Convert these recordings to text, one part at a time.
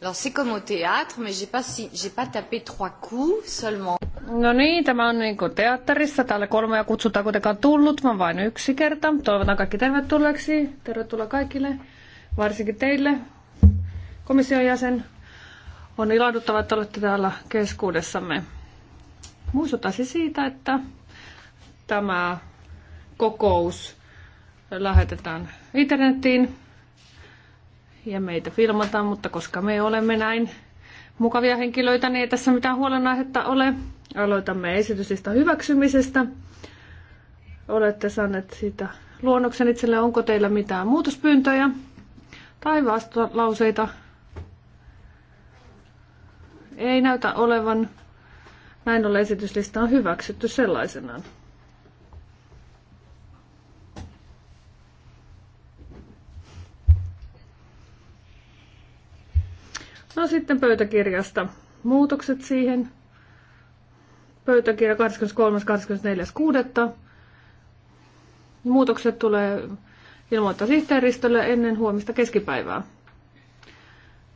Alors c'est comme au théâtre, mais j'ai pas, si, j'ai pas tapé trois coups seulement. No niin, tämä on niin kuin teatterissa. Täällä kolmea kutsutaan kuitenkaan tullut, vaan vain yksi kerta. Toivotan kaikki tervetulleeksi. Tervetuloa kaikille, varsinkin teille, komission jäsen. On ilahduttava, että olette täällä keskuudessamme. Muistuttaisin siitä, että tämä kokous lähetetään internettiin ja meitä filmataan, mutta koska me olemme näin mukavia henkilöitä, niin ei tässä mitään huolenaihetta ole. Aloitamme esitysistä hyväksymisestä. Olette saaneet siitä luonnoksen itselle. Onko teillä mitään muutospyyntöjä tai vastalauseita? Ei näytä olevan. Näin ollen esityslista on hyväksytty sellaisenaan. No sitten pöytäkirjasta. Muutokset siihen. Pöytäkirja 23.24.6. Muutokset tulee ilmoittaa sihteeristölle ennen huomista keskipäivää.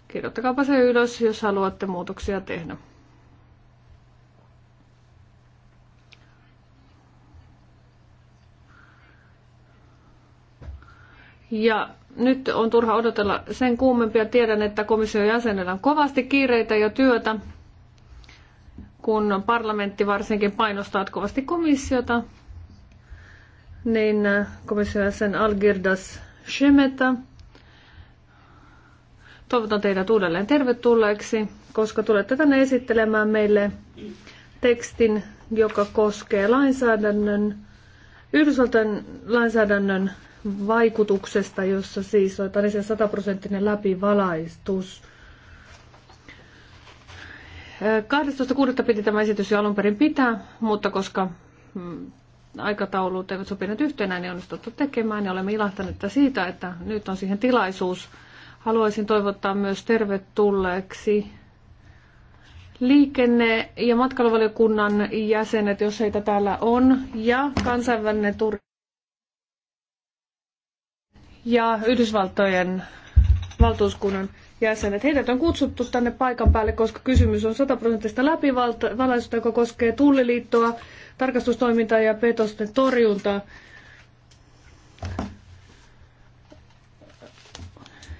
Kirjoittakaapa se ylös, jos haluatte muutoksia tehdä. Ja nyt on turha odotella sen kuumempia Tiedän, että komission jäsenellä on kovasti kiireitä ja työtä, kun parlamentti varsinkin painostaa kovasti komissiota. Niin äh, komission jäsen Algirdas Schemeta. Toivotan teidät uudelleen tervetulleeksi, koska tulette tänne esittelemään meille tekstin, joka koskee lainsäädännön, Yhdysvaltain lainsäädännön vaikutuksesta, jossa siis on se sataprosenttinen läpivalaistus. 12.6. piti tämä esitys jo alun perin pitää, mutta koska mm, aikataulut eivät sopineet yhtenä, niin onnistuttu tekemään ja olemme ilahtaneet siitä, että nyt on siihen tilaisuus. Haluaisin toivottaa myös tervetulleeksi liikenne- ja matkailuvaliokunnan jäsenet, jos heitä täällä on, ja kansainvälinen tur- ja Yhdysvaltojen valtuuskunnan jäsenet. Heidät on kutsuttu tänne paikan päälle, koska kysymys on sataprosenttisesta läpivalaisusta, joka koskee tulliliittoa, tarkastustoimintaa ja petosten torjuntaa.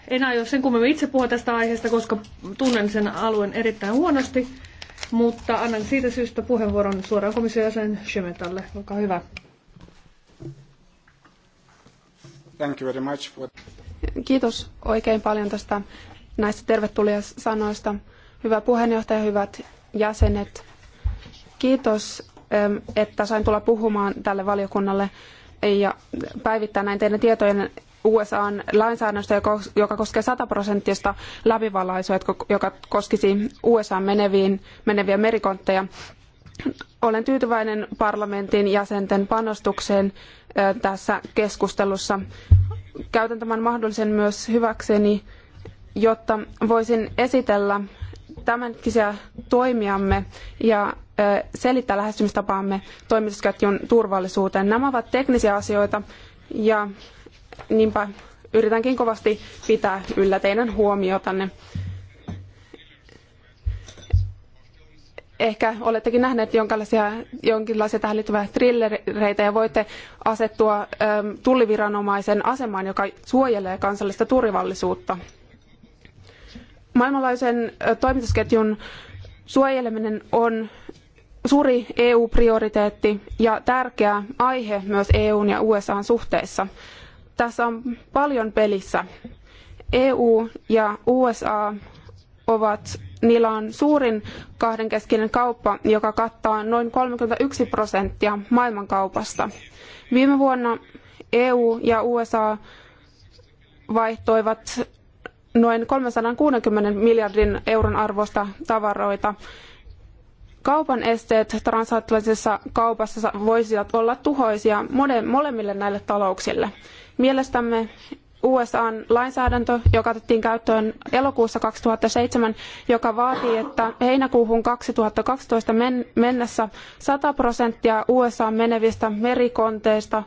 En aio sen kummemmin itse puhua tästä aiheesta, koska tunnen sen alueen erittäin huonosti, mutta annan siitä syystä puheenvuoron suoraan komission jäsen Shemetalle. Olkaa hyvä. Thank you very much for... Kiitos oikein paljon tästä näistä sanoista. Hyvä puheenjohtaja, hyvät jäsenet. Kiitos, että sain tulla puhumaan tälle valiokunnalle ja päivittää näin teidän tietojen USAn lainsäädännöstä, joka koskee 100 prosenttista läpivalaisua, joka koskisi USAn meneviin, meneviä merikontteja. Olen tyytyväinen parlamentin jäsenten panostukseen tässä keskustelussa. Käytän tämän mahdollisen myös hyväkseni, jotta voisin esitellä tämänhetkisiä toimiamme ja selittää lähestymistapaamme toimitusketjun turvallisuuteen. Nämä ovat teknisiä asioita ja niinpä yritänkin kovasti pitää yllä teidän huomiotanne. ehkä olettekin nähneet jonkinlaisia, jonkinlaisia tähän liittyviä trillereitä ja voitte asettua äm, tulliviranomaisen asemaan, joka suojelee kansallista turvallisuutta. Maailmanlaajuisen toimitusketjun suojeleminen on suuri EU-prioriteetti ja tärkeä aihe myös EUn ja USAn suhteissa. Tässä on paljon pelissä. EU ja USA ovat niillä on suurin kahdenkeskinen kauppa, joka kattaa noin 31 prosenttia maailmankaupasta. Viime vuonna EU ja USA vaihtoivat noin 360 miljardin euron arvosta tavaroita. Kaupan esteet transatlanttisessa kaupassa voisivat olla tuhoisia molemmille näille talouksille. Mielestämme USAn lainsäädäntö, joka otettiin käyttöön elokuussa 2007, joka vaatii, että heinäkuuhun 2012 mennessä 100 prosenttia USA menevistä merikonteista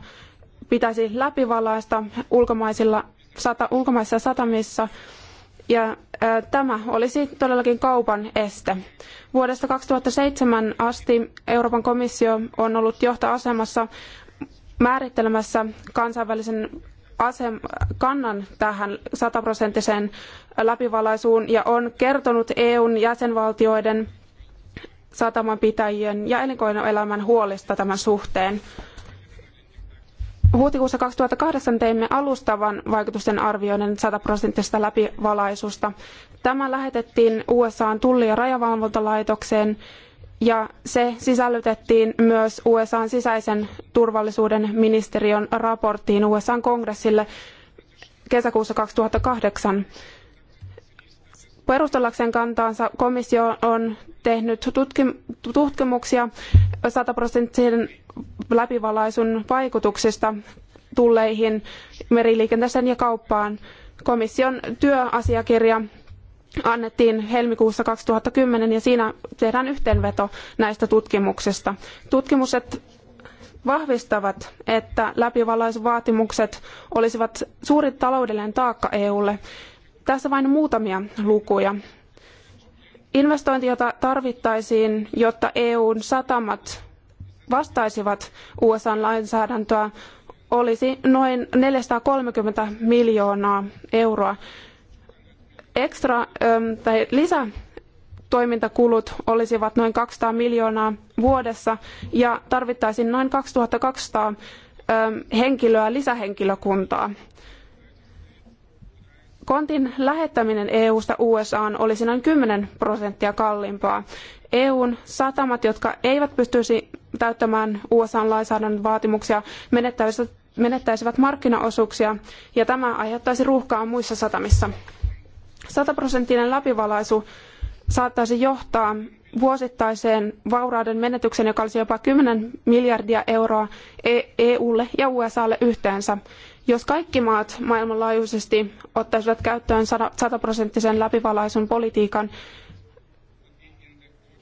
pitäisi läpivalaista ulkomaisilla, sata, ulkomaisissa satamissa. Ja ää, tämä olisi todellakin kaupan este. Vuodesta 2007 asti Euroopan komissio on ollut johtoasemassa määrittelemässä kansainvälisen asem, kannan tähän sataprosenttiseen läpivalaisuun ja on kertonut EUn jäsenvaltioiden satamanpitäjien ja elinkeinoelämän huolista tämän suhteen. Huhtikuussa 2008 teimme alustavan vaikutusten arvioinnin sataprosenttisesta läpivalaisusta. Tämä lähetettiin USAan tulli- ja rajavalvontalaitokseen ja se sisällytettiin myös USAn sisäisen turvallisuuden ministeriön raporttiin USAn kongressille kesäkuussa 2008. Perustellakseen kantaansa komissio on tehnyt tutkimuksia sataprosenttisen läpivalaisun vaikutuksista tulleihin meriliikenteeseen ja kauppaan. Komission työasiakirja annettiin helmikuussa 2010 ja siinä tehdään yhteenveto näistä tutkimuksista. Tutkimukset vahvistavat, että läpivalaisuvaatimukset olisivat suuri taloudellinen taakka EUlle. Tässä vain muutamia lukuja. Investointi, jota tarvittaisiin, jotta EUn satamat vastaisivat USAn lainsäädäntöä, olisi noin 430 miljoonaa euroa. Ekstra ähm, tai lisä toimintakulut olisivat noin 200 miljoonaa vuodessa ja tarvittaisiin noin 2200 ähm, henkilöä lisähenkilökuntaa. Kontin lähettäminen EU-sta USAan olisi noin 10 prosenttia kalliimpaa. EUn satamat, jotka eivät pystyisi täyttämään USAn lainsäädännön vaatimuksia, menettäisivät markkinaosuuksia ja tämä aiheuttaisi ruuhkaa muissa satamissa. Sataprosenttinen läpivalaisu saattaisi johtaa vuosittaiseen vaurauden menetykseen, joka olisi jopa 10 miljardia euroa e- EUlle ja USAlle yhteensä. Jos kaikki maat maailmanlaajuisesti ottaisivat käyttöön sataprosenttisen läpivalaisun politiikan,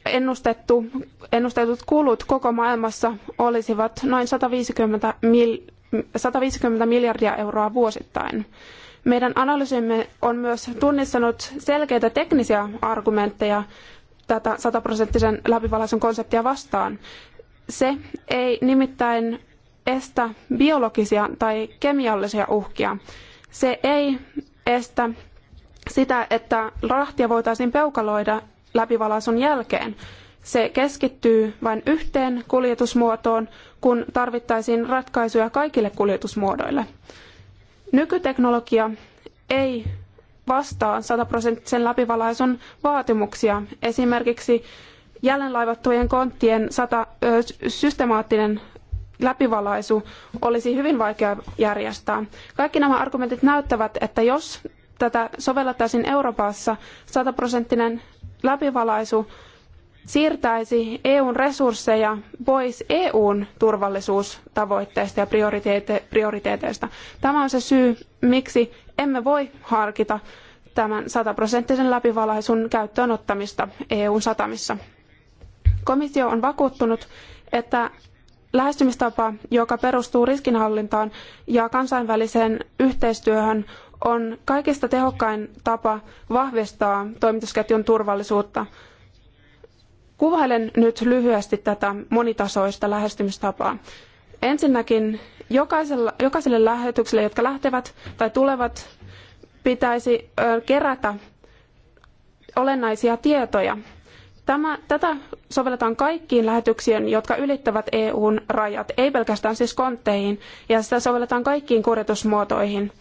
ennustettu, ennustetut kulut koko maailmassa olisivat noin 150, mil, 150 miljardia euroa vuosittain. Meidän analyysimme on myös tunnistanut selkeitä teknisiä argumentteja tätä sataprosenttisen läpivalaisun konseptia vastaan. Se ei nimittäin estä biologisia tai kemiallisia uhkia. Se ei estä sitä, että rahtia voitaisiin peukaloida läpivalaisun jälkeen. Se keskittyy vain yhteen kuljetusmuotoon, kun tarvittaisiin ratkaisuja kaikille kuljetusmuodoille. Nykyteknologia ei vastaa sataprosenttisen läpivalaisun vaatimuksia. Esimerkiksi jälleenlaivattujen konttien sata, ö, systemaattinen läpivalaisu olisi hyvin vaikea järjestää. Kaikki nämä argumentit näyttävät, että jos tätä sovellettaisiin Euroopassa, sataprosenttinen läpivalaisu siirtäisi EUn resursseja pois EUn turvallisuustavoitteista ja prioriteete- prioriteeteista. Tämä on se syy, miksi emme voi harkita tämän sataprosenttisen läpivalaisun käyttöönottamista EUn satamissa. Komissio on vakuuttunut, että lähestymistapa, joka perustuu riskinhallintaan ja kansainväliseen yhteistyöhön, on kaikista tehokkain tapa vahvistaa toimitusketjun turvallisuutta – Kuvailen nyt lyhyesti tätä monitasoista lähestymistapaa. Ensinnäkin jokaiselle lähetykselle, jotka lähtevät tai tulevat, pitäisi kerätä olennaisia tietoja. Tämä, tätä sovelletaan kaikkiin lähetyksiin, jotka ylittävät EUn rajat, ei pelkästään siis kontteihin, ja sitä sovelletaan kaikkiin kuljetusmuotoihin.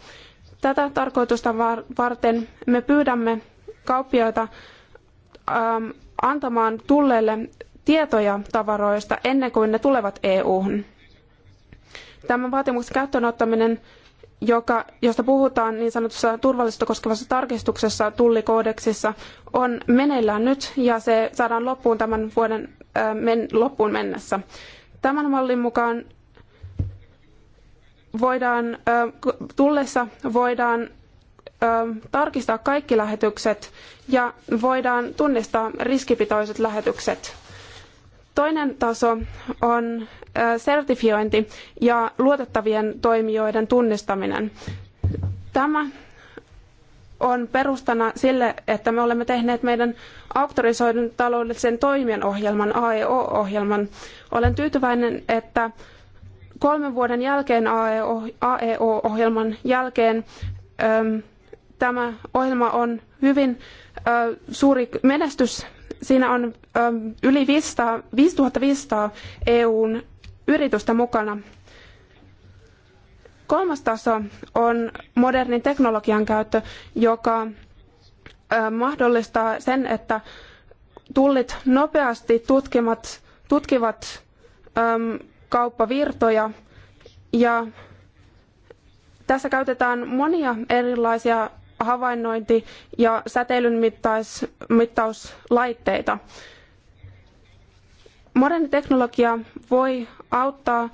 Tätä tarkoitusta varten me pyydämme kauppiaita antamaan tulleille tietoja tavaroista ennen kuin ne tulevat EU-hun. Tämän vaatimuksen käyttöönottaminen, joka, josta puhutaan niin sanotussa turvallisuutta koskevassa tarkistuksessa tullikoodeksissa, on meneillään nyt ja se saadaan loppuun tämän vuoden men, loppuun mennessä. Tämän mallin mukaan voidaan, äh, tullessa voidaan tarkistaa kaikki lähetykset ja voidaan tunnistaa riskipitoiset lähetykset. Toinen taso on sertifiointi ja luotettavien toimijoiden tunnistaminen. Tämä on perustana sille, että me olemme tehneet meidän auktorisoidun taloudellisen toimien ohjelman, AEO-ohjelman. Olen tyytyväinen, että kolmen vuoden jälkeen AEO-ohjelman e jälkeen tämä ohjelma on hyvin suuri menestys. Siinä on yli 500, 5500 EUn yritystä mukana. Kolmas taso on modernin teknologian käyttö, joka mahdollistaa sen, että tullit nopeasti tutkimat, tutkivat äm, kauppavirtoja ja tässä käytetään monia erilaisia havainnointi- ja säteilyn mittauslaitteita. Moderni teknologia voi auttaa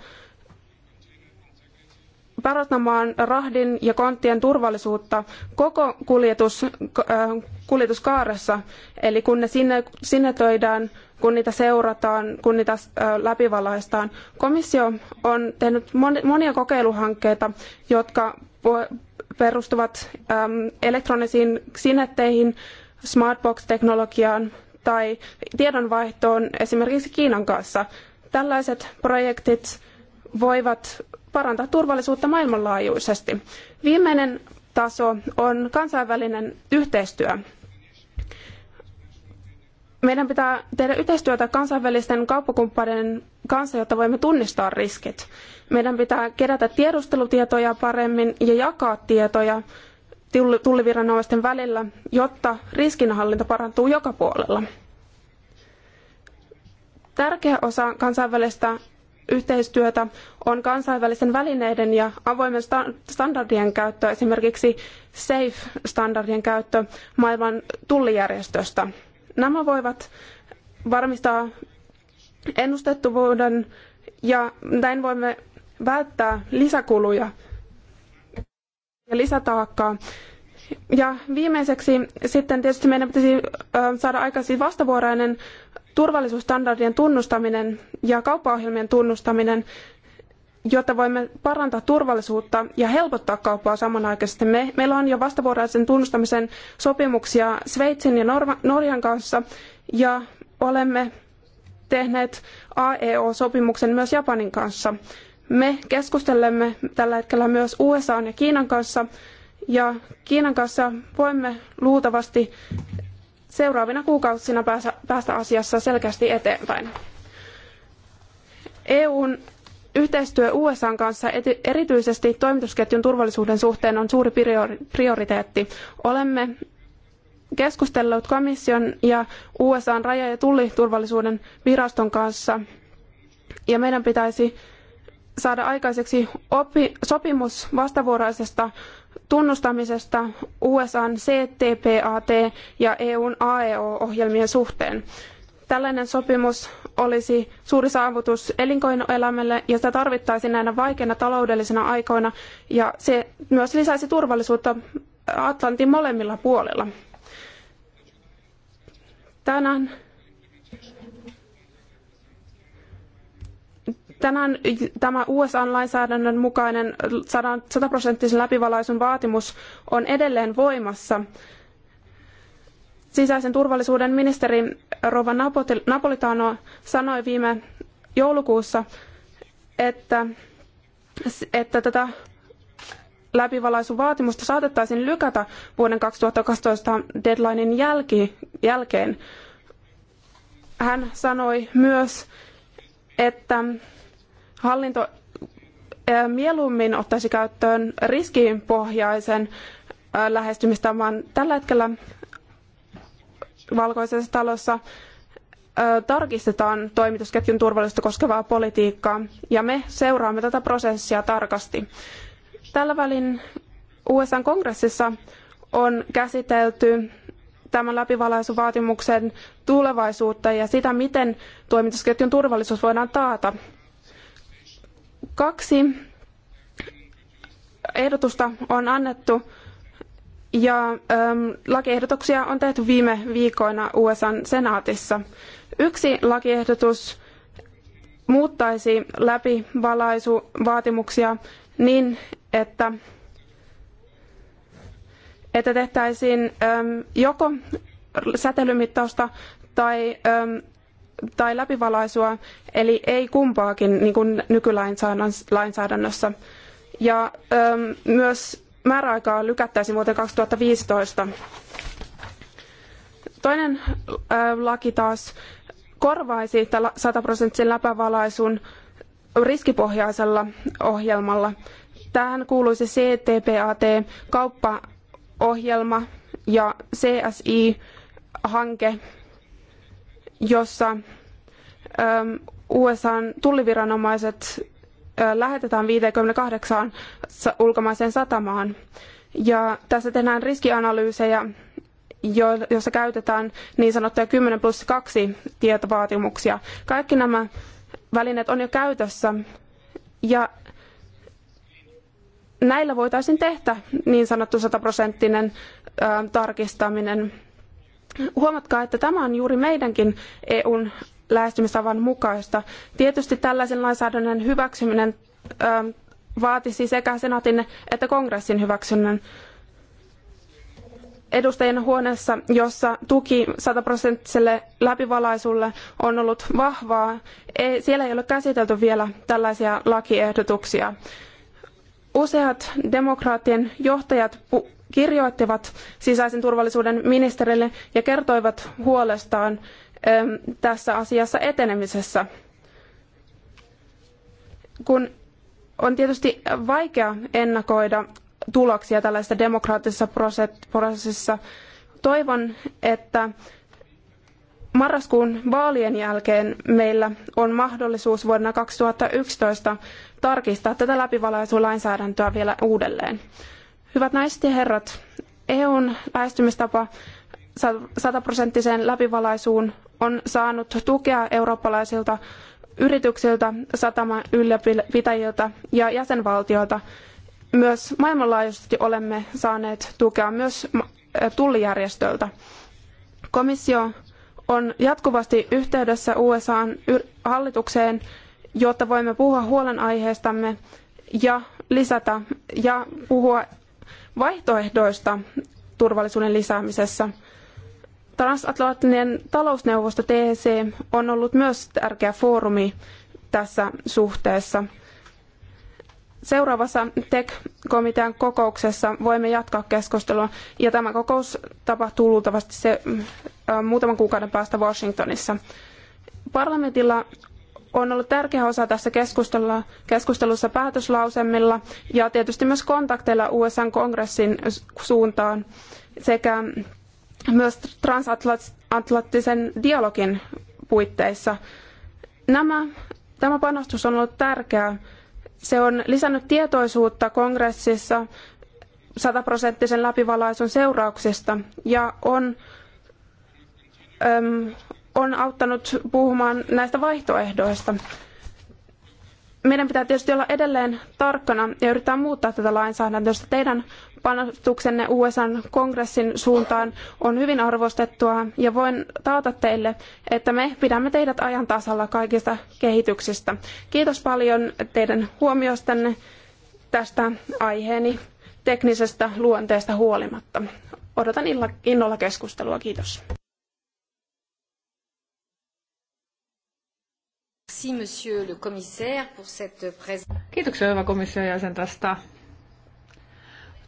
parantamaan rahdin ja konttien turvallisuutta koko kuljetus, äh, kuljetuskaaressa, eli kun ne sinne, sinetöidään, kun niitä seurataan, kun niitä äh, läpivalaistaan. Komissio on tehnyt monia kokeiluhankkeita, jotka perustuvat ähm, elektronisiin sinetteihin, smartbox-teknologiaan tai tiedonvaihtoon esimerkiksi Kiinan kanssa. Tällaiset projektit voivat parantaa turvallisuutta maailmanlaajuisesti. Viimeinen taso on kansainvälinen yhteistyö. Meidän pitää tehdä yhteistyötä kansainvälisten kauppakumppaneiden kanssa, jotta voimme tunnistaa riskit. Meidän pitää kerätä tiedustelutietoja paremmin ja jakaa tietoja tulliviranomaisten välillä, jotta riskinhallinta parantuu joka puolella. Tärkeä osa kansainvälistä yhteistyötä on kansainvälisten välineiden ja avoimen standardien käyttö, esimerkiksi SAFE-standardien käyttö maailman tullijärjestöstä – Nämä voivat varmistaa ennustettavuuden ja näin voimme välttää lisäkuluja ja lisätaakkaa. Ja viimeiseksi sitten tietysti meidän pitäisi saada aikaisin vastavuorainen turvallisuusstandardien tunnustaminen ja kauppaohjelmien tunnustaminen jotta voimme parantaa turvallisuutta ja helpottaa kauppaa samanaikaisesti. Me, meillä on jo vastavuoroisen tunnustamisen sopimuksia Sveitsin ja Norjan kanssa ja olemme tehneet AEO-sopimuksen myös Japanin kanssa. Me keskustelemme tällä hetkellä myös USA ja Kiinan kanssa ja Kiinan kanssa voimme luultavasti seuraavina kuukausina päästä asiassa selkeästi eteenpäin. EUn Yhteistyö USAn kanssa erityisesti toimitusketjun turvallisuuden suhteen on suuri prioriteetti. Olemme keskustelleet komission ja USAn raja- ja tulliturvallisuuden viraston kanssa ja meidän pitäisi saada aikaiseksi sopimus vastavuoroisesta tunnustamisesta USAn CTPAT ja EUn AEO-ohjelmien suhteen. Tällainen sopimus olisi suuri saavutus elinkeinoelämälle ja sitä tarvittaisiin näinä vaikeina taloudellisina aikoina ja se myös lisäisi turvallisuutta Atlantin molemmilla puolilla. Tänään tänään tämä USA-lainsäädännön mukainen 100 prosenttisen läpivalaisun vaatimus on edelleen voimassa sisäisen turvallisuuden ministeri Rova Napolitano sanoi viime joulukuussa, että, että tätä läpivalaisuvaatimusta saatettaisiin lykätä vuoden 2012 deadlinein jälki, jälkeen. Hän sanoi myös, että hallinto eh, mieluummin ottaisi käyttöön riskipohjaisen eh, lähestymistavan. Tällä hetkellä valkoisessa talossa tarkistetaan toimitusketjun turvallisuutta koskevaa politiikkaa ja me seuraamme tätä prosessia tarkasti. Tällä välin USAn kongressissa on käsitelty tämän läpivalaisuvaatimuksen tulevaisuutta ja sitä, miten toimitusketjun turvallisuus voidaan taata. Kaksi ehdotusta on annettu ja äm, lakiehdotuksia on tehty viime viikoina USAn senaatissa. Yksi lakiehdotus muuttaisi läpivalaisuvaatimuksia niin, että, että tehtäisiin äm, joko säteilymittausta tai, ähm, tai läpivalaisua, eli ei kumpaakin niin kuin nykylainsäädännössä. Ja ähm, myös määräaikaa lykättäisiin vuoteen 2015. Toinen laki taas korvaisi 100-prosenttisen läpävalaisun riskipohjaisella ohjelmalla. Tähän kuuluisi CTPAT-kauppaohjelma ja CSI-hanke, jossa USAn tulliviranomaiset lähetetään 58 ulkomaiseen satamaan. Ja tässä tehdään riskianalyysejä, joissa käytetään niin sanottuja 10 plus 2 tietovaatimuksia. Kaikki nämä välineet on jo käytössä ja näillä voitaisiin tehdä niin sanottu sataprosenttinen tarkistaminen. Huomatkaa, että tämä on juuri meidänkin EUn lähestymistavan mukaista. Tietysti tällaisen lainsäädännön hyväksyminen vaatisi siis sekä senaatin että kongressin hyväksynnän edustajien huoneessa, jossa tuki sataprosenttiselle läpivalaisulle on ollut vahvaa. Ei, siellä ei ole käsitelty vielä tällaisia lakiehdotuksia. Useat demokraattien johtajat kirjoittivat sisäisen turvallisuuden ministerille ja kertoivat huolestaan tässä asiassa etenemisessä. Kun on tietysti vaikea ennakoida tuloksia tällaisessa demokraattisessa prosessissa, toivon, että marraskuun vaalien jälkeen meillä on mahdollisuus vuonna 2011 tarkistaa tätä läpivalaisulainsäädäntöä vielä uudelleen. Hyvät naiset ja herrat, EUn lähestymistapa sataprosenttiseen läpivalaisuun on saanut tukea eurooppalaisilta yrityksiltä, sataman ylläpitäjiltä ja jäsenvaltioilta. Myös maailmanlaajuisesti olemme saaneet tukea myös äh, tullijärjestöltä. Komissio on jatkuvasti yhteydessä USAn hallitukseen, jotta voimme puhua huolenaiheestamme ja lisätä ja puhua vaihtoehdoista turvallisuuden lisäämisessä – Transatlanttinen talousneuvosto TEC on ollut myös tärkeä foorumi tässä suhteessa. Seuraavassa TEC-komitean kokouksessa voimme jatkaa keskustelua, ja tämä kokous tapahtuu luultavasti se, ä, muutaman kuukauden päästä Washingtonissa. Parlamentilla on ollut tärkeä osa tässä keskustelussa päätöslausemilla ja tietysti myös kontakteilla USAn kongressin suuntaan sekä myös transatlanttisen dialogin puitteissa. Nämä, tämä panostus on ollut tärkeää. Se on lisännyt tietoisuutta kongressissa sataprosenttisen läpivalaisun seurauksista ja on, äm, on auttanut puhumaan näistä vaihtoehdoista. Meidän pitää tietysti olla edelleen tarkkana ja yrittää muuttaa tätä lainsäädäntöä. Teidän panostuksenne USAn kongressin suuntaan on hyvin arvostettua ja voin taata teille, että me pidämme teidät ajan tasalla kaikista kehityksistä. Kiitos paljon teidän huomiostanne tästä aiheeni teknisestä luonteesta huolimatta. Odotan innolla keskustelua. Kiitos. Kiitoksia hyvä komission jäsen tästä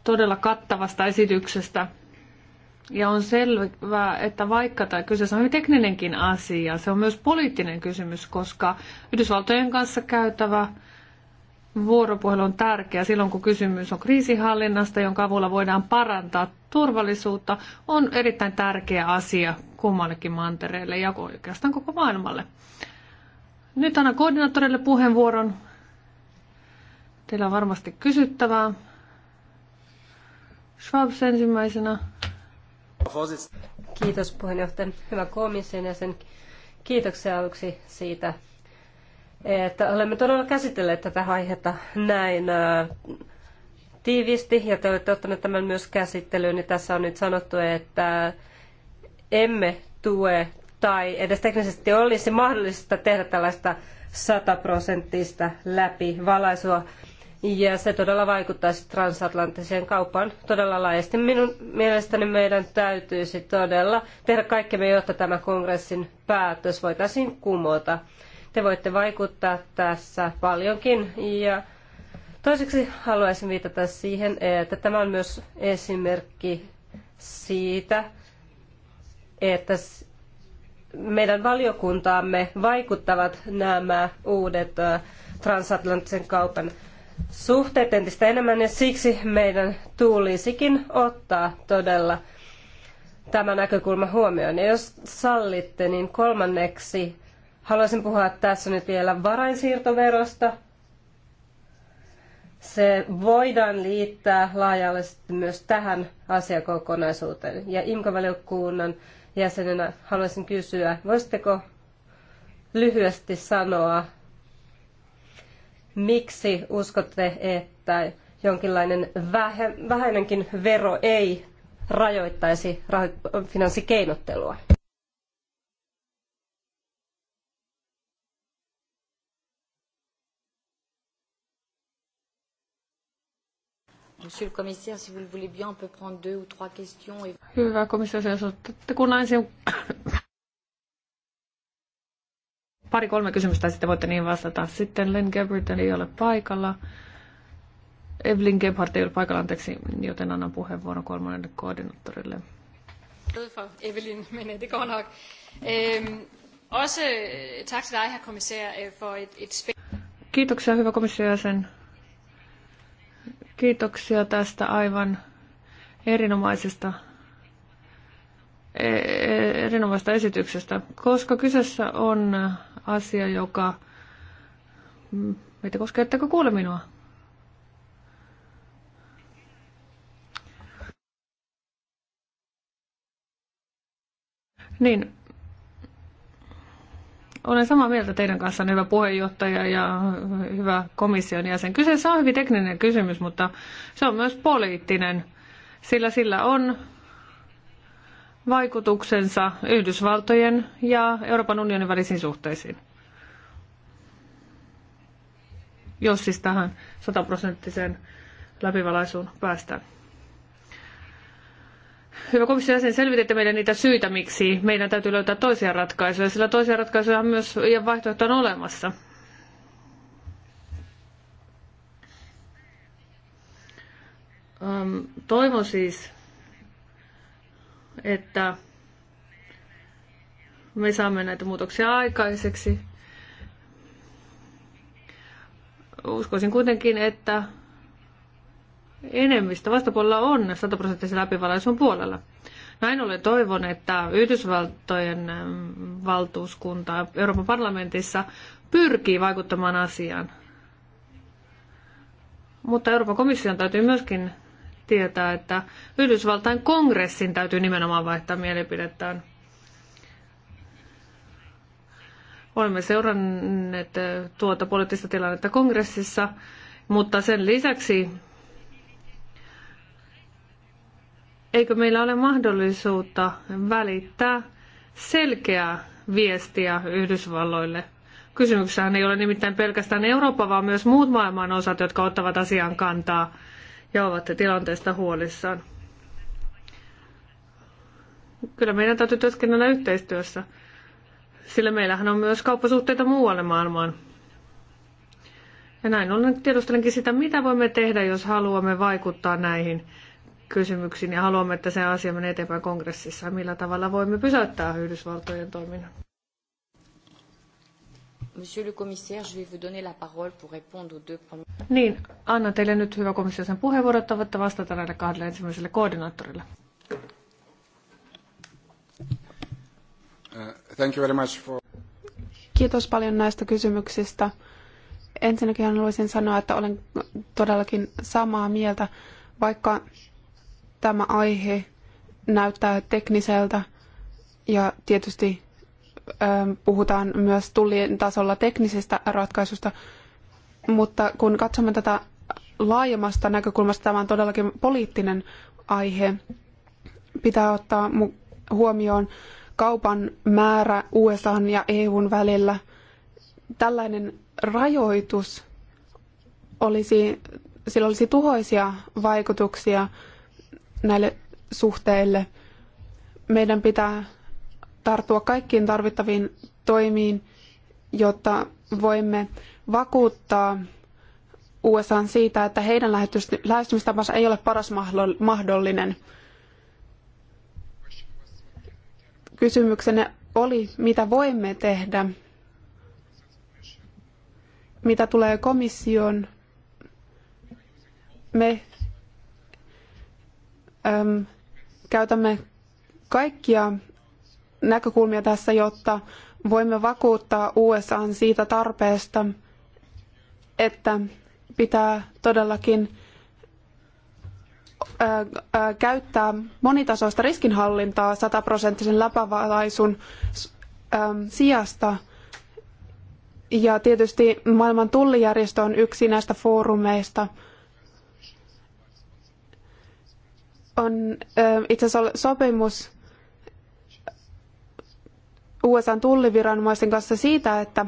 todella kattavasta esityksestä. Ja on selvää, että vaikka tämä kyseessä on hyvin tekninenkin asia, se on myös poliittinen kysymys, koska Yhdysvaltojen kanssa käytävä vuoropuhelu on tärkeä silloin, kun kysymys on kriisihallinnasta, jonka avulla voidaan parantaa turvallisuutta, on erittäin tärkeä asia kummallekin mantereelle ja oikeastaan koko maailmalle. Nyt annan koordinaattorille puheenvuoron. Teillä on varmasti kysyttävää. Schwabs ensimmäisenä. Kiitos puheenjohtaja. Hyvä komission ja sen kiitoksia aluksi siitä, että olemme todella käsitelleet tätä aihetta näin äh, tiivisti ja te olette ottaneet tämän myös käsittelyyn. Niin tässä on nyt sanottu, että emme tue tai edes teknisesti olisi mahdollista tehdä tällaista sataprosenttista läpivalaisua. valaisua ja se todella vaikuttaisi transatlanttiseen kauppaan todella laajasti. Minun mielestäni meidän täytyisi todella tehdä kaikkemme, jotta tämä kongressin päätös voitaisiin kumota. Te voitte vaikuttaa tässä paljonkin ja toiseksi haluaisin viitata siihen, että tämä on myös esimerkki siitä, että meidän valiokuntaamme vaikuttavat nämä uudet transatlanttisen kaupan suhteet entistä enemmän ja siksi meidän tulisikin ottaa todella tämä näkökulma huomioon. Ja jos sallitte, niin kolmanneksi haluaisin puhua tässä nyt vielä varainsiirtoverosta. Se voidaan liittää laajallisesti myös tähän asiakokonaisuuteen. Ja imkavaliokunnan jäsenenä haluaisin kysyä, voisitteko lyhyesti sanoa miksi uskotte, että jonkinlainen vähäinenkin vero ei rajoittaisi finanssikeinottelua? Monsieur le commissaire, si vous le voulez bien, on peut prendre deux ou trois questions. Et... Hyvä komissaari, jos otatte kun Pari-kolme kysymystä sitten voitte niin vastata. Sitten Len Gebhardt ei ole paikalla. Evelyn Gebhardt ei ole paikalla, anteeksi, joten annan puheenvuoron kolmannelle koordinaattorille. for Evelyn, men øh, det går nok. Øhm, også øh, tak til dig, herr kommissær, øh, for et, et Kiitoksia, hyvä komissiojäsen. Kiitoksia tästä aivan erinomaisesta E, e, erinomaista esityksestä, koska kyseessä on asia, joka mm, meitä koskee, ettekö kuule minua? Niin, olen samaa mieltä teidän kanssa, hyvä puheenjohtaja ja hyvä komission jäsen. Kyseessä on hyvin tekninen kysymys, mutta se on myös poliittinen, sillä sillä on vaikutuksensa Yhdysvaltojen ja Euroopan unionin välisiin suhteisiin? Jos siis tähän sataprosenttiseen läpivalaisuun päästään. Hyvä komission jäsen, selvititte meille niitä syitä, miksi meidän täytyy löytää toisia ratkaisuja, sillä toisia ratkaisuja on myös ja vaihtoehto on olemassa. toivon siis, että me saamme näitä muutoksia aikaiseksi. Uskoisin kuitenkin, että enemmistö vastapuolella on sataprosenttisen läpivalaisun puolella. Näin ollen toivon, että Yhdysvaltojen valtuuskunta Euroopan parlamentissa pyrkii vaikuttamaan asiaan. Mutta Euroopan komission täytyy myöskin tietää, että Yhdysvaltain kongressin täytyy nimenomaan vaihtaa mielipidettään. Olemme seuranneet eh, tuota poliittista tilannetta kongressissa, mutta sen lisäksi eikö meillä ole mahdollisuutta välittää selkeää viestiä Yhdysvalloille? Kysymyksähän ei ole nimittäin pelkästään Eurooppa, vaan myös muut maailman osat, jotka ottavat asiaan kantaa ja ovat tilanteesta huolissaan. Kyllä meidän täytyy työskennellä yhteistyössä, sillä meillähän on myös kauppasuhteita muualle maailmaan. Ja näin ollen tiedustelenkin sitä, mitä voimme tehdä, jos haluamme vaikuttaa näihin kysymyksiin ja haluamme, että se asia menee eteenpäin kongressissa. Millä tavalla voimme pysäyttää Yhdysvaltojen toiminnan? Monsieur le commissaire, je vais vous donner la parole pour répondre aux deux premiers. Niin, annan teille nyt hyvä komissio sen puheenvuoro, että voitte vastata näille kahdelle ensimmäiselle koordinaattorille. Uh, thank you very much for... Kiitos paljon näistä kysymyksistä. Ensinnäkin haluaisin sanoa, että olen todellakin samaa mieltä, vaikka tämä aihe näyttää tekniseltä ja tietysti Ähm, puhutaan myös tullien tasolla teknisistä ratkaisusta, mutta kun katsomme tätä laajemmasta näkökulmasta, tämä on todellakin poliittinen aihe. Pitää ottaa huomioon kaupan määrä USA ja EUn välillä. Tällainen rajoitus olisi, sillä olisi tuhoisia vaikutuksia näille suhteille. Meidän pitää tarttua kaikkiin tarvittaviin toimiin, jotta voimme vakuuttaa USA siitä, että heidän lähestymistapansa ei ole paras mahdollinen. Kysymyksenne oli, mitä voimme tehdä, mitä tulee komission. Me äm, käytämme kaikkia näkökulmia tässä, jotta voimme vakuuttaa USA siitä tarpeesta, että pitää todellakin käyttää monitasoista riskinhallintaa sataprosenttisen läpävalaisun sijasta. Ja tietysti maailman tullijärjestö on yksi näistä foorumeista. On itse asiassa sopimus USAn tulliviranomaisten kanssa siitä, että,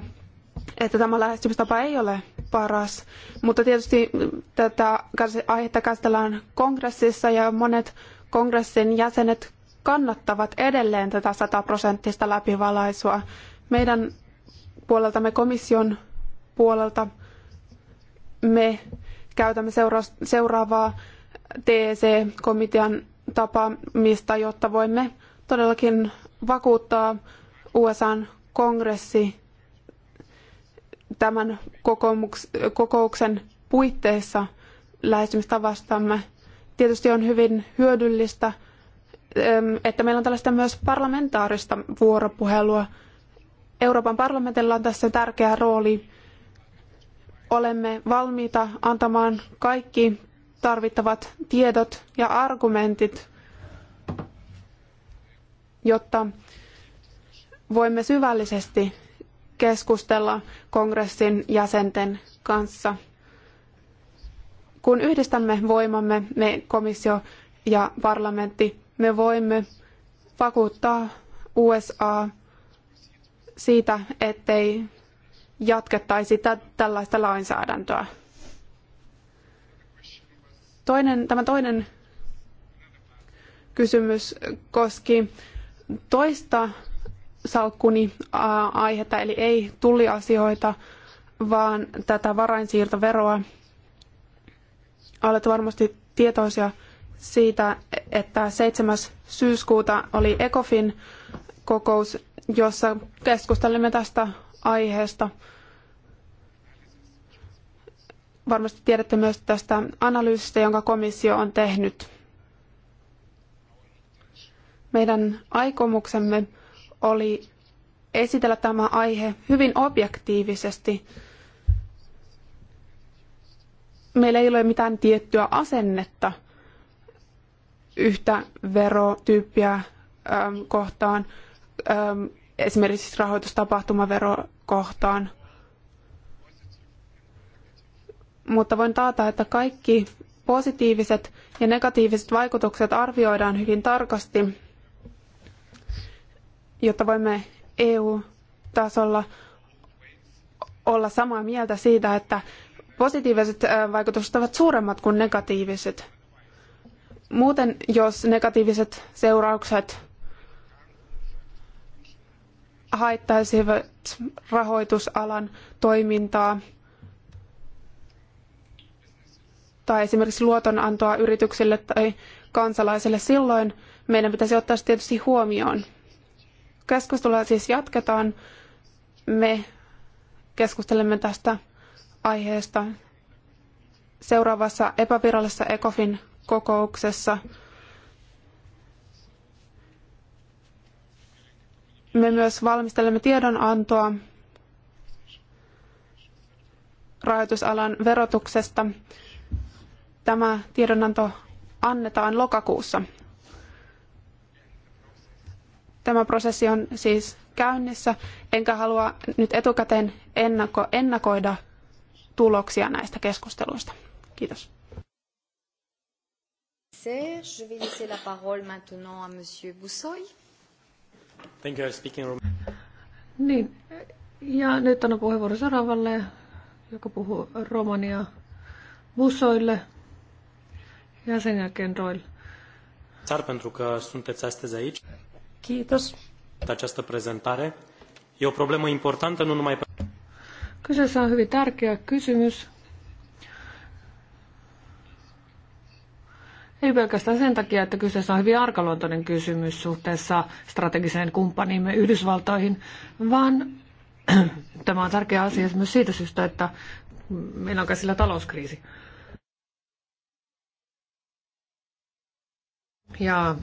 että tämä lähestymistapa ei ole paras. Mutta tietysti tätä aihetta käsitellään kongressissa ja monet kongressin jäsenet kannattavat edelleen tätä sataprosenttista läpivalaisua. Meidän puoleltamme komission puolelta me käytämme seuraavaa TEC-komitean tapaamista, jotta voimme todellakin vakuuttaa USAn kongressi tämän kokouksen puitteissa lähestymistavastamme. Tietysti on hyvin hyödyllistä, että meillä on tällaista myös parlamentaarista vuoropuhelua. Euroopan parlamentilla on tässä tärkeä rooli. Olemme valmiita antamaan kaikki tarvittavat tiedot ja argumentit, jotta voimme syvällisesti keskustella kongressin jäsenten kanssa. Kun yhdistämme voimamme, me komissio ja parlamentti, me voimme vakuuttaa USA siitä, ettei jatkettaisi tällaista lainsäädäntöä. Toinen, tämä toinen kysymys koski toista salkkuni aihetta, eli ei tulliasioita, vaan tätä varainsiirtoveroa. Olette varmasti tietoisia siitä, että 7. syyskuuta oli ECOFIN kokous, jossa keskustelimme tästä aiheesta. Varmasti tiedätte myös tästä analyysistä, jonka komissio on tehnyt. Meidän aikomuksemme oli esitellä tämä aihe hyvin objektiivisesti. Meillä ei ole mitään tiettyä asennetta yhtä verotyyppiä ähm, kohtaan, ähm, esimerkiksi rahoitustapahtumavero kohtaan. Mutta voin taata, että kaikki positiiviset ja negatiiviset vaikutukset arvioidaan hyvin tarkasti jotta voimme EU-tasolla olla samaa mieltä siitä, että positiiviset vaikutukset ovat suuremmat kuin negatiiviset. Muuten, jos negatiiviset seuraukset haittaisivat rahoitusalan toimintaa tai esimerkiksi luotonantoa yrityksille tai kansalaisille, silloin meidän pitäisi ottaa se tietysti huomioon. Keskustelua siis jatketaan. Me keskustelemme tästä aiheesta seuraavassa epävirallisessa ECOFIN kokouksessa. Me myös valmistelemme tiedonantoa rahoitusalan verotuksesta. Tämä tiedonanto annetaan lokakuussa. Tämä prosessi on siis käynnissä, enkä halua nyt etukäteen ennako, ennakoida tuloksia näistä keskusteluista. Kiitos. Niin, ja nyt annan puheenvuoro seuraavalle, joka puhuu romania Busoille ja sen jälkeen Doyle. sunteți astăzi aici. Kiitos. Această prezentare. E o importantă, nu numai... Kyseessä on hyvin tärkeä kysymys. Ei pelkästään sen takia, että kyseessä on hyvin arkaluontoinen kysymys suhteessa strategiseen kumppaniimme Yhdysvaltoihin, vaan tämä on tärkeä asia myös siitä syystä, että meillä on käsillä talouskriisi. Ja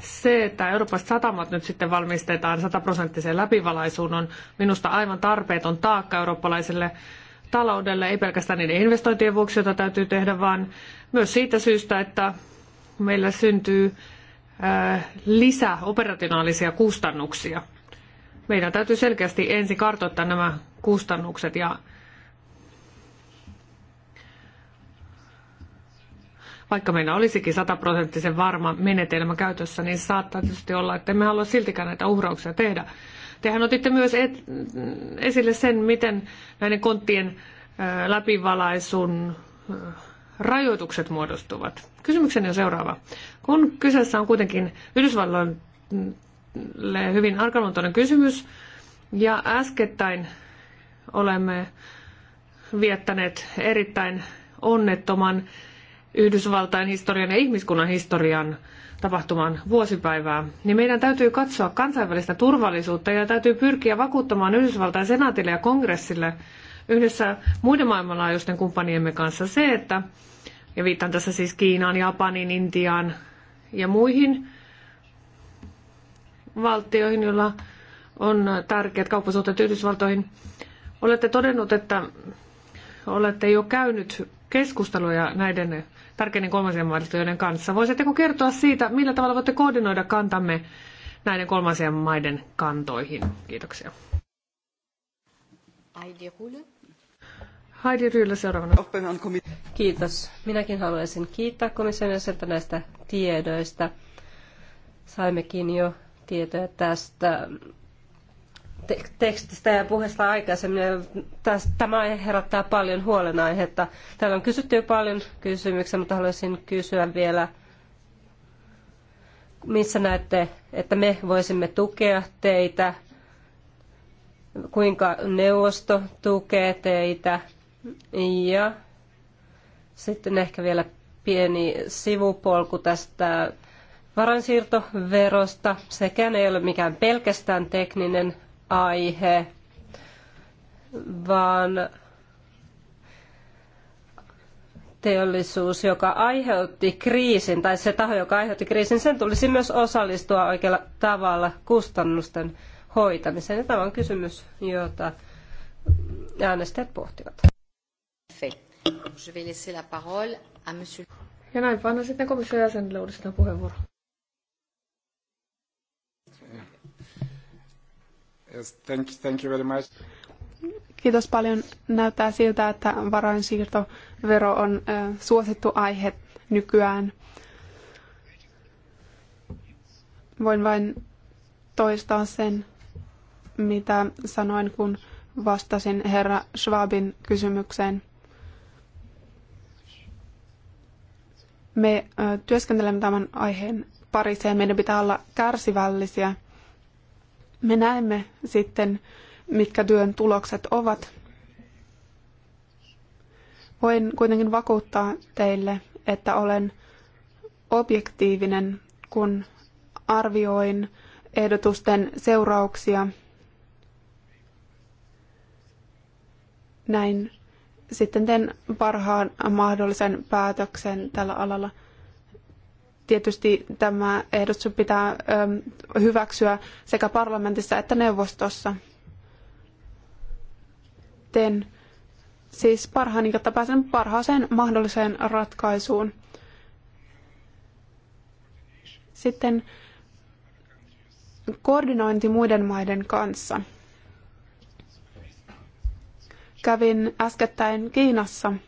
se, että Euroopan satamat nyt sitten valmistetaan sataprosenttiseen läpivalaisuun, on minusta aivan tarpeeton taakka eurooppalaiselle taloudelle, ei pelkästään niiden investointien vuoksi, joita täytyy tehdä, vaan myös siitä syystä, että meillä syntyy lisää operationaalisia kustannuksia. Meidän täytyy selkeästi ensin kartoittaa nämä kustannukset ja Vaikka meillä olisikin sataprosenttisen varma menetelmä käytössä, niin saattaa tietysti olla, että me halua siltikään näitä uhrauksia tehdä. Tehän otitte myös et, esille sen, miten näiden konttien läpivalaisun rajoitukset muodostuvat. Kysymykseni on seuraava. Kun kyseessä on kuitenkin Yhdysvalloille hyvin arkaluontoinen kysymys, ja äskettäin olemme viettäneet erittäin onnettoman Yhdysvaltain historian ja ihmiskunnan historian tapahtuman vuosipäivää, niin meidän täytyy katsoa kansainvälistä turvallisuutta ja täytyy pyrkiä vakuuttamaan Yhdysvaltain senaatille ja kongressille yhdessä muiden maailmanlaajuisten kumppaniemme kanssa se, että, ja viittaan tässä siis Kiinaan, Japaniin, Intiaan ja muihin valtioihin, joilla on tärkeät kauppasuhteet Yhdysvaltoihin. Olette todennut, että olette jo käynyt keskusteluja näiden tärkeiden kolmansien maiden kanssa. Voisitteko kertoa siitä, millä tavalla voitte koordinoida kantamme näiden kolmansien maiden kantoihin? Kiitoksia. Heidi Rulle. Heidi Rylle seuraavana. Kiitos. Minäkin haluaisin kiittää komission jäsentä näistä tiedoista. Saimmekin jo tietoja tästä tekstistä ja puheesta aikaisemmin. Tämä aihe herättää paljon huolenaihetta. Täällä on kysytty jo paljon kysymyksiä, mutta haluaisin kysyä vielä, missä näette, että me voisimme tukea teitä, kuinka neuvosto tukee teitä ja sitten ehkä vielä pieni sivupolku tästä varansiirtoverosta. Sekään ei ole mikään pelkästään tekninen aihe, vaan teollisuus, joka aiheutti kriisin, tai se taho, joka aiheutti kriisin, sen tulisi myös osallistua oikealla tavalla kustannusten hoitamiseen. Ja tämä on kysymys, jota äänestäjät pohtivat. Ja näin panna sitten komission jäsenille uudestaan puheenvuoro. Yes, thank, thank you very much. Kiitos paljon. Näyttää siltä, että varainsiirtovero on suosittu aihe nykyään. Voin vain toistaa sen, mitä sanoin, kun vastasin herra Schwabin kysymykseen. Me työskentelemme tämän aiheen parissa ja meidän pitää olla kärsivällisiä – me näemme sitten, mitkä työn tulokset ovat. Voin kuitenkin vakuuttaa teille, että olen objektiivinen, kun arvioin ehdotusten seurauksia. Näin sitten teen parhaan mahdollisen päätöksen tällä alalla tietysti tämä ehdotus pitää ähm, hyväksyä sekä parlamentissa että neuvostossa. Teen siis parhaani, jotta pääsen parhaaseen mahdolliseen ratkaisuun. Sitten koordinointi muiden maiden kanssa. Kävin äskettäin Kiinassa –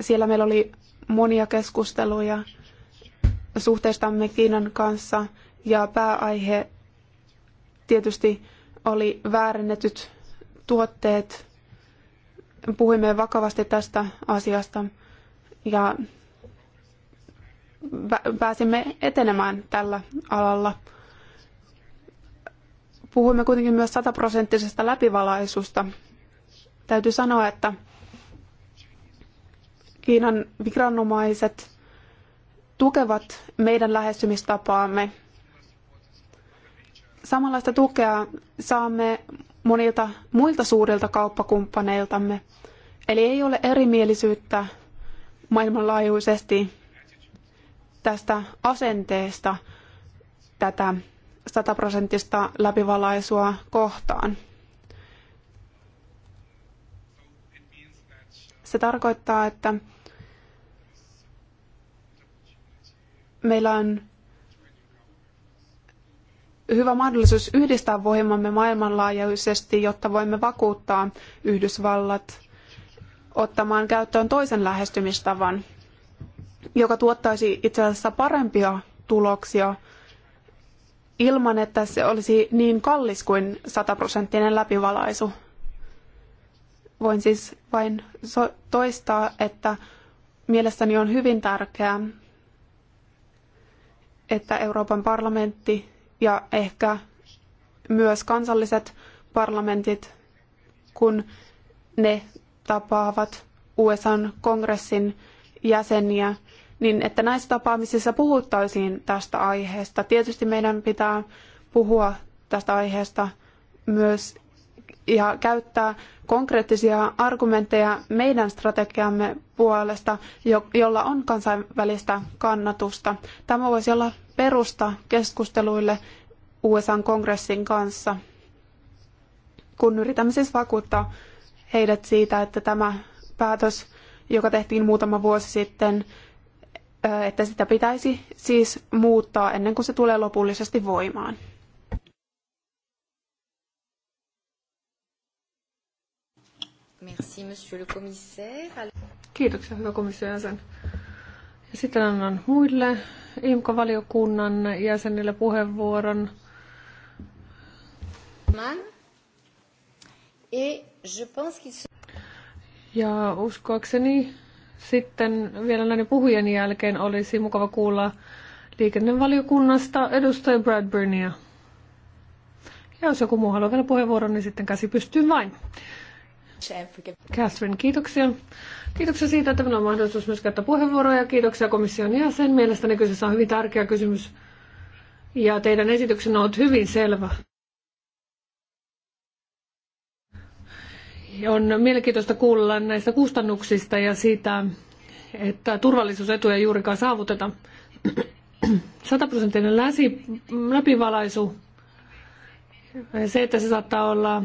Siellä meillä oli monia keskusteluja suhteistamme Kiinan kanssa ja pääaihe tietysti oli väärennetyt tuotteet. Puhuimme vakavasti tästä asiasta ja pääsimme etenemään tällä alalla. Puhuimme kuitenkin myös sataprosenttisesta läpivalaisusta. Täytyy sanoa, että Kiinan viranomaiset tukevat meidän lähestymistapaamme. Samanlaista tukea saamme monilta muilta suurilta kauppakumppaneiltamme. Eli ei ole erimielisyyttä maailmanlaajuisesti tästä asenteesta tätä sataprosenttista läpivalaisua kohtaan. Se tarkoittaa, että meillä on hyvä mahdollisuus yhdistää voimamme maailmanlaajuisesti, jotta voimme vakuuttaa Yhdysvallat ottamaan käyttöön toisen lähestymistavan, joka tuottaisi itse asiassa parempia tuloksia ilman, että se olisi niin kallis kuin sataprosenttinen läpivalaisu. Voin siis vain toistaa, että mielestäni on hyvin tärkeää, että Euroopan parlamentti ja ehkä myös kansalliset parlamentit, kun ne tapaavat USAn kongressin jäseniä, niin että näissä tapaamisissa puhuttaisiin tästä aiheesta. Tietysti meidän pitää puhua tästä aiheesta myös ja käyttää konkreettisia argumentteja meidän strategiamme puolesta, jolla on kansainvälistä kannatusta. Tämä voisi olla perusta keskusteluille USAn kongressin kanssa, kun yritämme siis vakuuttaa heidät siitä, että tämä päätös, joka tehtiin muutama vuosi sitten, että sitä pitäisi siis muuttaa ennen kuin se tulee lopullisesti voimaan. Merci, monsieur le commissaire. Kiitoksia, hyvä komission jäsen. Ja sitten annan muille imco valiokunnan jäsenille puheenvuoron. Ja uskoakseni sitten vielä näiden puhujen jälkeen olisi mukava kuulla liikennevaliokunnasta edustaja Bradburnia. Ja jos joku muu haluaa vielä puheenvuoron, niin sitten käsi pystyy vain. Catherine, kiitoksia. Kiitoksia siitä, että minulla on mahdollisuus myös käyttää puheenvuoroja. Kiitoksia komission jäsen. Mielestäni kyseessä on hyvin tärkeä kysymys. Ja teidän esityksenne on ollut hyvin selvä. On mielenkiintoista kuulla näistä kustannuksista ja siitä, että turvallisuusetuja juurikaan saavuteta. 100 prosenttinen läpivalaisu, se, että se saattaa olla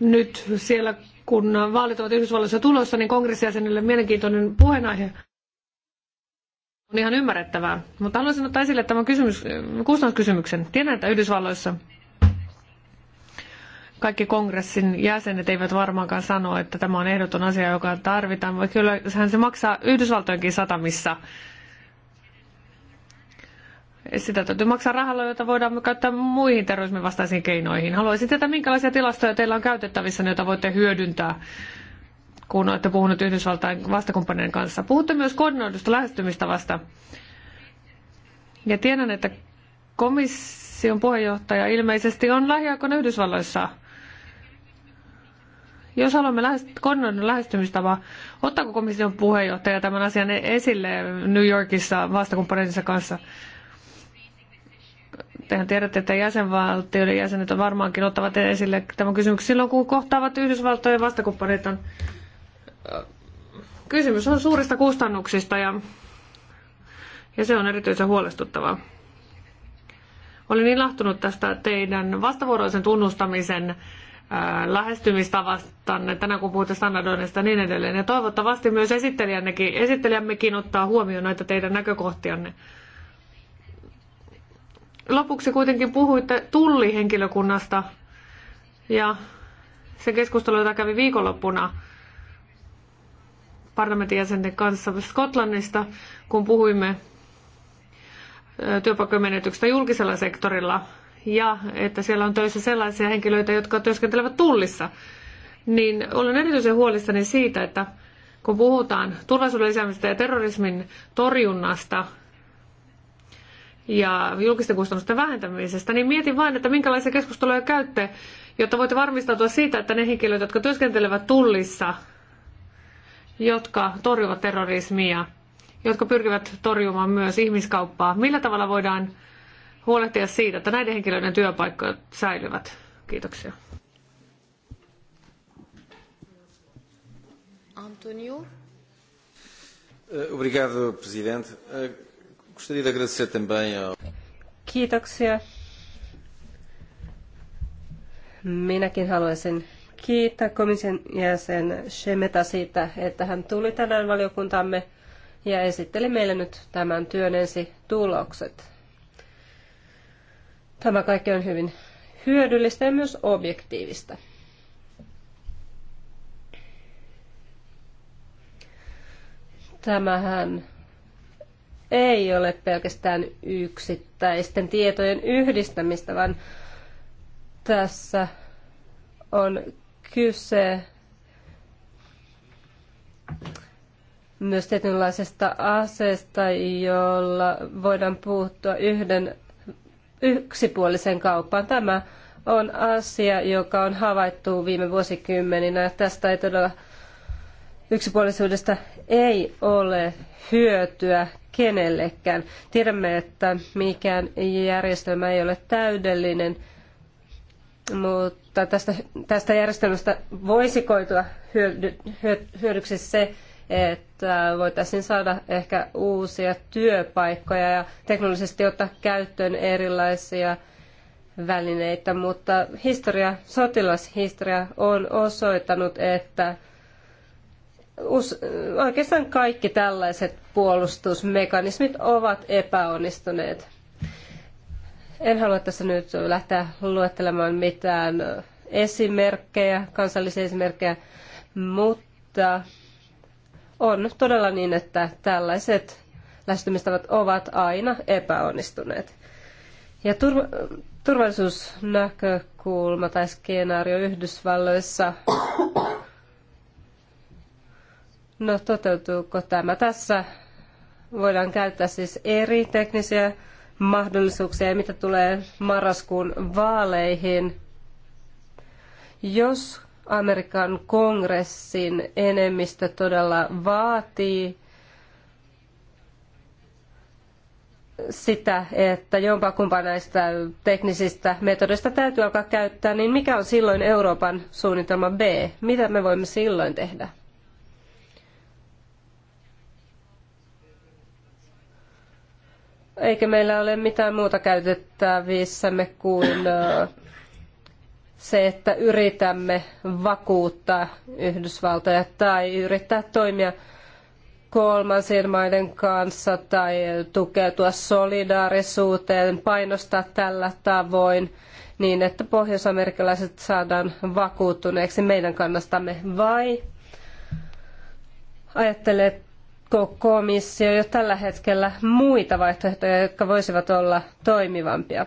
nyt siellä, kun vaalit ovat Yhdysvalloissa tulossa, niin kongressijäsenille mielenkiintoinen puheenaihe on ihan ymmärrettävää. Mutta haluaisin ottaa esille tämän kysymys, kustannuskysymyksen. Tiedän, että Yhdysvalloissa kaikki kongressin jäsenet eivät varmaankaan sano, että tämä on ehdoton asia, joka tarvitaan. Vai kyllähän se maksaa Yhdysvaltojenkin satamissa sitä täytyy maksaa rahalla, jota voidaan käyttää muihin terrorismin vastaisiin keinoihin. Haluaisin tietää, minkälaisia tilastoja teillä on käytettävissä, joita voitte hyödyntää, kun olette puhunut Yhdysvaltain vastakumppanien kanssa. Puhutte myös koordinoidusta lähestymistavasta. Ja tiedän, että komission puheenjohtaja ilmeisesti on lähiaikoina Yhdysvalloissa. Jos haluamme koordinoidun lähestymistapa, ottaako komission puheenjohtaja tämän asian esille New Yorkissa vastakumppaneidensa kanssa? Tehän tiedätte, että jäsenvaltioiden jäsenet varmaankin ottavat esille tämän kysymyksen silloin, kun kohtaavat Yhdysvaltojen on Kysymys on suurista kustannuksista ja, ja se on erityisen huolestuttavaa. Olin ilahtunut tästä teidän vastavuoroisen tunnustamisen lähestymistavastanne, tänään kun puhutte standardoinnista ja niin edelleen. Ja toivottavasti myös esittelijännekin, esittelijämmekin ottaa huomioon näitä teidän näkökohtianne. Lopuksi kuitenkin puhuitte tullihenkilökunnasta ja se keskustelu, jota kävi viikonloppuna parlamentin jäsenten kanssa Skotlannista, kun puhuimme työpaikkojen menetyksestä julkisella sektorilla ja että siellä on töissä sellaisia henkilöitä, jotka työskentelevät tullissa, niin olen erityisen huolissani siitä, että kun puhutaan turvallisuuden lisäämisestä ja terrorismin torjunnasta, ja julkisten kustannusten vähentämisestä, niin mietin vain, että minkälaisia keskusteluja käytte, jotta voitte varmistautua siitä, että ne henkilöt, jotka työskentelevät tullissa, jotka torjuvat terrorismia, jotka pyrkivät torjumaan myös ihmiskauppaa, millä tavalla voidaan huolehtia siitä, että näiden henkilöiden työpaikat säilyvät? Kiitoksia. Antonio. Eh, obrigado, Presidente. Eh, Kiitoksia. Minäkin haluaisin kiittää komission jäsen Shemeta siitä, että hän tuli tänään valiokuntamme ja esitteli meille nyt tämän työn ensi tulokset. Tämä kaikki on hyvin hyödyllistä ja myös objektiivista. Tämähän ei ole pelkästään yksittäisten tietojen yhdistämistä, vaan tässä on kyse myös tietynlaisesta aseesta, jolla voidaan puuttua yhden yksipuolisen kauppaan. Tämä on asia, joka on havaittu viime vuosikymmeninä. Tästä ei todella yksipuolisuudesta ei ole hyötyä kenellekään. Tiedämme, että mikään järjestelmä ei ole täydellinen, mutta tästä, tästä järjestelmästä voisi koitua hyödy, hyödyksi se, että voitaisiin saada ehkä uusia työpaikkoja ja teknologisesti ottaa käyttöön erilaisia välineitä, mutta historia, sotilashistoria on osoittanut, että oikeastaan kaikki tällaiset puolustusmekanismit ovat epäonnistuneet. En halua tässä nyt lähteä luettelemaan mitään esimerkkejä, kansallisia esimerkkejä, mutta on todella niin, että tällaiset lähestymistavat ovat aina epäonnistuneet. Ja turva- turvallisuusnäkökulma tai skenaario Yhdysvalloissa No toteutuuko tämä tässä? Voidaan käyttää siis eri teknisiä mahdollisuuksia, mitä tulee marraskuun vaaleihin. Jos Amerikan kongressin enemmistö todella vaatii sitä, että jompakumpa näistä teknisistä metodeista täytyy alkaa käyttää, niin mikä on silloin Euroopan suunnitelma B? Mitä me voimme silloin tehdä? eikä meillä ole mitään muuta käytettävissämme kuin se, että yritämme vakuuttaa Yhdysvaltoja tai yrittää toimia kolmansien maiden kanssa tai tukeutua solidaarisuuteen, painostaa tällä tavoin niin, että pohjoisamerikkalaiset saadaan vakuuttuneeksi meidän kannastamme vai ajattelet, komissio jo tällä hetkellä muita vaihtoehtoja, jotka voisivat olla toimivampia?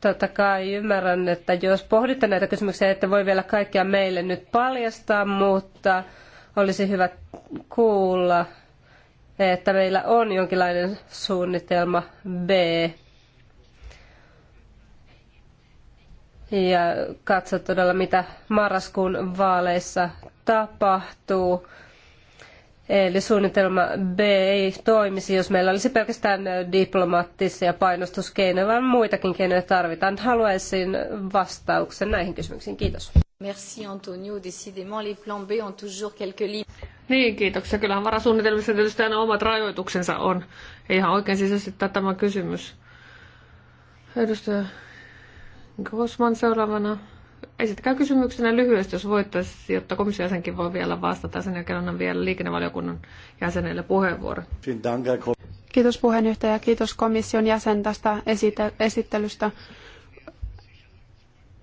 Totta kai ymmärrän, että jos pohditte näitä kysymyksiä, että voi vielä kaikkia meille nyt paljastaa, mutta olisi hyvä kuulla, että meillä on jonkinlainen suunnitelma B ja katsoa todella, mitä marraskuun vaaleissa tapahtuu. Eli suunnitelma B ei toimisi, jos meillä olisi pelkästään diplomaattisia painostuskeinoja, vaan muitakin keinoja tarvitaan. Haluaisin vastauksen näihin kysymyksiin. Kiitos. Merci Antonio. Décidément, les plans B ont toujours quelques limites. Niin, kiitoksia. Kyllähän varasuunnitelmissa tietysti aina omat rajoituksensa on. Ei ihan oikein sisäisesti tämä kysymys. Edustaja Grossman seuraavana. Esittäkää kysymyksenä lyhyesti, jos voittaisiin, jotta komission jäsenkin voi vielä vastata. Sen jälkeen annan vielä liikennevaliokunnan jäsenille puheenvuoron. Kiitos puheenjohtaja ja kiitos komission jäsen tästä esittelystä.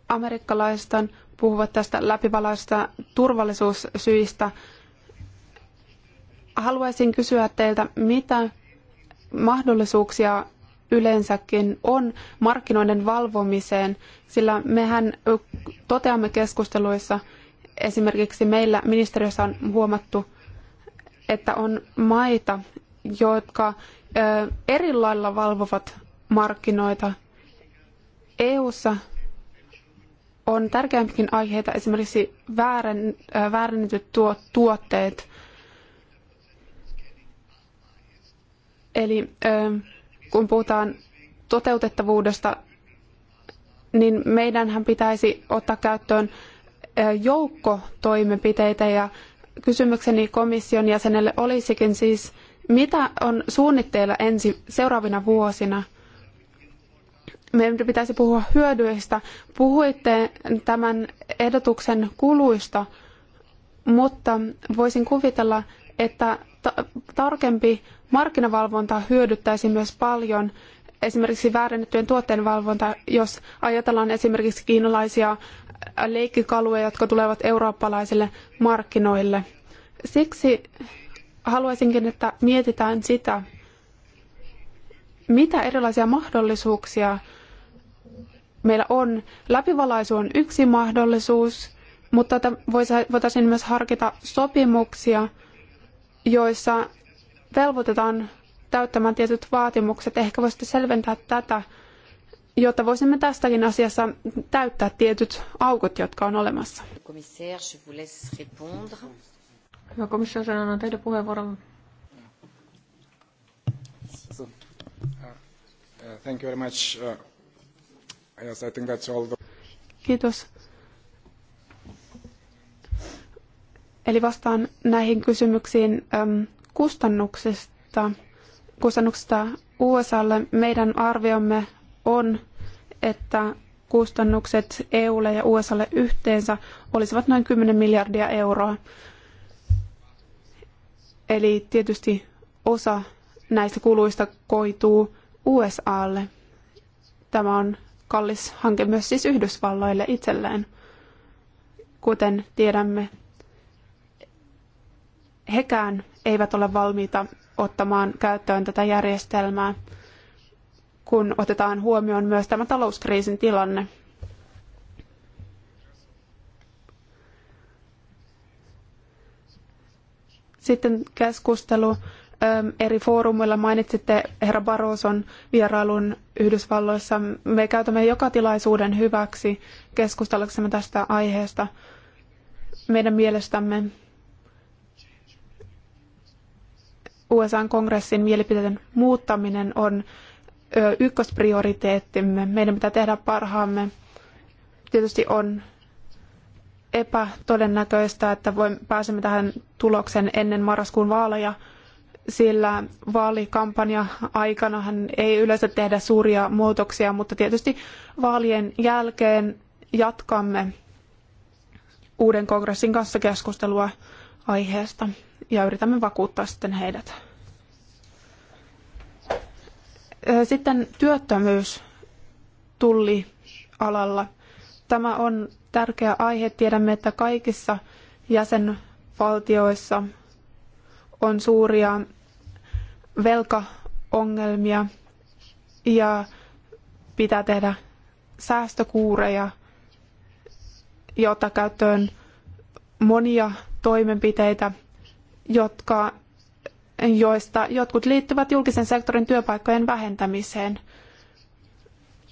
Amerikkalaiset puhuvat tästä läpivalaista turvallisuussyistä. Haluaisin kysyä teiltä, mitä mahdollisuuksia yleensäkin on markkinoiden valvomiseen, sillä mehän toteamme keskusteluissa, esimerkiksi meillä ministeriössä on huomattu, että on maita, jotka eri lailla valvovat markkinoita. EU:ssa on tärkeämpikin aiheita, esimerkiksi väärän, väärennetyt tuotteet. Eli kun puhutaan toteutettavuudesta, niin meidänhän pitäisi ottaa käyttöön joukko toimenpiteitä ja kysymykseni komission jäsenelle olisikin siis, mitä on suunnitteilla ensi seuraavina vuosina? Meidän pitäisi puhua hyödyistä. Puhuitte tämän ehdotuksen kuluista, mutta voisin kuvitella, että ta- tarkempi markkinavalvonta hyödyttäisi myös paljon esimerkiksi väärennettyjen tuotteiden valvonta, jos ajatellaan esimerkiksi kiinalaisia leikkikaluja, jotka tulevat eurooppalaisille markkinoille. Siksi haluaisinkin, että mietitään sitä, mitä erilaisia mahdollisuuksia meillä on. Läpivalaisu on yksi mahdollisuus, mutta voitaisiin myös harkita sopimuksia, joissa velvoitetaan täyttämään tietyt vaatimukset. Ehkä voisitte selventää tätä, jotta voisimme tästäkin asiassa täyttää tietyt aukot, jotka on olemassa. Hyvä komissio, sanon teidän puheenvuoron. Uh, thank you very much. Uh, yes, I think that's all the... Kiitos. Eli vastaan näihin kysymyksiin äm, kustannuksista. Kustannuksista USAlle meidän arviomme on, että kustannukset EUlle ja USAlle yhteensä olisivat noin 10 miljardia euroa. Eli tietysti osa näistä kuluista koituu USAlle. Tämä on kallis hanke myös siis Yhdysvalloille itselleen. Kuten tiedämme, hekään eivät ole valmiita ottamaan käyttöön tätä järjestelmää, kun otetaan huomioon myös tämä talouskriisin tilanne. Sitten keskustelu ähm, eri foorumilla mainitsitte herra Barroson vierailun Yhdysvalloissa. Me käytämme joka tilaisuuden hyväksi keskustellaksemme tästä aiheesta. Meidän mielestämme USA-kongressin mielipiteiden muuttaminen on ykkösprioriteettimme. Meidän pitää tehdä parhaamme. Tietysti on epätodennäköistä, että voimme, pääsemme tähän tulokseen ennen marraskuun vaaleja, sillä vaalikampanja aikanahan ei yleensä tehdä suuria muutoksia, mutta tietysti vaalien jälkeen jatkamme uuden kongressin kanssa keskustelua aiheesta ja yritämme vakuuttaa sitten heidät. Sitten työttömyys alalla. Tämä on tärkeä aihe. Tiedämme, että kaikissa jäsenvaltioissa on suuria velkaongelmia ja pitää tehdä säästökuureja ja ottaa käyttöön monia toimenpiteitä jotka, joista jotkut liittyvät julkisen sektorin työpaikkojen vähentämiseen.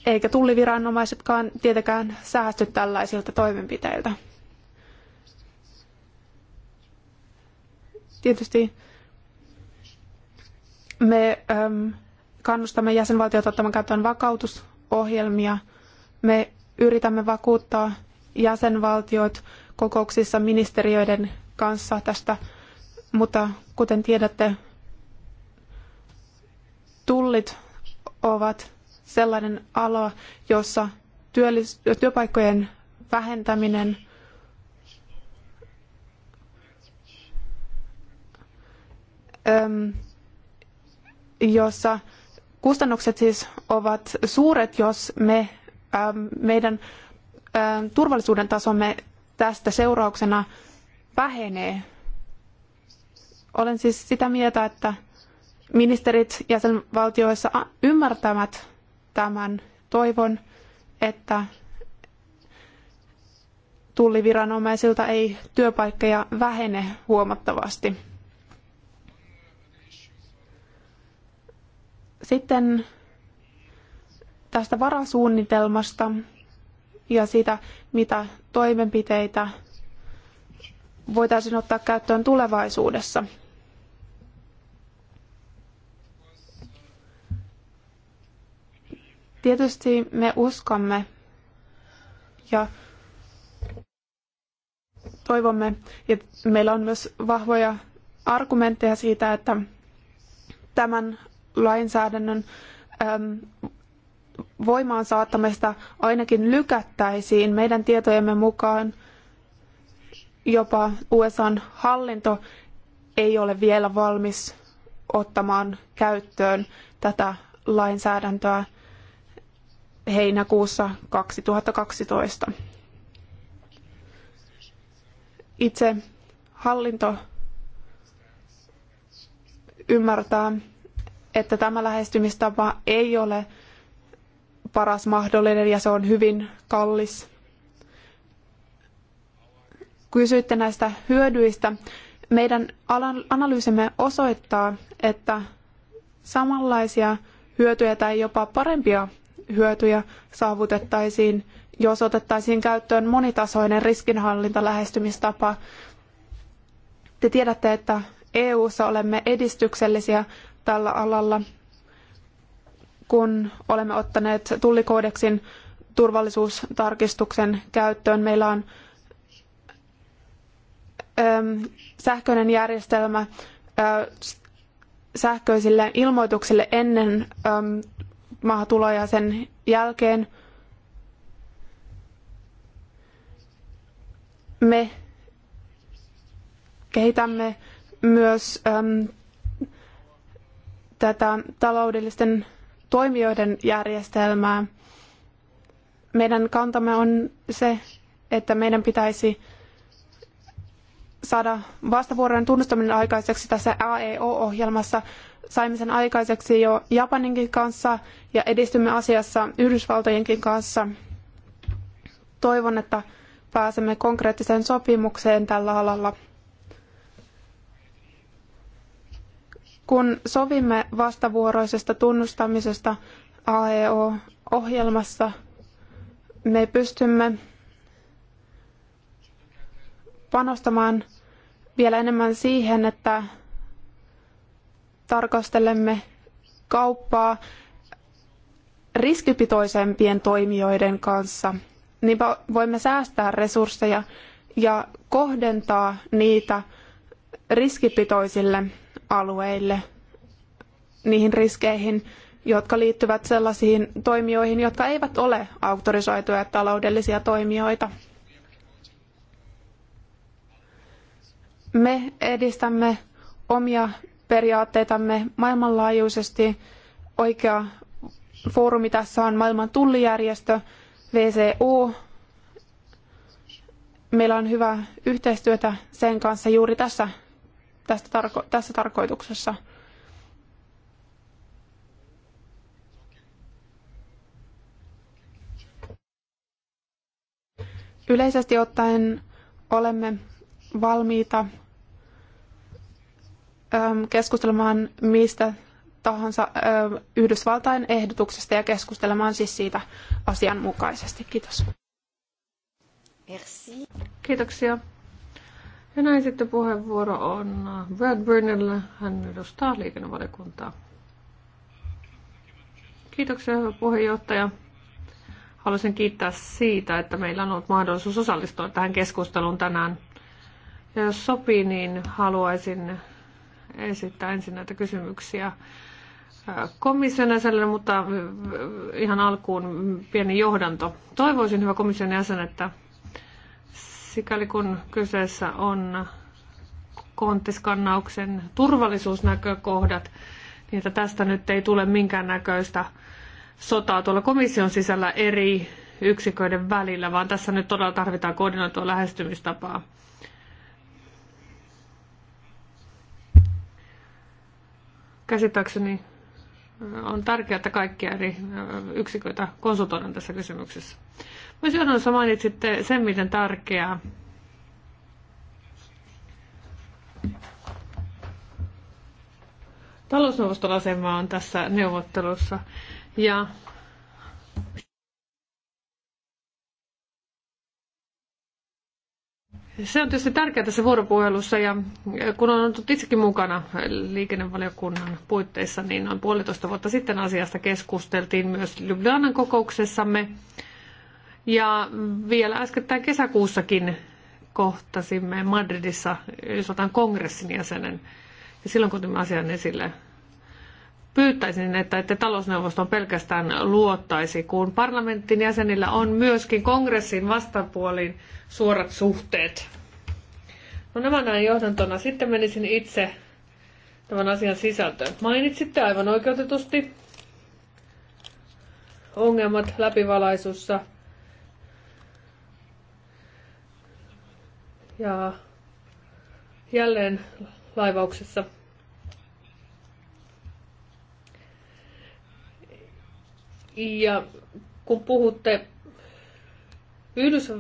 Eikä tulliviranomaisetkaan tietenkään säästy tällaisilta toimenpiteiltä. Tietysti me ähm, kannustamme jäsenvaltiot ottamaan käyttöön vakautusohjelmia. Me yritämme vakuuttaa jäsenvaltiot kokouksissa ministeriöiden kanssa tästä mutta kuten tiedätte, tullit ovat sellainen ala, jossa työpaikkojen vähentäminen jossa kustannukset siis ovat suuret, jos me, meidän turvallisuuden tasomme tästä seurauksena vähenee olen siis sitä mieltä, että ministerit jäsenvaltioissa ymmärtävät tämän. Toivon, että tulliviranomaisilta ei työpaikkoja vähene huomattavasti. Sitten tästä varasuunnitelmasta ja siitä, mitä toimenpiteitä voitaisiin ottaa käyttöön tulevaisuudessa. Tietysti me uskomme ja toivomme, ja meillä on myös vahvoja argumentteja siitä, että tämän lainsäädännön voimaan saattamista ainakin lykättäisiin meidän tietojemme mukaan – jopa USAn hallinto ei ole vielä valmis ottamaan käyttöön tätä lainsäädäntöä heinäkuussa 2012. Itse hallinto ymmärtää, että tämä lähestymistapa ei ole paras mahdollinen ja se on hyvin kallis Kysyitte näistä hyödyistä. Meidän analyysimme osoittaa, että samanlaisia hyötyjä tai jopa parempia hyötyjä saavutettaisiin, jos otettaisiin käyttöön monitasoinen riskinhallintalähestymistapa. Te tiedätte, että EU:ssa olemme edistyksellisiä tällä alalla, kun olemme ottaneet tullikoodeksin turvallisuustarkistuksen käyttöön. Meillä on sähköinen järjestelmä sähköisille ilmoituksille ennen maahantuloa ja sen jälkeen. Me kehitämme myös tätä taloudellisten toimijoiden järjestelmää. Meidän kantamme on se, että meidän pitäisi saada vastavuoroinen tunnustaminen aikaiseksi tässä AEO-ohjelmassa. Saimme sen aikaiseksi jo Japaninkin kanssa ja edistymme asiassa Yhdysvaltojenkin kanssa. Toivon, että pääsemme konkreettiseen sopimukseen tällä alalla. Kun sovimme vastavuoroisesta tunnustamisesta AEO-ohjelmassa, me pystymme panostamaan vielä enemmän siihen, että tarkastelemme kauppaa riskipitoisempien toimijoiden kanssa, niin voimme säästää resursseja ja kohdentaa niitä riskipitoisille alueille, niihin riskeihin, jotka liittyvät sellaisiin toimijoihin, jotka eivät ole autorisoituja taloudellisia toimijoita. Me edistämme omia periaatteitamme maailmanlaajuisesti. Oikea foorumi tässä on maailman tullijärjestö, VCU. Meillä on hyvää yhteistyötä sen kanssa juuri tässä, tästä tarko- tässä tarkoituksessa. Yleisesti ottaen olemme valmiita keskustelemaan mistä tahansa Yhdysvaltain ehdotuksesta ja keskustelemaan siis siitä asianmukaisesti. Kiitos. Merci. Kiitoksia. Ja näin sitten puheenvuoro on Brad Burnell. Hän edustaa liikennevaliokuntaa. Kiitoksia, hyvä puheenjohtaja. Haluaisin kiittää siitä, että meillä on ollut mahdollisuus osallistua tähän keskusteluun tänään. Ja jos sopii, niin haluaisin esittää ensin näitä kysymyksiä äh, komission jäsenelle, mutta äh, ihan alkuun pieni johdanto. Toivoisin, hyvä komission jäsen, että sikäli kun kyseessä on konttiskannauksen turvallisuusnäkökohdat, niin että tästä nyt ei tule minkäännäköistä sotaa tuolla komission sisällä eri yksiköiden välillä, vaan tässä nyt todella tarvitaan koordinoitua lähestymistapaa. Käsittääkseni äh, on tärkeää, että kaikkia eri äh, yksiköitä konsultoidaan tässä kysymyksessä. Myös johdonnossa mainitsitte sen, miten tärkeää talousneuvoston asema on tässä neuvottelussa. Ja Se on tietysti tärkeää tässä vuoropuhelussa ja kun on ollut itsekin mukana liikennevaliokunnan puitteissa, niin noin puolitoista vuotta sitten asiasta keskusteltiin myös Ljubljanan kokouksessamme. Ja vielä äskettäin kesäkuussakin kohtasimme Madridissa Yhdysvaltain kongressin jäsenen. Ja silloin kun tämä asian esille pyytäisin, että ette talousneuvoston pelkästään luottaisi, kun parlamentin jäsenillä on myöskin kongressin vastapuoliin suorat suhteet. No nämä näin johdantona. Sitten menisin itse tämän asian sisältöön. Mainitsitte aivan oikeutetusti ongelmat läpivalaisussa ja jälleen laivauksessa – Ja kun puhutte Yhdys, äh,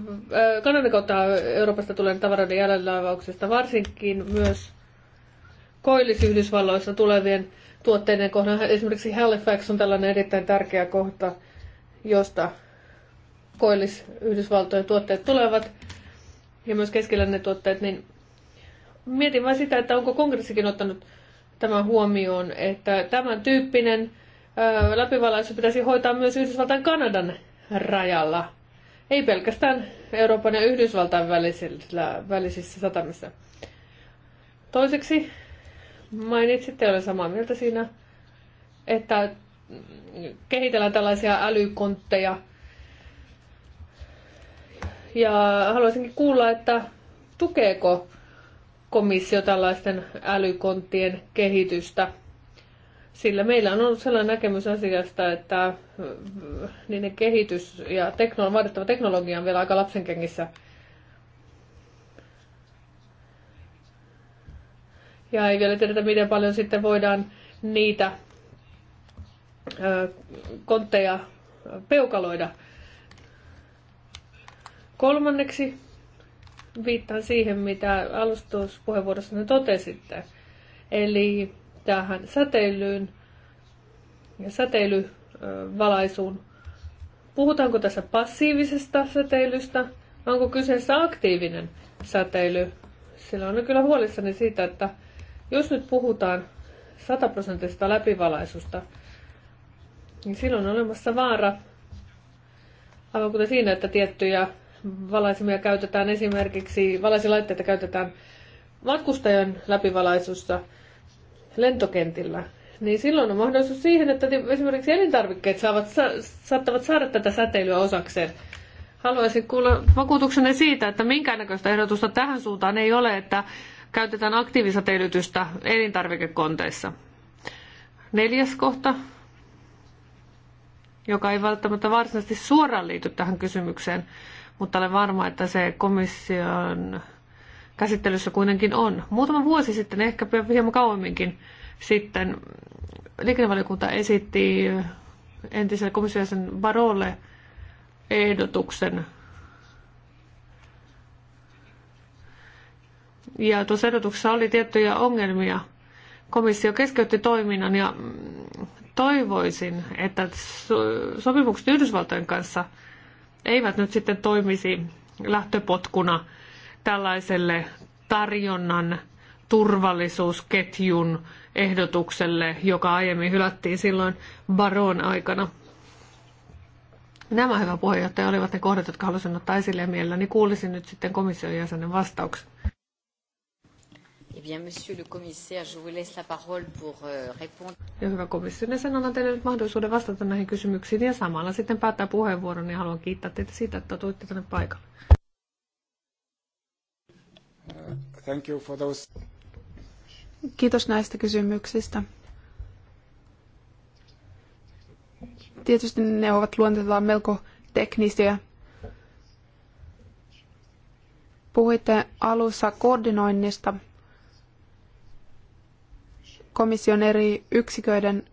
Kanadan kautta Euroopasta tulen tavaroiden jäljellä varsinkin myös koillis yhdysvalloissa tulevien tuotteiden kohdalla. Esimerkiksi Halifax on tällainen erittäin tärkeä kohta, josta koillis-Yhdysvaltojen tuotteet tulevat ja myös keskellä ne tuotteet, niin mietin vain sitä, että onko kongressikin ottanut tämän huomioon, että tämän tyyppinen läpivalaisu pitäisi hoitaa myös Yhdysvaltain Kanadan rajalla, ei pelkästään Euroopan ja Yhdysvaltain välisillä, välisissä satamissa. Toiseksi mainitsitte, olen samaa mieltä siinä, että kehitellään tällaisia älykontteja. Ja haluaisinkin kuulla, että tukeeko komissio tällaisten älykonttien kehitystä – sillä meillä on ollut sellainen näkemys asiasta, että mm, niiden kehitys ja teknolo- vaadittava teknologia on vielä aika lapsenkengissä. Ja ei vielä tiedetä, miten paljon sitten voidaan niitä kontteja peukaloida. Kolmanneksi viittaan siihen, mitä alustuspuheenvuorossanne totesitte. Eli tähän säteilyyn ja säteilyvalaisuun. Puhutaanko tässä passiivisesta säteilystä? Onko kyseessä aktiivinen säteily? Sillä on kyllä huolissani siitä, että jos nyt puhutaan sataprosenttisesta läpivalaisusta, niin silloin on olemassa vaara, aivan kuten siinä, että tiettyjä valaisimia käytetään esimerkiksi, valaisilaitteita käytetään matkustajan läpivalaisussa, lentokentillä, niin silloin on mahdollisuus siihen, että esimerkiksi elintarvikkeet saavat, sa, saattavat saada tätä säteilyä osakseen. Haluaisin kuulla vakuutuksenne siitä, että minkäännäköistä ehdotusta tähän suuntaan ei ole, että käytetään aktiivisäteilytystä elintarvikekonteissa. Neljäs kohta, joka ei välttämättä varsinaisesti suoraan liity tähän kysymykseen, mutta olen varma, että se komission käsittelyssä kuitenkin on. Muutama vuosi sitten, ehkä hieman kauemminkin sitten, liikennevaliokunta esitti entiselle komissiojäsen Barolle ehdotuksen. Ja tuossa ehdotuksessa oli tiettyjä ongelmia. Komissio keskeytti toiminnan ja toivoisin, että sopimukset Yhdysvaltojen kanssa eivät nyt sitten toimisi lähtöpotkuna tällaiselle tarjonnan turvallisuusketjun ehdotukselle, joka aiemmin hylättiin silloin Baron aikana. Nämä, hyvä puheenjohtaja, olivat ne kohdat, jotka halusin ottaa esille ja mielelläni kuulisin nyt sitten komission jäsenen vastauksen. Eh bien, monsieur le commissaire, je vous laisse la parole pour euh, répondre. Ja hyvä komission jäsen, annan teille nyt mahdollisuuden vastata näihin kysymyksiin ja samalla sitten päättää puheenvuoron ja niin haluan kiittää teitä siitä, että tuitte tänne paikalle. Thank you for those. Kiitos näistä kysymyksistä. Tietysti ne ovat luonteeltaan melko teknisiä. Puhuitte alussa koordinoinnista komission eri yksiköiden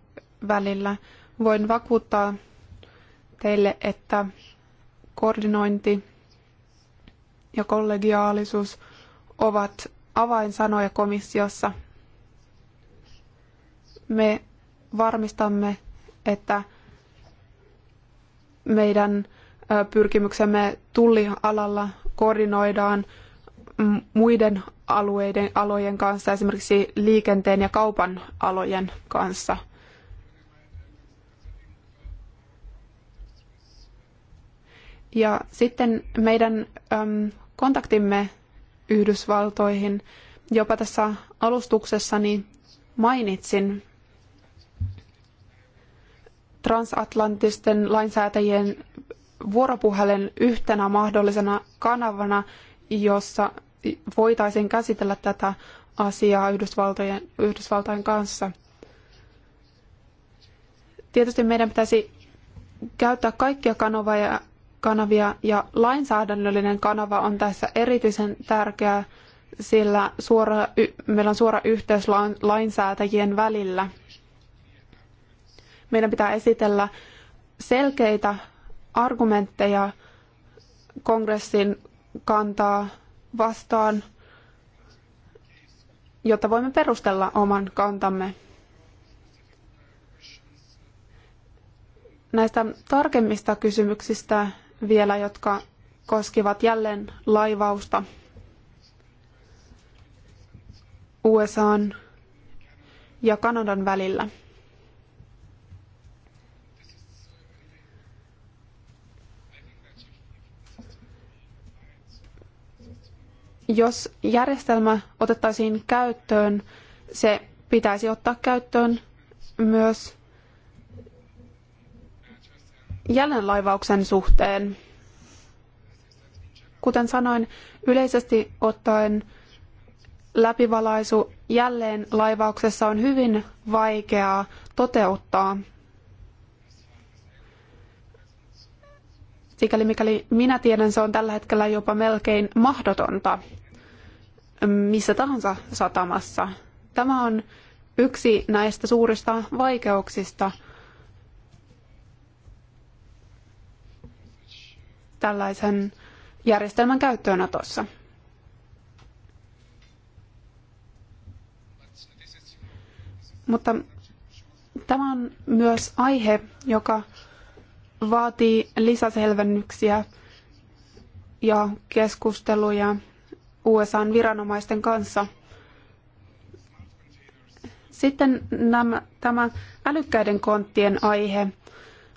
välillä. Voin vakuuttaa teille, että koordinointi ja kollegiaalisuus – ovat avainsanoja komissiossa. Me varmistamme, että meidän pyrkimyksemme tullialalla koordinoidaan muiden alueiden, alojen kanssa, esimerkiksi liikenteen ja kaupan alojen kanssa. Ja sitten meidän kontaktimme Yhdysvaltoihin. Jopa tässä alustuksessani mainitsin transatlanttisten lainsäätäjien vuoropuhelun yhtenä mahdollisena kanavana, jossa voitaisiin käsitellä tätä asiaa Yhdysvaltojen, Yhdysvaltain kanssa. Tietysti meidän pitäisi käyttää kaikkia kanavia, kanavia ja lainsäädännöllinen kanava on tässä erityisen tärkeä, sillä suora, meillä on suora yhteys lainsäätäjien välillä. Meidän pitää esitellä selkeitä argumentteja kongressin kantaa vastaan, jotta voimme perustella oman kantamme. Näistä tarkemmista kysymyksistä vielä, jotka koskivat jälleen laivausta. USAn ja Kanadan välillä. Jos järjestelmä otettaisiin käyttöön, se pitäisi ottaa käyttöön myös jälleenlaivauksen suhteen. Kuten sanoin, yleisesti ottaen läpivalaisu jälleenlaivauksessa on hyvin vaikeaa toteuttaa. Sikäli mikäli minä tiedän, se on tällä hetkellä jopa melkein mahdotonta missä tahansa satamassa. Tämä on yksi näistä suurista vaikeuksista – tällaisen järjestelmän käyttöönotossa. Mutta tämä on myös aihe, joka vaatii lisäselvennyksiä ja keskusteluja USAn viranomaisten kanssa. Sitten nämä, tämä älykkäiden konttien aihe.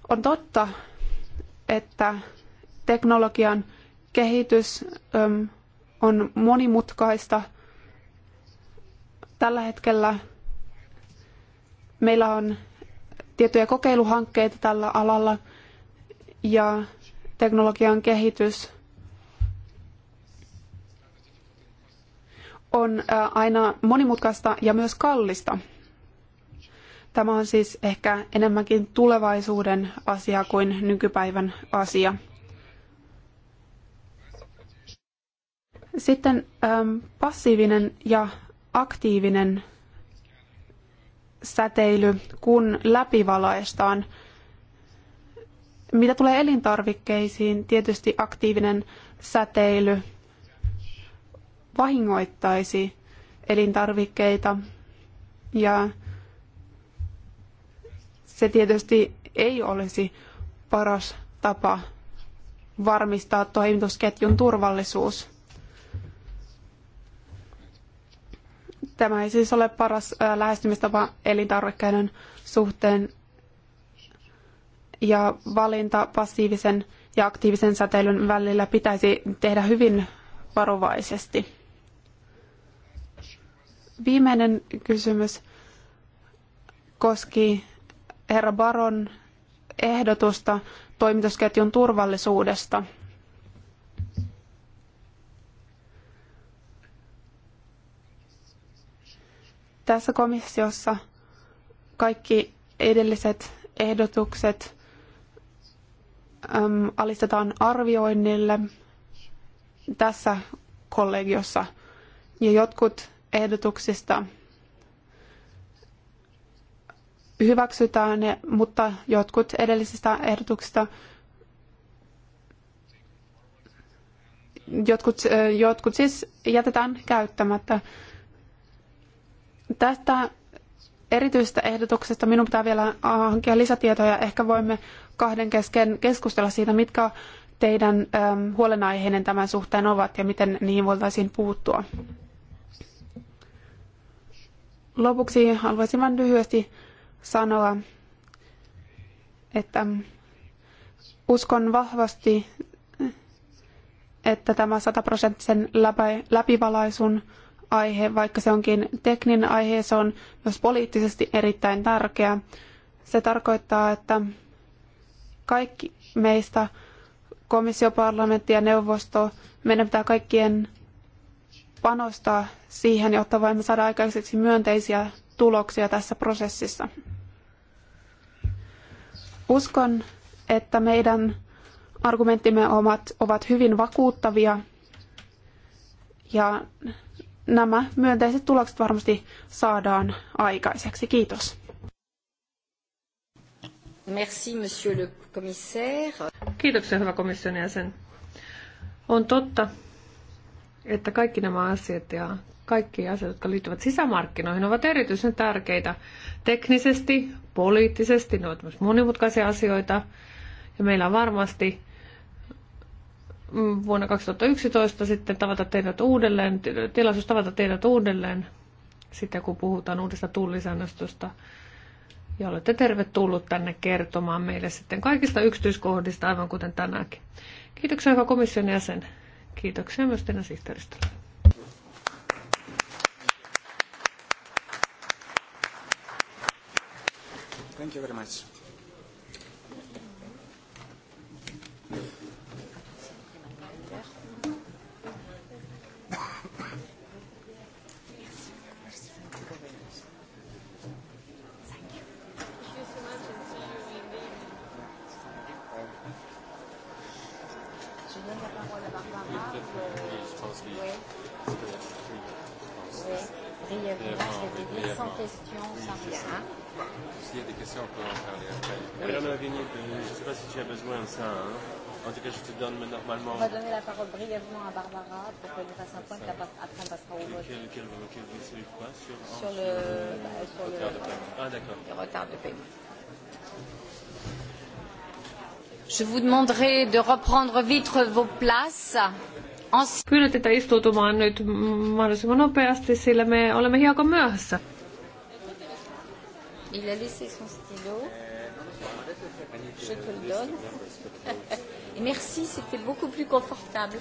On totta, että teknologian kehitys on monimutkaista. Tällä hetkellä meillä on tiettyjä kokeiluhankkeita tällä alalla ja teknologian kehitys on aina monimutkaista ja myös kallista. Tämä on siis ehkä enemmänkin tulevaisuuden asia kuin nykypäivän asia. Sitten ähm, passiivinen ja aktiivinen säteily, kun läpivalaistaan. Mitä tulee elintarvikkeisiin, tietysti aktiivinen säteily vahingoittaisi elintarvikkeita ja se tietysti ei olisi paras tapa varmistaa toimitusketjun turvallisuus. Tämä ei siis ole paras lähestymistapa elintarvikkeiden suhteen ja valinta passiivisen ja aktiivisen säteilyn välillä pitäisi tehdä hyvin varovaisesti. Viimeinen kysymys koski herra Baron ehdotusta toimitusketjun turvallisuudesta – tässä komissiossa kaikki edelliset ehdotukset äm, alistetaan arvioinnille tässä kollegiossa. Ja jotkut ehdotuksista hyväksytään, mutta jotkut edellisistä ehdotuksista jotkut, jotkut siis jätetään käyttämättä. Tästä erityisestä ehdotuksesta minun pitää vielä hankkia lisätietoja. Ehkä voimme kahden kesken keskustella siitä, mitkä teidän ähm, huolenaiheinen tämän suhteen ovat ja miten niihin voitaisiin puuttua. Lopuksi haluaisin vain lyhyesti sanoa, että uskon vahvasti, että tämä sataprosenttisen läpivalaisun aihe, vaikka se onkin tekninen aihe, se on myös poliittisesti erittäin tärkeä. Se tarkoittaa, että kaikki meistä, komissio, parlamentti ja neuvosto, meidän pitää kaikkien panostaa siihen, jotta voimme saada aikaiseksi myönteisiä tuloksia tässä prosessissa. Uskon, että meidän argumenttimme ovat hyvin vakuuttavia ja nämä myönteiset tulokset varmasti saadaan aikaiseksi. Kiitos. Merci, monsieur le commissaire. Kiitoksia, hyvä komission jäsen. On totta, että kaikki nämä asiat ja kaikki asiat, jotka liittyvät sisämarkkinoihin, ovat erityisen tärkeitä teknisesti, poliittisesti, ne ovat myös monimutkaisia asioita. Ja meillä on varmasti Mm, vuonna 2011 sitten tavata teidät uudelleen, tilaisuus tavata teidät uudelleen sitten kun puhutaan uudesta tullisäännöstöstä. Ja olette tervetullut tänne kertomaan meille sitten kaikista yksityiskohdista, aivan kuten tänäänkin. Kiitoksia hyvä komission jäsen. Kiitoksia myös teidän sihteeristölle. Thank you very much. brièvement à Barbara pour qu'elle nous fasse un point, après on passera au vote. Quel, quel, quel, quel, de quoi sur, sur, le, bah, sur le retard de paiement. Ah, d'accord. Le retard de paiement. Je vous demanderai de reprendre vite vos places. Pyydän teitä istuutumaan nyt mahdollisimman nopeasti, sillä me olemme hiukan myöhässä. Il a laissé son stylo. Je te le donne. Et merci, c'était beaucoup plus confortable.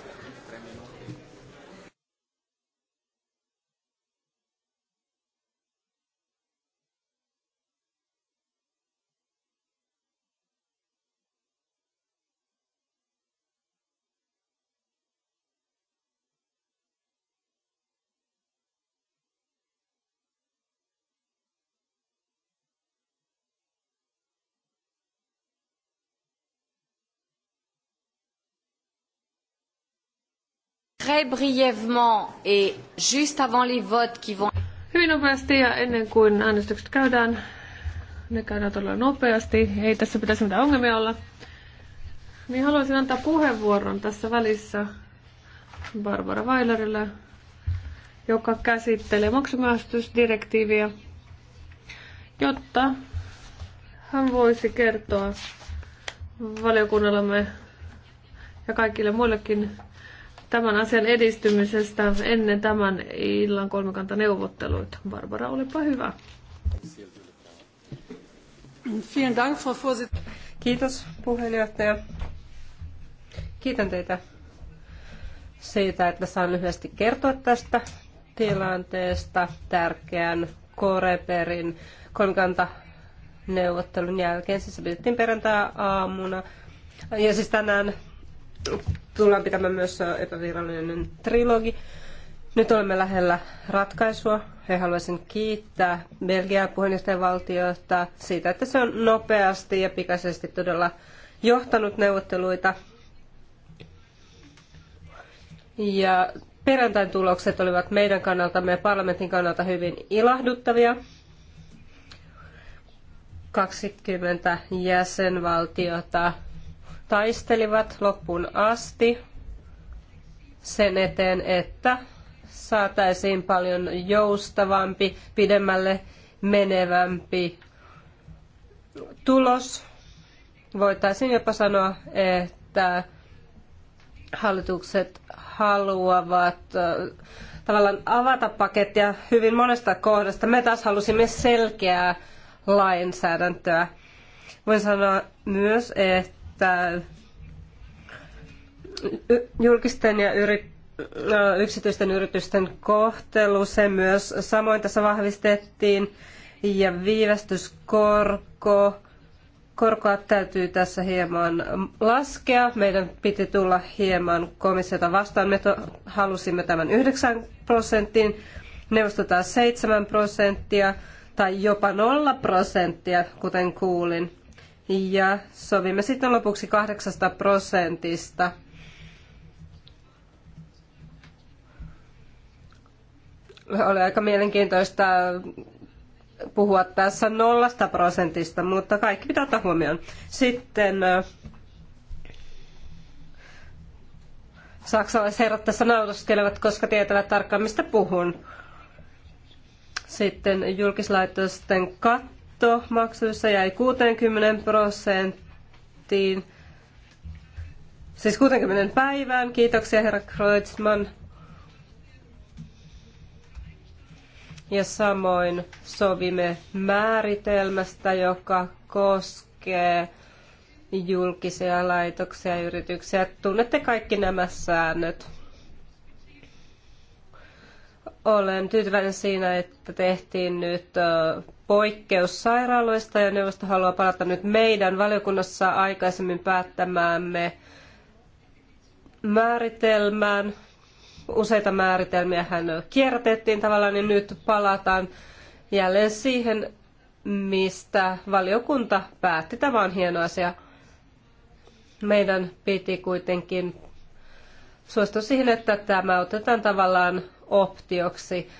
Très brièvement et juste avant les votes qui vont... Hyvin nopeasti ja ennen kuin äänestykset käydään, ne käydään todella nopeasti, ei tässä pitäisi mitään ongelmia olla, niin haluaisin antaa puheenvuoron tässä välissä Barbara Weilerille, joka käsittelee maksumäärästysdirektiiviä, jotta hän voisi kertoa valiokunnallamme ja kaikille muillekin tämän asian edistymisestä ennen tämän illan kolmikantaneuvotteluita. Barbara, olipa hyvä. Kiitos puheenjohtaja. Kiitän teitä siitä, että saan lyhyesti kertoa tästä tilanteesta tärkeän Koreperin kolmikantaneuvottelun jälkeen. Siis se pidettiin perjantai-aamuna. Ja siis tänään tullaan pitämään myös epävirallinen trilogi. Nyt olemme lähellä ratkaisua He haluaisin kiittää Belgiaa puheenjohtajavaltiota siitä, että se on nopeasti ja pikaisesti todella johtanut neuvotteluita. Ja perjantain tulokset olivat meidän kannalta, ja parlamentin kannalta hyvin ilahduttavia. 20 jäsenvaltiota taistelivat loppuun asti sen eteen, että saataisiin paljon joustavampi, pidemmälle menevämpi tulos. Voitaisiin jopa sanoa, että hallitukset haluavat tavallaan avata pakettia hyvin monesta kohdasta. Me taas halusimme selkeää lainsäädäntöä. Voin sanoa myös, että että julkisten ja yri, no, yksityisten yritysten kohtelu, se myös samoin tässä vahvistettiin, ja viivästyskorko, korkoa täytyy tässä hieman laskea. Meidän piti tulla hieman komissiota vastaan. Me halusimme tämän 9 prosentin, neuvosto taas 7 prosenttia tai jopa 0 prosenttia, kuten kuulin ja sovimme sitten lopuksi kahdeksasta prosentista. Oli aika mielenkiintoista puhua tässä nollasta prosentista, mutta kaikki pitää ottaa huomioon. Sitten saksalaisherrat tässä nauraskelevat, koska tietävät tarkkaan, mistä puhun. Sitten julkislaitosten katto nettomaksuissa jäi 60 prosenttiin, siis 60 päivään. Kiitoksia herra Kreutzmann. Ja samoin sovimme määritelmästä, joka koskee julkisia laitoksia ja yrityksiä. Tunnette kaikki nämä säännöt. Olen tyytyväinen siinä, että tehtiin nyt poikkeus sairaaloista ja neuvosto haluaa palata nyt meidän valiokunnassa aikaisemmin päättämäämme määritelmään. Useita määritelmiä hän kierrätettiin tavallaan niin nyt palataan jälleen siihen, mistä valiokunta päätti. Tämä on hieno asia. Meidän piti kuitenkin suostua siihen, että tämä otetaan tavallaan optioksi.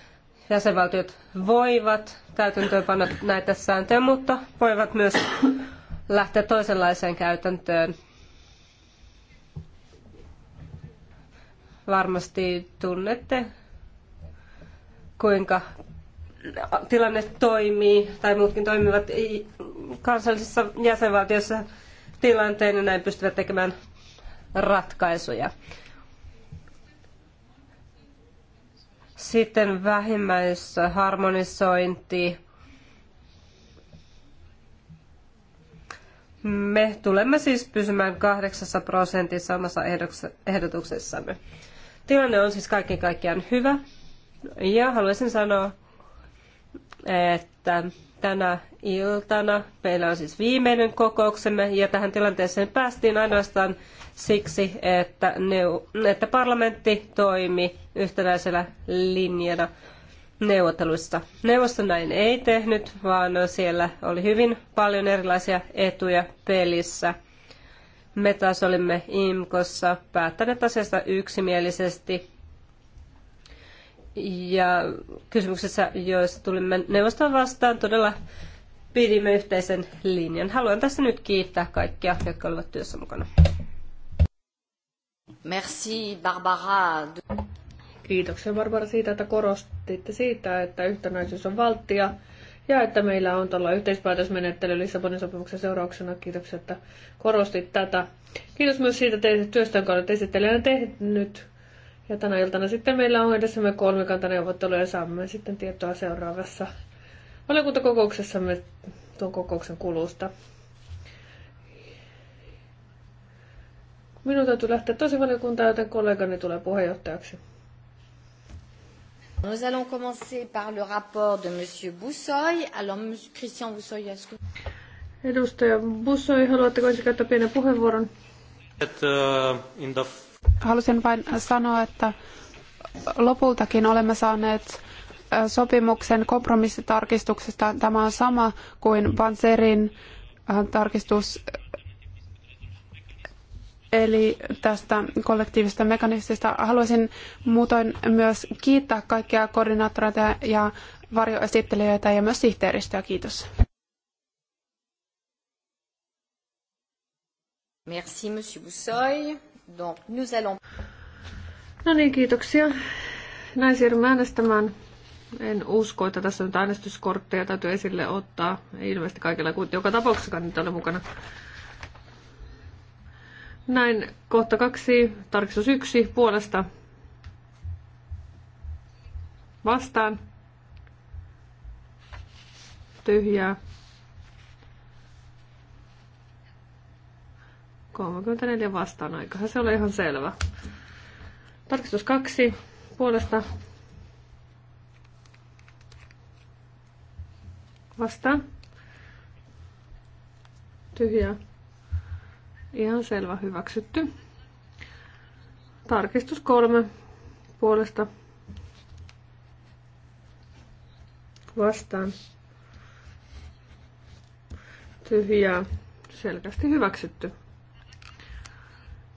Jäsenvaltiot voivat täytäntöönpanna näitä sääntöjä, mutta voivat myös lähteä toisenlaiseen käytäntöön. Varmasti tunnette, kuinka tilanne toimii tai muutkin toimivat kansallisissa jäsenvaltioissa tilanteen ja näin pystyvät tekemään ratkaisuja. Sitten vähimmäisharmonisointi. Me tulemme siis pysymään kahdeksassa prosentissa omassa ehdotuksessamme. Tilanne on siis kaiken kaikkiaan hyvä. Ja haluaisin sanoa, että tänä iltana. Meillä on siis viimeinen kokouksemme ja tähän tilanteeseen päästiin ainoastaan siksi, että, neu- että parlamentti toimi yhtenäisellä linjana neuvotteluissa. Neuvosto näin ei tehnyt, vaan siellä oli hyvin paljon erilaisia etuja pelissä. Me taas olimme IMKossa päättäneet asiasta yksimielisesti ja kysymyksessä, joissa tulimme neuvostoon vastaan, todella pidimme yhteisen linjan. Haluan tässä nyt kiittää kaikkia, jotka olivat työssä mukana. Merci Barbara. Kiitoksia Barbara siitä, että korostitte siitä, että yhtenäisyys on valttia ja että meillä on tuolla yhteispäätösmenettely Lissabonin sopimuksen seurauksena. Kiitoksia, että korostit tätä. Kiitos myös siitä teidän työstä, jonka olette esittelijänä tehnyt ja tänä iltana sitten meillä on edessämme kolmikantaneuvottelu ja saamme sitten tietoa seuraavassa valiokuntakokouksessamme tuon kokouksen kulusta. Minun täytyy lähteä tosi valiokuntaan, joten kollegani tulee puheenjohtajaksi. Nous allons commencer par le rapport de Monsieur Boussoy. Alors, Monsieur Christian Boussoy, est-ce que... Edustaja Boussoy, haluatteko ensin käyttää pienen puheenvuoron? Et, uh, in the Halusin vain sanoa, että lopultakin olemme saaneet sopimuksen kompromissitarkistuksesta. Tämä on sama kuin Panzerin tarkistus, eli tästä kollektiivisesta mekanismista. Haluaisin muutoin myös kiittää kaikkia koordinaattoreita ja varjoesittelijöitä ja myös sihteeristöä. Kiitos. Merci, monsieur Boussoy. Donc, nous allons... No niin, kiitoksia. Näin siirrymme äänestämään. En usko, että tässä on äänestyskortteja täytyy esille ottaa. Ei ilmeisesti kaikilla, kun joka tapauksessa niitä ole mukana. Näin kohta kaksi, tarkistus yksi puolesta vastaan. Tyhjää, 34 vastaan aikahan, se oli ihan selvä. Tarkistus kaksi puolesta vastaan. Tyhjä. Ihan selvä, hyväksytty. Tarkistus kolme puolesta vastaan. tyhjä selkeästi hyväksytty.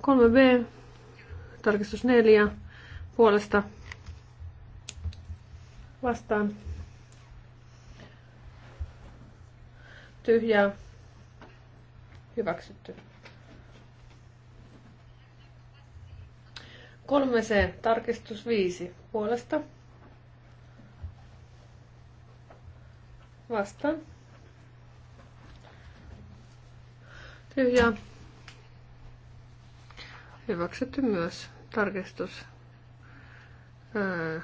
3B, tarkistus 4, puolesta vastaan. Tyhjää. Hyväksytty. 3C, tarkistus 5, puolesta vastaan. Tyhjää. Hyväksytty myös tarkistus. Öö,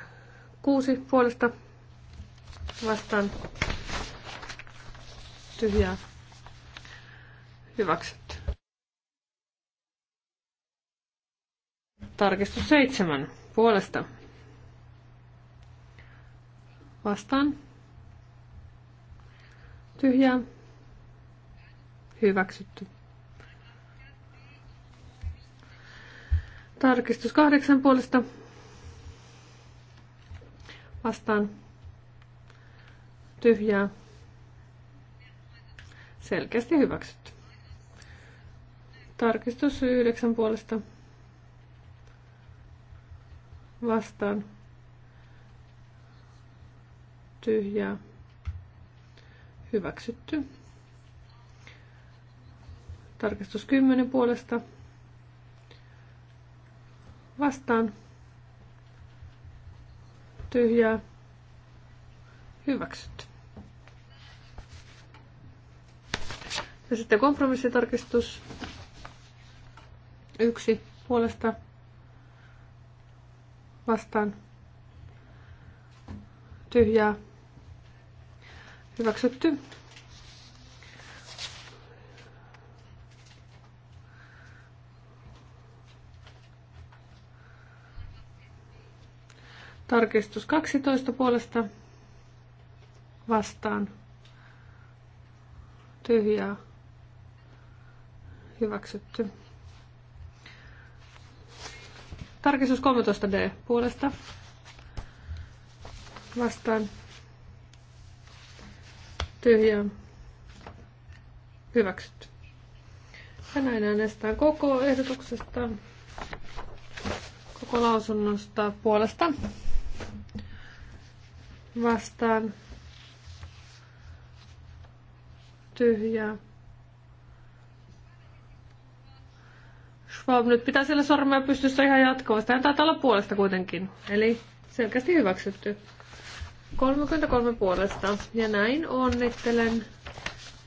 kuusi puolesta vastaan tyhjää. Hyväksytty. Tarkistus seitsemän puolesta vastaan tyhjää. Hyväksytty. Tarkistus kahdeksan puolesta vastaan tyhjää. Selkeästi hyväksytty. Tarkistus yhdeksän puolesta vastaan tyhjää. Hyväksytty. Tarkistus kymmenen puolesta vastaan tyhjää hyväksytty. Ja sitten kompromissitarkistus yksi puolesta vastaan tyhjää hyväksytty. Tarkistus 12 puolesta vastaan. Tyhjää. Hyväksytty. Tarkistus 13D puolesta vastaan. Tyhjää. Hyväksytty. Ja näin äänestään koko ehdotuksesta, koko lausunnosta puolesta vastaan tyhjää. Schwab nyt pitää sillä sormea pystyssä ihan jatkuvasti. Hän taitaa olla puolesta kuitenkin. Eli selkeästi hyväksytty. 33 puolesta. Ja näin onnittelen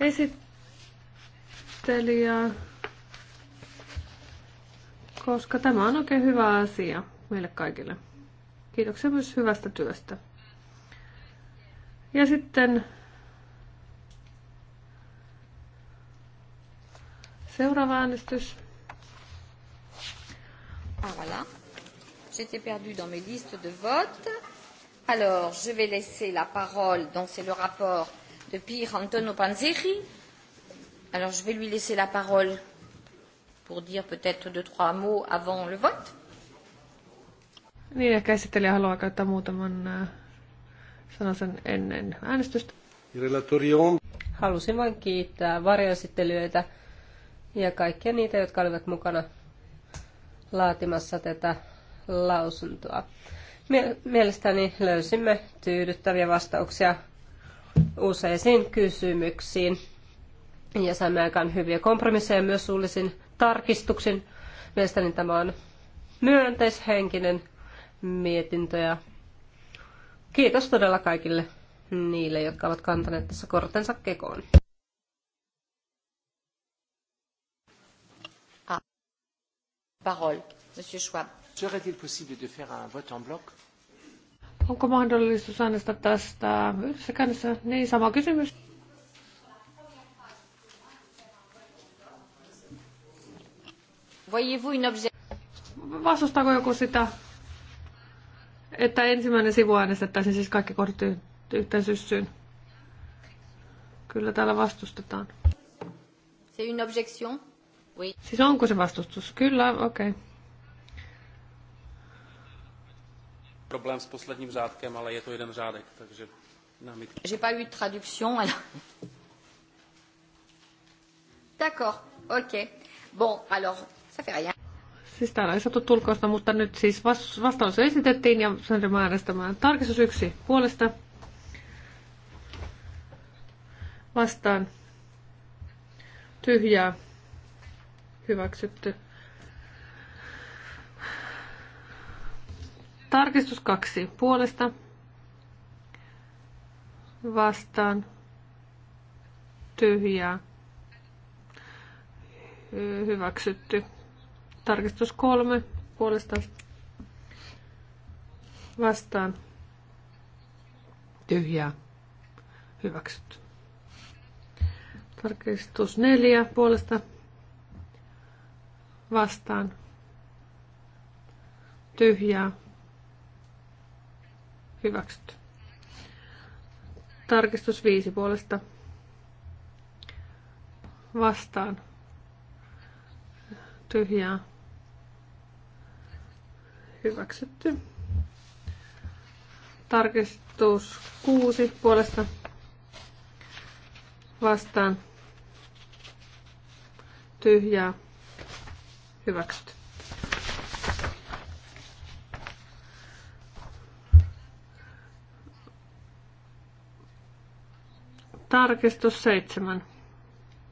esittelijää, koska tämä on oikein hyvä asia meille kaikille. Kiitoksia myös hyvästä työstä. Ja sitten seuraava äänestys. Ah, voilà. J'étais perdue dans mes listes de vote. Alors, je vais laisser la parole, donc c'est le rapport de Pierre Antonio Panzeri. Alors, je vais lui laisser la parole pour dire peut-être deux, trois mots avant le vote. Niin, ehkä esittelijä haluaa käyttää muutaman äh, Sanoin sen ennen äänestystä. Halusin vain kiittää varjoesittelijöitä ja kaikkia niitä, jotka olivat mukana laatimassa tätä lausuntoa. Mielestäni löysimme tyydyttäviä vastauksia useisiin kysymyksiin ja saimme aikaan hyviä kompromisseja myös suullisin tarkistuksin. Mielestäni tämä on myönteishenkinen mietintö ja Kiitos todella kaikille niille, jotka ovat kantaneet tässä kortensa kekoon. Ah. Parole, Monsieur Schwab. Serait-il possible de faire un vote en bloc? Onko mahdollisuus äänestää tästä yhdessä käynnissä? Niin, sama kysymys. Voyez-vous une objection? Vastustaako joku sitä? että ensimmäinen sivu äänestettäisiin siis kaikki kohdat yhteen syssyyn. Kyllä täällä vastustetaan. Se une objection? Oui. Siis onko se vastustus? Kyllä, okei. Okay. Problém s posledním řádkem, ale je to jeden řádek, takže námitky. J'ai pas eu traduction, alors... D'accord, ok. Bon, alors, ça fait rien. Siis täällä ei saatu tulkoista, mutta nyt siis vastaus esitettiin ja sen ryhmä äänestämään. Tarkistus yksi puolesta. Vastaan. Tyhjää. Hyväksytty. Tarkistus kaksi puolesta. Vastaan. Tyhjää. Hyväksytty. Tarkistus kolme puolesta vastaan. Tyhjää. Hyväksytty. Tarkistus neljä puolesta vastaan. Tyhjää. Hyväksytty. Tarkistus viisi puolesta vastaan. Tyhjää hyväksytty. Tarkistus 6 puolesta vastaan tyhjää hyväksytty. Tarkistus 7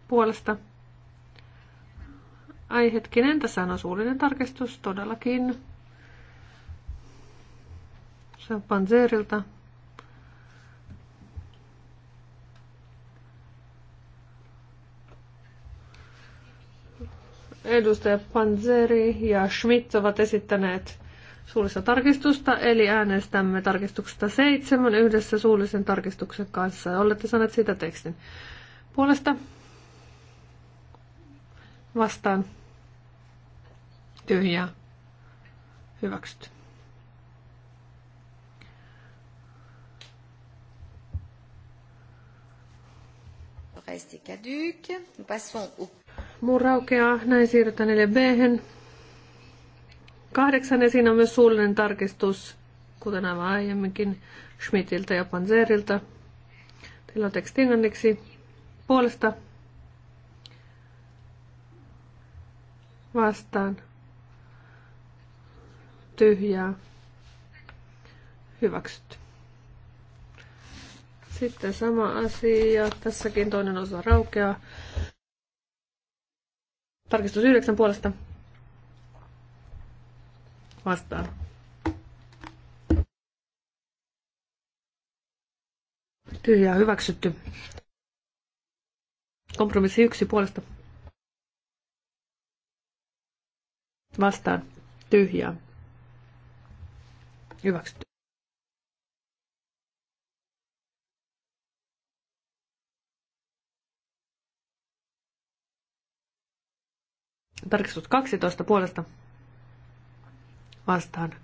puolesta Ai hetkinen, tässä on suullinen tarkistus todellakin. Se Edustaja Panzeri ja Schmidt ovat esittäneet suullista tarkistusta, eli äänestämme tarkistuksesta seitsemän yhdessä suullisen tarkistuksen kanssa. Olette saaneet sitä tekstin puolesta. Vastaan. Tyhjää. Hyväksytty. reste est caduque. Nous passons au... Muu raukeaa, näin siirrytään 4b. Kahdeksan esiin on myös suullinen tarkistus, kuten aivan aiemminkin Schmidtiltä ja Panzerilta. Teillä on teksti englanniksi puolesta vastaan tyhjää hyväksytty. Sitten sama asia. Tässäkin toinen osa raukeaa. Tarkistus yhdeksän puolesta. Vastaan. Tyhjää hyväksytty. Kompromissi yksi puolesta. Vastaan. Tyhjää. Hyväksytty. Tarkistus 12 puolesta vastaan.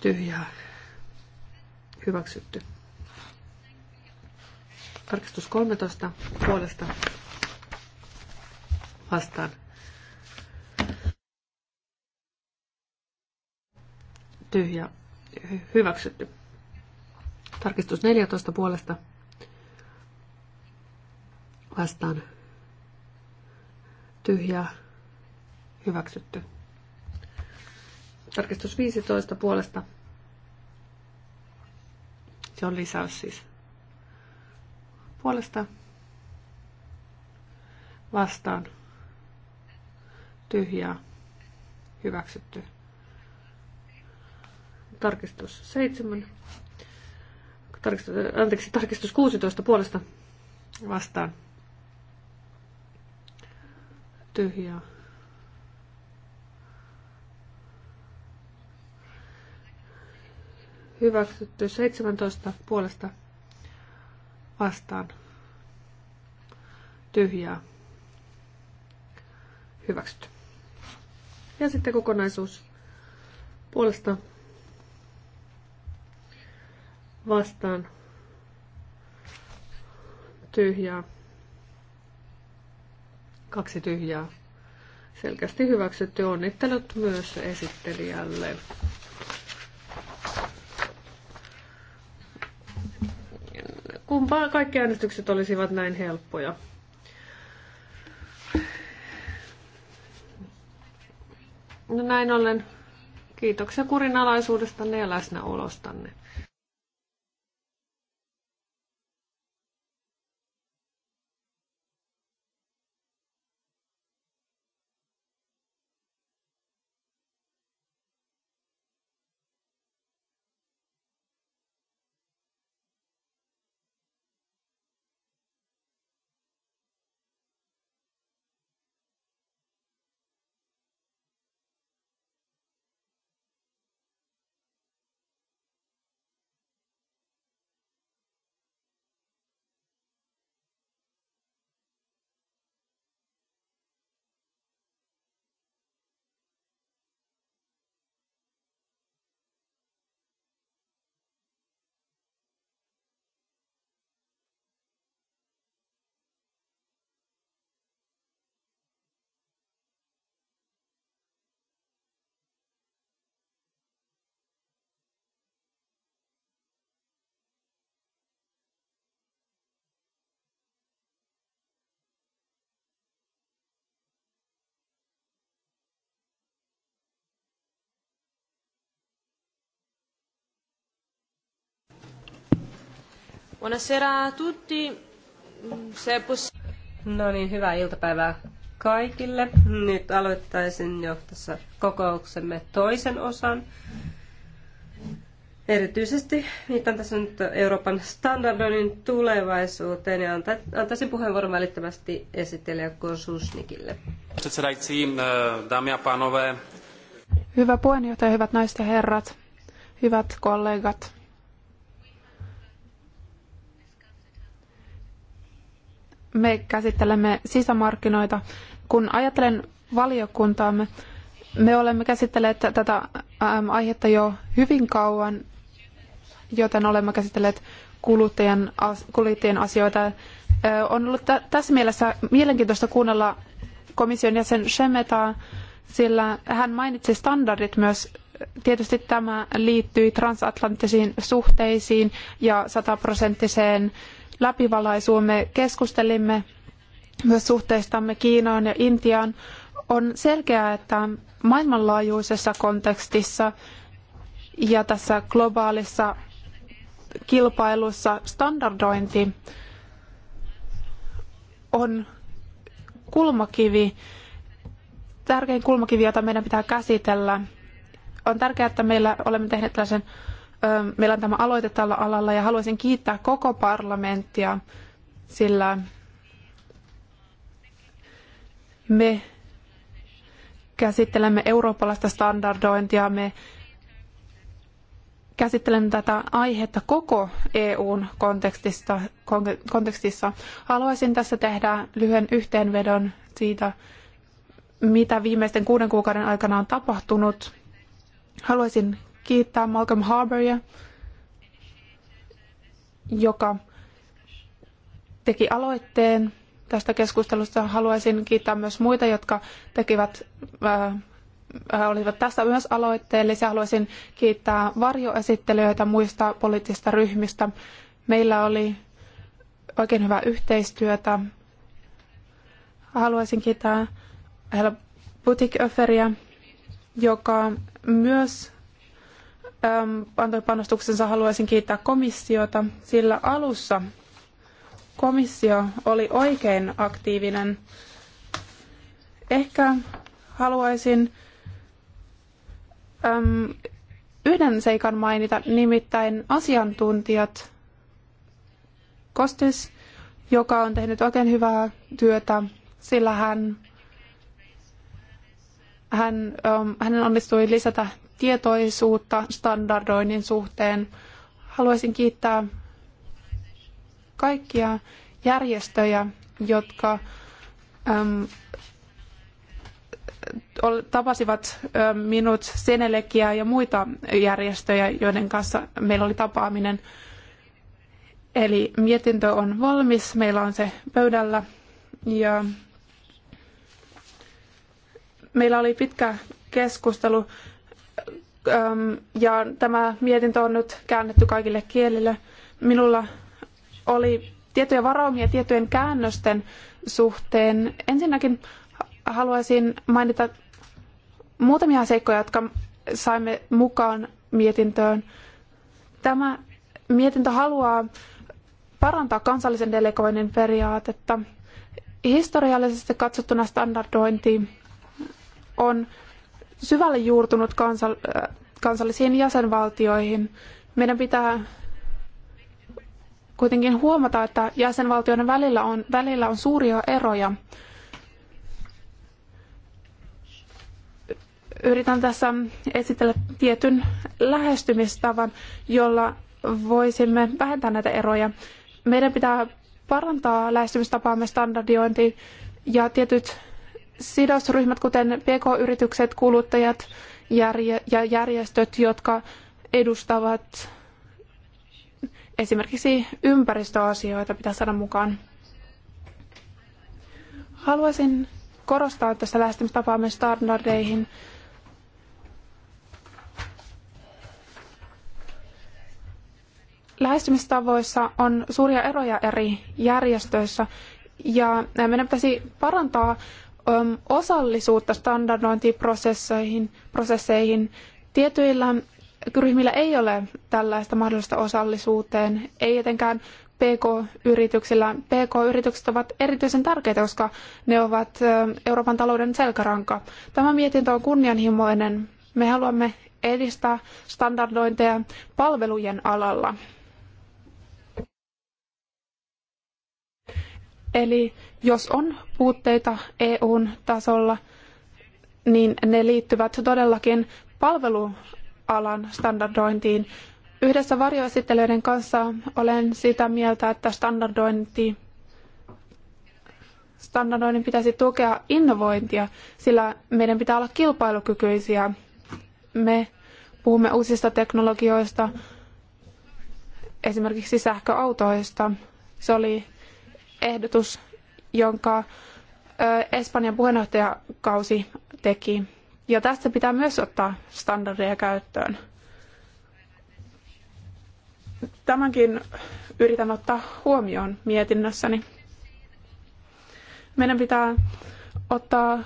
Tyhjää. Hyväksytty. Tarkistus 13 puolesta vastaan. Tyhjä. Hyväksytty. Tarkistus 14 puolesta vastaan tyhjä hyväksytty. Tarkistus 15 puolesta. Se on lisäys siis. Puolesta vastaan tyhjää, hyväksytty. Tarkistus 7. Tarkistus, anteeksi, tarkistus 16 puolesta vastaan tyhjää. Hyväksytty 17 puolesta vastaan tyhjää. Hyväksytty. Ja sitten kokonaisuus puolesta vastaan tyhjää Kaksi tyhjää. Selkeästi hyväksytty. Onnittelut myös esittelijälle. Kumpa? kaikki äänestykset olisivat näin helppoja. No näin ollen kiitoksia kurinalaisuudestanne ja läsnäolostanne. Buonasera a tutti. Mm, se poss- no niin, hyvää iltapäivää kaikille. Nyt aloittaisin jo tässä kokouksemme toisen osan. Erityisesti viittaan tässä nyt Euroopan standardoinnin tulevaisuuteen ja antaisin puheenvuoron välittömästi esittelijä Konsusnikille. Eh, Hyvä puheenjohtaja, hyvät naiset ja herrat, hyvät kollegat. me käsittelemme sisämarkkinoita. Kun ajattelen valiokuntaamme, me olemme käsitelleet tätä aihetta jo hyvin kauan, joten olemme käsitelleet kuluttajien, kuluttajien asioita. On ollut tässä mielessä mielenkiintoista kuunnella komission jäsen Shemetaa, sillä hän mainitsi standardit myös. Tietysti tämä liittyy transatlanttisiin suhteisiin ja sataprosenttiseen prosenttiseen läpivalaisuun. Me keskustelimme myös suhteistamme Kiinaan ja Intiaan. On selkeää, että maailmanlaajuisessa kontekstissa ja tässä globaalissa kilpailussa standardointi on kulmakivi, tärkein kulmakivi, jota meidän pitää käsitellä. On tärkeää, että meillä olemme tehneet tällaisen meillä on tämä aloite tällä alalla ja haluaisin kiittää koko parlamenttia, sillä me käsittelemme eurooppalaista standardointia, me käsittelemme tätä aihetta koko EUn kontekstista, kontekstissa. Haluaisin tässä tehdä lyhyen yhteenvedon siitä, mitä viimeisten kuuden kuukauden aikana on tapahtunut. Haluaisin kiittää Malcolm Harbouria, joka teki aloitteen tästä keskustelusta. Haluaisin kiittää myös muita, jotka tekivät, äh, äh olivat tästä myös aloitteellisia. Haluaisin kiittää varjoesittelijöitä muista poliittisista ryhmistä. Meillä oli oikein hyvää yhteistyötä. Haluaisin kiittää Butik Öferiä, joka myös Ähm, antoi panostuksensa, haluaisin kiittää komissiota, sillä alussa komissio oli oikein aktiivinen. Ehkä haluaisin äm, yhden seikan mainita, nimittäin asiantuntijat. Kostis, joka on tehnyt oikein hyvää työtä, sillä hän, hän, äm, hänen onnistui lisätä tietoisuutta standardoinnin suhteen. Haluaisin kiittää kaikkia järjestöjä, jotka äm, tapasivat minut, Senelekiä ja muita järjestöjä, joiden kanssa meillä oli tapaaminen. Eli mietintö on valmis, meillä on se pöydällä ja meillä oli pitkä keskustelu ja tämä mietintö on nyt käännetty kaikille kielille. Minulla oli tietoja varaumia tietojen käännösten suhteen. Ensinnäkin haluaisin mainita muutamia seikkoja, jotka saimme mukaan mietintöön. Tämä mietintö haluaa parantaa kansallisen delegoinnin periaatetta. Historiallisesti katsottuna standardointi on syvälle juurtunut kansal- äh, kansallisiin jäsenvaltioihin. Meidän pitää kuitenkin huomata, että jäsenvaltioiden välillä on, välillä on suuria eroja. Yritän tässä esitellä tietyn lähestymistavan, jolla voisimme vähentää näitä eroja. Meidän pitää parantaa lähestymistapaamme standardiointiin ja tietyt sidosryhmät, kuten pk-yritykset, kuluttajat ja järjestöt, jotka edustavat esimerkiksi ympäristöasioita, pitää saada mukaan. Haluaisin korostaa tässä lähestymistapaa myös standardeihin. Lähestymistavoissa on suuria eroja eri järjestöissä ja meidän pitäisi parantaa osallisuutta standardointiprosesseihin. Tietyillä ryhmillä ei ole tällaista mahdollista osallisuuteen, ei etenkään PK-yrityksillä. PK-yritykset ovat erityisen tärkeitä, koska ne ovat Euroopan talouden selkäranka. Tämä mietintö on kunnianhimoinen. Me haluamme edistää standardointeja palvelujen alalla. Eli jos on puutteita EUn tasolla, niin ne liittyvät todellakin palvelualan standardointiin. Yhdessä varjoesittelyiden kanssa olen sitä mieltä, että standardointi standardoinnin pitäisi tukea innovointia, sillä meidän pitää olla kilpailukykyisiä. Me puhumme uusista teknologioista, esimerkiksi sähköautoista. Se oli ehdotus, jonka Espanjan puheenjohtajakausi teki. Ja tästä pitää myös ottaa standardeja käyttöön. Tämänkin yritän ottaa huomioon mietinnössäni. Meidän pitää ottaa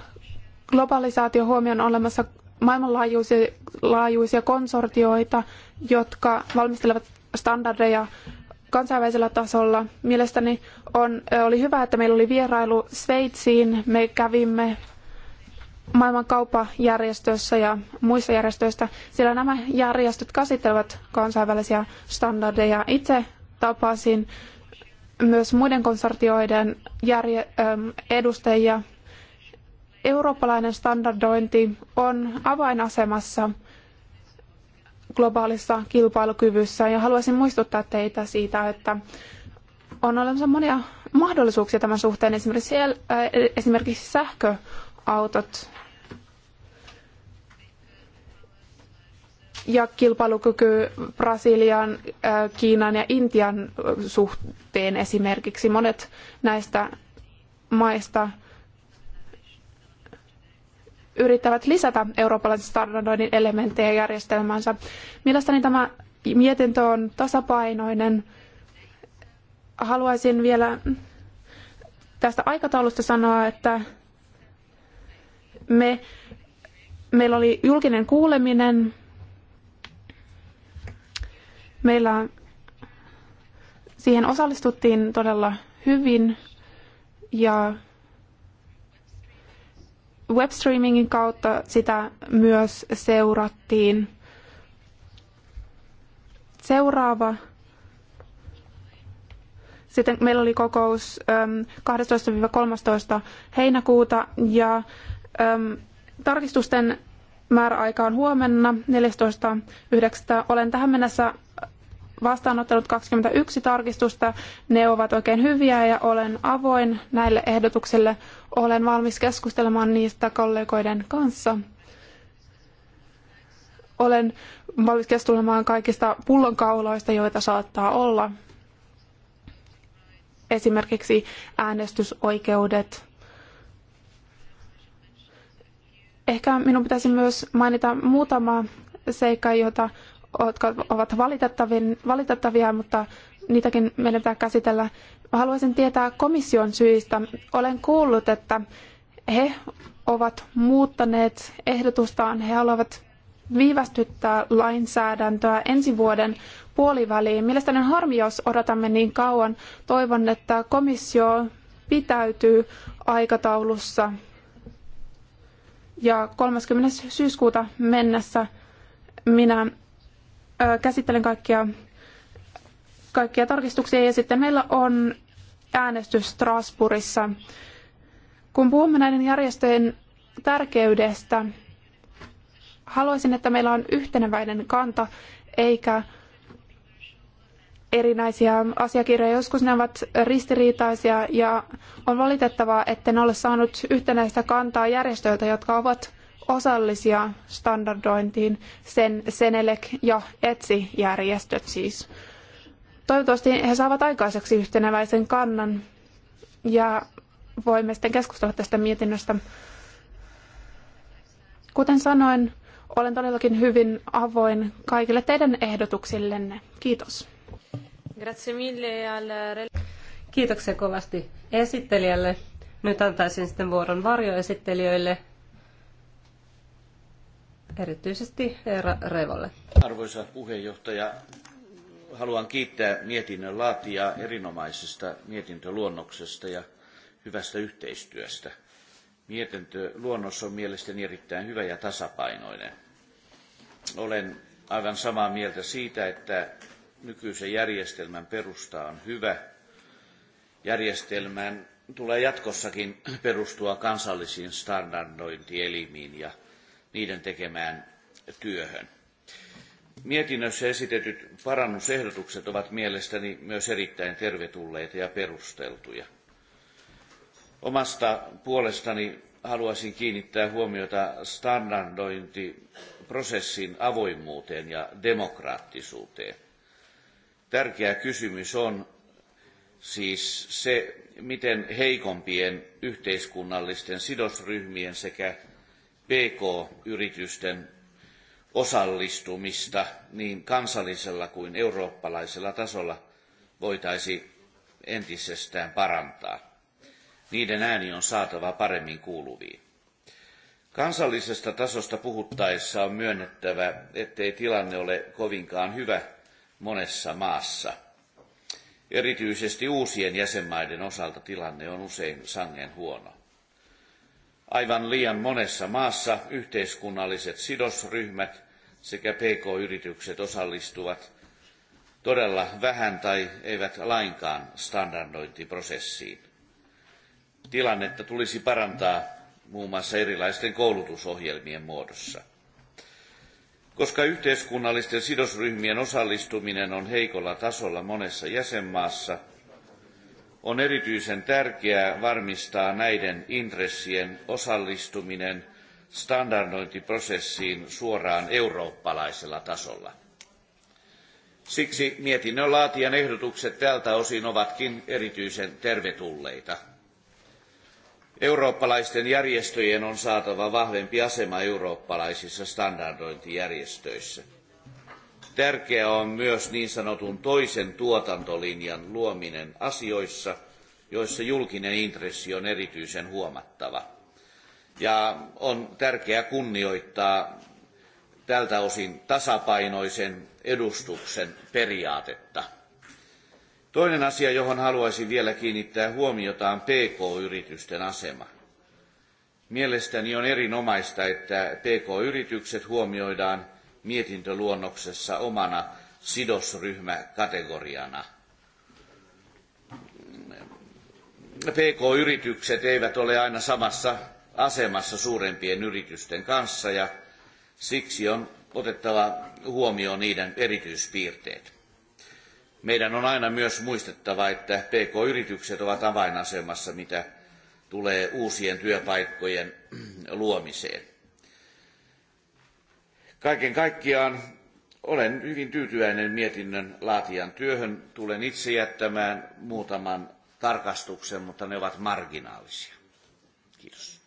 globalisaatio huomioon olemassa maailmanlaajuisia konsortioita, jotka valmistelevat standardeja kansainvälisellä tasolla. Mielestäni on, oli hyvä, että meillä oli vierailu Sveitsiin. Me kävimme maailman kauppajärjestössä ja muissa järjestöissä, sillä nämä järjestöt käsittelevät kansainvälisiä standardeja. Itse tapasin myös muiden konsortioiden järje, edustajia. Eurooppalainen standardointi on avainasemassa – globaalissa kilpailukyvyssä. Ja haluaisin muistuttaa teitä siitä, että on olemassa monia mahdollisuuksia tämän suhteen, esimerkiksi, äh, esimerkiksi sähköautot ja kilpailukyky Brasilian, äh, Kiinan ja Intian suhteen esimerkiksi. Monet näistä maista yrittävät lisätä eurooppalaisen standardoinnin elementtejä järjestelmäänsä. Mielestäni tämä mietintö on tasapainoinen. Haluaisin vielä tästä aikataulusta sanoa, että me, meillä oli julkinen kuuleminen, meillä siihen osallistuttiin todella hyvin ja webstreamingin kautta sitä myös seurattiin. Seuraava. Sitten meillä oli kokous 12-13 ähm, heinäkuuta ja ähm, tarkistusten määräaika on huomenna 14.9. Olen tähän mennessä vastaanottanut 21 tarkistusta. Ne ovat oikein hyviä ja olen avoin näille ehdotuksille. Olen valmis keskustelemaan niistä kollegoiden kanssa. Olen valmis keskustelemaan kaikista pullonkauloista, joita saattaa olla. Esimerkiksi äänestysoikeudet. Ehkä minun pitäisi myös mainita muutama seikka, jota jotka ovat valitettavia, mutta niitäkin meidän pitää käsitellä. Haluaisin tietää komission syistä. Olen kuullut, että he ovat muuttaneet ehdotustaan. He haluavat viivästyttää lainsäädäntöä ensi vuoden puoliväliin. Mielestäni on harmi, jos odotamme niin kauan. Toivon, että komissio pitäytyy aikataulussa ja 30. syyskuuta mennessä minä käsittelen kaikkia, kaikkia tarkistuksia ja sitten meillä on äänestys Strasbourgissa. Kun puhumme näiden järjestöjen tärkeydestä, haluaisin, että meillä on yhteneväinen kanta, eikä erinäisiä asiakirjoja. Joskus ne ovat ristiriitaisia ja on valitettavaa, ne ole saanut yhtenäistä kantaa järjestöiltä, jotka ovat osallisia standardointiin sen Senelek ja ETSI-järjestöt siis. Toivottavasti he saavat aikaiseksi yhteneväisen kannan ja voimme sitten keskustella tästä mietinnöstä. Kuten sanoin, olen todellakin hyvin avoin kaikille teidän ehdotuksillenne. Kiitos. Kiitoksia kovasti esittelijälle. Nyt antaisin sitten vuoron varjoesittelijöille erityisesti Eera Revolle. Arvoisa puheenjohtaja, haluan kiittää mietinnön laatijaa erinomaisesta mietintöluonnoksesta ja hyvästä yhteistyöstä. Mietintöluonnos on mielestäni erittäin hyvä ja tasapainoinen. Olen aivan samaa mieltä siitä, että nykyisen järjestelmän perusta on hyvä. Järjestelmän tulee jatkossakin perustua kansallisiin standardointielimiin ja niiden tekemään työhön. Mietinnössä esitetyt parannusehdotukset ovat mielestäni myös erittäin tervetulleita ja perusteltuja. Omasta puolestani haluaisin kiinnittää huomiota standardointiprosessin avoimuuteen ja demokraattisuuteen. Tärkeä kysymys on siis se, miten heikompien yhteiskunnallisten sidosryhmien sekä PK-yritysten osallistumista niin kansallisella kuin eurooppalaisella tasolla voitaisiin entisestään parantaa. Niiden ääni on saatava paremmin kuuluviin. Kansallisesta tasosta puhuttaessa on myönnettävä, ettei tilanne ole kovinkaan hyvä monessa maassa. Erityisesti uusien jäsenmaiden osalta tilanne on usein sangen huono. Aivan liian monessa maassa yhteiskunnalliset sidosryhmät sekä pk-yritykset osallistuvat todella vähän tai eivät lainkaan standardointiprosessiin. Tilannetta tulisi parantaa muun muassa erilaisten koulutusohjelmien muodossa. Koska yhteiskunnallisten sidosryhmien osallistuminen on heikolla tasolla monessa jäsenmaassa – on erityisen tärkeää varmistaa näiden intressien osallistuminen standardointiprosessiin suoraan eurooppalaisella tasolla. Siksi mietinnön laatijan ehdotukset tältä osin ovatkin erityisen tervetulleita. Eurooppalaisten järjestöjen on saatava vahvempi asema eurooppalaisissa standardointijärjestöissä. Tärkeää on myös niin sanotun toisen tuotantolinjan luominen asioissa, joissa julkinen intressi on erityisen huomattava. Ja on tärkeää kunnioittaa tältä osin tasapainoisen edustuksen periaatetta. Toinen asia, johon haluaisin vielä kiinnittää huomiota, on PK-yritysten asema. Mielestäni on erinomaista, että PK-yritykset huomioidaan mietintöluonnoksessa omana sidosryhmäkategoriana. PK-yritykset eivät ole aina samassa asemassa suurempien yritysten kanssa ja siksi on otettava huomioon niiden erityispiirteet. Meidän on aina myös muistettava, että PK-yritykset ovat avainasemassa, mitä tulee uusien työpaikkojen luomiseen. Kaiken kaikkiaan olen hyvin tyytyväinen mietinnön laatijan työhön. Tulen itse jättämään muutaman tarkastuksen, mutta ne ovat marginaalisia. Kiitos.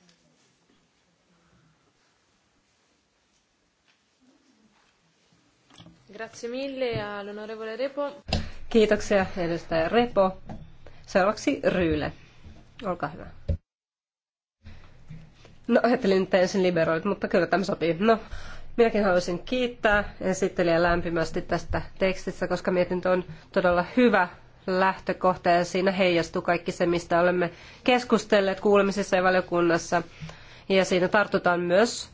Grazie mille all'onorevole Repo. Kiitoksia edustaja Repo. Seuraavaksi Ryyle. Olkaa hyvä. No ajattelin, että ensin liberoit, mutta kyllä tämä sopii. No, Minäkin haluaisin kiittää esittelijä lämpimästi tästä tekstistä, koska mietintö on todella hyvä lähtökohta ja siinä heijastuu kaikki se, mistä olemme keskustelleet kuulemisissa ja valiokunnassa. Ja siinä tartutaan myös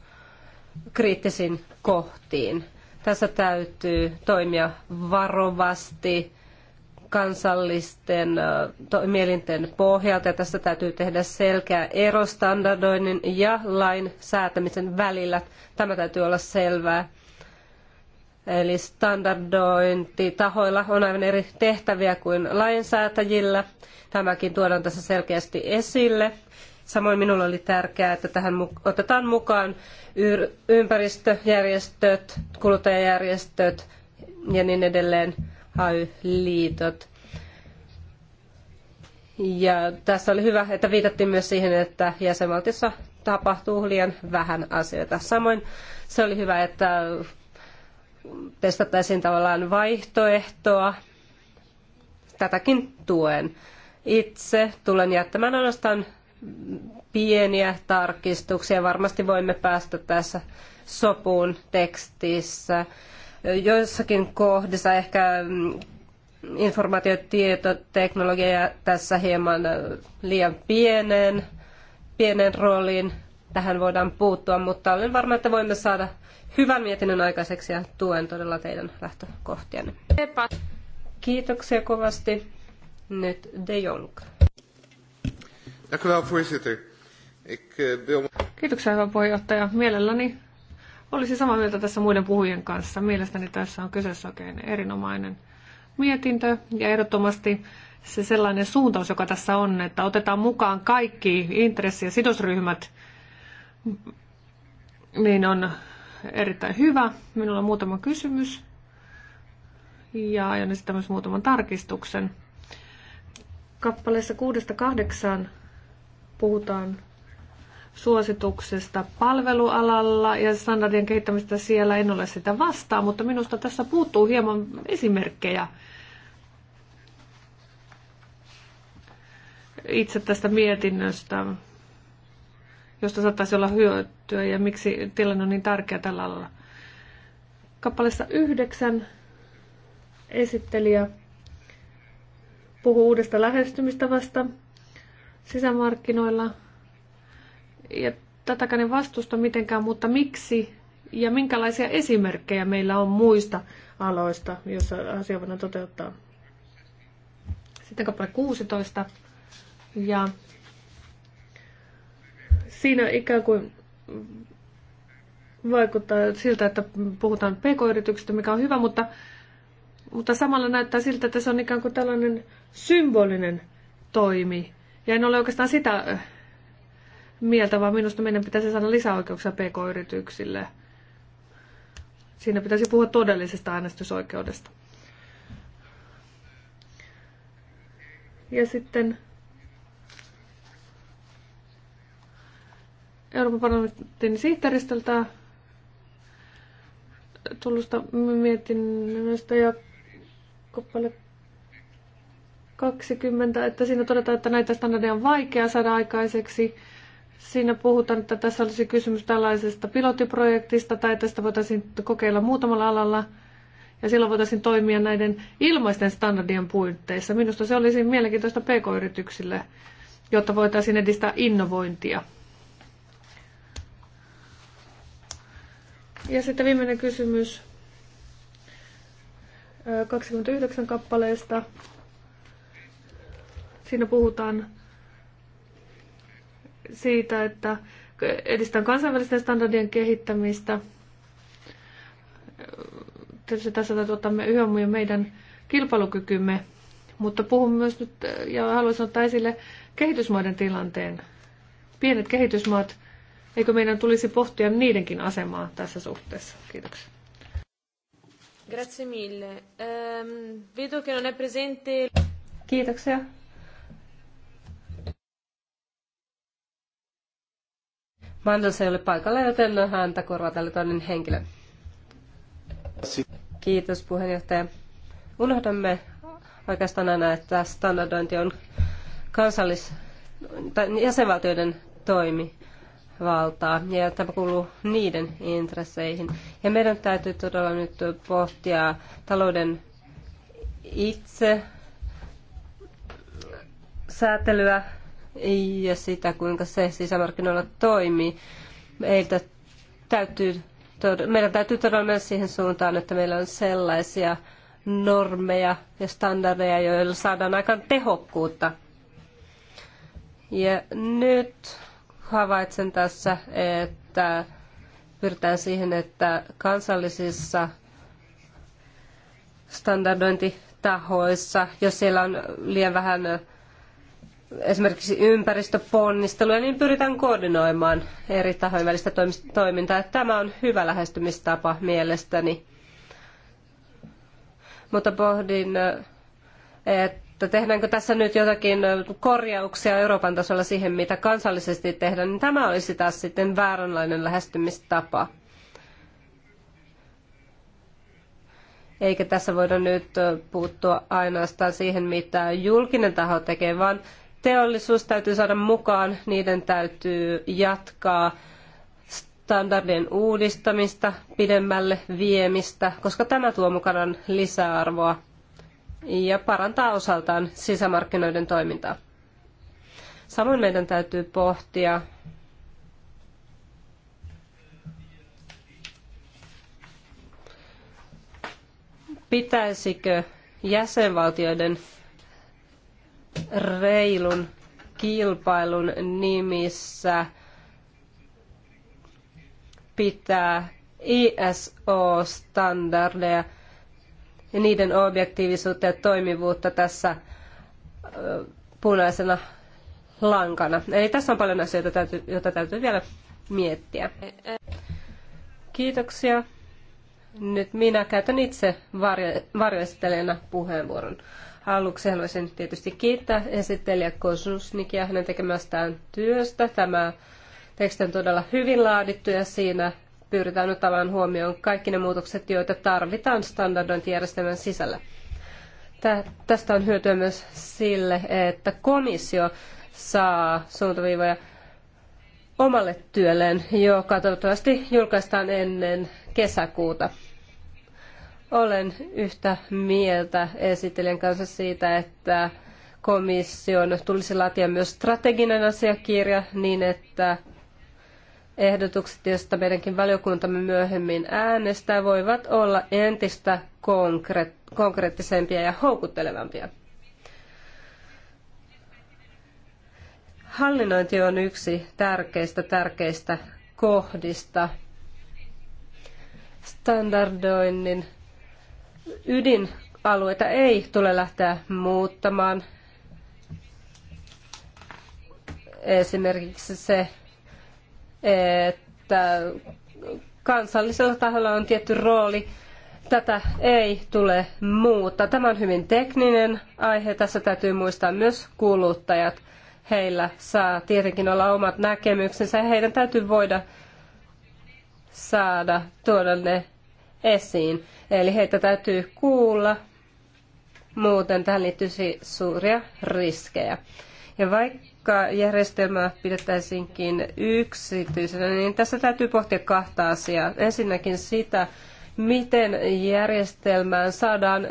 kriittisiin kohtiin. Tässä täytyy toimia varovasti kansallisten mielinten pohjalta. Ja tässä täytyy tehdä selkeä ero standardoinnin ja lain säätämisen välillä. Tämä täytyy olla selvää. Eli standardointitahoilla on aivan eri tehtäviä kuin lainsäätäjillä. Tämäkin tuodaan tässä selkeästi esille. Samoin minulle oli tärkeää, että tähän otetaan mukaan ympäristöjärjestöt, kuluttajajärjestöt ja niin edelleen AY-liitot. Ja tässä oli hyvä, että viitattiin myös siihen, että jäsenvaltiossa tapahtuu liian vähän asioita. Samoin se oli hyvä, että testattaisiin tavallaan vaihtoehtoa. Tätäkin tuen. Itse tulen jättämään ainoastaan pieniä tarkistuksia. Varmasti voimme päästä tässä sopuun tekstissä. Joissakin kohdissa ehkä mm, informaatiotietoteknologia jää tässä hieman liian pienen, pienen rooliin. Tähän voidaan puuttua, mutta olen varma, että voimme saada hyvän mietinnön aikaiseksi ja tuen todella teidän lähtökohtianne. Kiitoksia kovasti. Nyt De Jong. Eh, Kiitoksia, hyvä puheenjohtaja. Mielelläni olisin samaa mieltä tässä muiden puhujien kanssa. Mielestäni tässä on kyseessä oikein erinomainen mietintö ja ehdottomasti se sellainen suuntaus, joka tässä on, että otetaan mukaan kaikki intressi- ja sidosryhmät, niin on erittäin hyvä. Minulla on muutama kysymys ja aion esittää myös muutaman tarkistuksen. Kappaleessa 6-8 puhutaan suosituksesta palvelualalla ja standardien kehittämistä siellä. En ole sitä vastaan, mutta minusta tässä puuttuu hieman esimerkkejä itse tästä mietinnöstä, josta saattaisi olla hyötyä ja miksi tilanne on niin tärkeä tällä alalla. Kappaleessa yhdeksän esittelijä puhuu uudesta lähestymistavasta sisämarkkinoilla – ja tätäkään en vastusta mitenkään, mutta miksi ja minkälaisia esimerkkejä meillä on muista aloista, joissa asia voidaan toteuttaa. Sitten kappale 16. Ja siinä ikään kuin vaikuttaa siltä, että puhutaan pk-yrityksistä, mikä on hyvä, mutta, mutta samalla näyttää siltä, että se on ikään kuin tällainen symbolinen toimi. Ja en ole oikeastaan sitä mieltä, vaan minusta meidän pitäisi saada lisäoikeuksia pk-yrityksille. Siinä pitäisi puhua todellisesta äänestysoikeudesta. Ja sitten Euroopan parlamentin sihteeristöltä tullusta mietinnöstä ja koppale 20, että siinä todetaan, että näitä standardeja on vaikea saada aikaiseksi Siinä puhutaan, että tässä olisi kysymys tällaisesta pilottiprojektista tai tästä voitaisiin kokeilla muutamalla alalla ja silloin voitaisiin toimia näiden ilmaisten standardien puitteissa. Minusta se olisi mielenkiintoista pk-yrityksille, jotta voitaisiin edistää innovointia. Ja sitten viimeinen kysymys 29 kappaleesta. Siinä puhutaan siitä, että edistän kansainvälisten standardien kehittämistä. Tietysti tässä täytyy ottaa huomioon meidän kilpailukykymme, mutta puhun myös nyt ja haluaisin ottaa esille kehitysmaiden tilanteen. Pienet kehitysmaat, eikö meidän tulisi pohtia niidenkin asemaa tässä suhteessa? Kiitoksia. Grazie mille. Ehm, vedo che non è presente... Kiitoksia. Mandels ei ole paikalla, joten häntä korvaa tälle toinen henkilö. Kiitos puheenjohtaja. Unohdamme oikeastaan aina, että standardointi on kansallis- tai jäsenvaltioiden toimivaltaa ja tämä kuuluu niiden intresseihin. Ja meidän täytyy todella nyt pohtia talouden itse säätelyä ja sitä, kuinka se sisämarkkinoilla toimii. Meiltä täytyy, meidän täytyy todella mennä siihen suuntaan, että meillä on sellaisia normeja ja standardeja, joilla saadaan aikaan tehokkuutta. Ja nyt havaitsen tässä, että pyritään siihen, että kansallisissa standardointitahoissa, jos siellä on liian vähän esimerkiksi ympäristöponnisteluja, niin pyritään koordinoimaan eri tahojen välistä toimintaa. Tämä on hyvä lähestymistapa mielestäni. Mutta pohdin, että tehdäänkö tässä nyt jotakin korjauksia Euroopan tasolla siihen, mitä kansallisesti tehdään, niin tämä olisi taas sitten vääränlainen lähestymistapa. Eikä tässä voida nyt puuttua ainoastaan siihen, mitä julkinen taho tekee, vaan teollisuus täytyy saada mukaan, niiden täytyy jatkaa standardien uudistamista, pidemmälle viemistä, koska tämä tuo mukanaan lisäarvoa ja parantaa osaltaan sisämarkkinoiden toimintaa. Samoin meidän täytyy pohtia pitäisikö jäsenvaltioiden reilun kilpailun nimissä pitää ISO-standardeja ja niiden objektiivisuutta ja toimivuutta tässä punaisena lankana. Eli tässä on paljon asioita, joita täytyy vielä miettiä. Kiitoksia. Nyt minä käytän itse varjoistelijana puheenvuoron. Aluksi haluaisin tietysti kiittää esittelijä Kosusnikia hänen tekemästään työstä. Tämä teksti on todella hyvin laadittu ja siinä pyritään ottamaan huomioon kaikki ne muutokset, joita tarvitaan standardointijärjestelmän sisällä. Tästä on hyötyä myös sille, että komissio saa suuntaviivoja omalle työlleen, joka toivottavasti julkaistaan ennen kesäkuuta. Olen yhtä mieltä esittelijän kanssa siitä, että komission tulisi laatia myös strateginen asiakirja niin, että ehdotukset, joista meidänkin valiokuntamme myöhemmin äänestää, voivat olla entistä konkreettisempia ja houkuttelevampia. Hallinnointi on yksi tärkeistä, tärkeistä kohdista. Standardoinnin ydinalueita ei tule lähteä muuttamaan. Esimerkiksi se, että kansallisella taholla on tietty rooli. Tätä ei tule muuttaa. Tämä on hyvin tekninen aihe. Tässä täytyy muistaa myös kuluttajat. Heillä saa tietenkin olla omat näkemyksensä ja heidän täytyy voida saada tuoda ne esiin. Eli heitä täytyy kuulla, muuten tähän liittyisi suuria riskejä. Ja vaikka järjestelmää pidettäisiinkin yksityisenä, niin tässä täytyy pohtia kahta asiaa. Ensinnäkin sitä, miten järjestelmään saadaan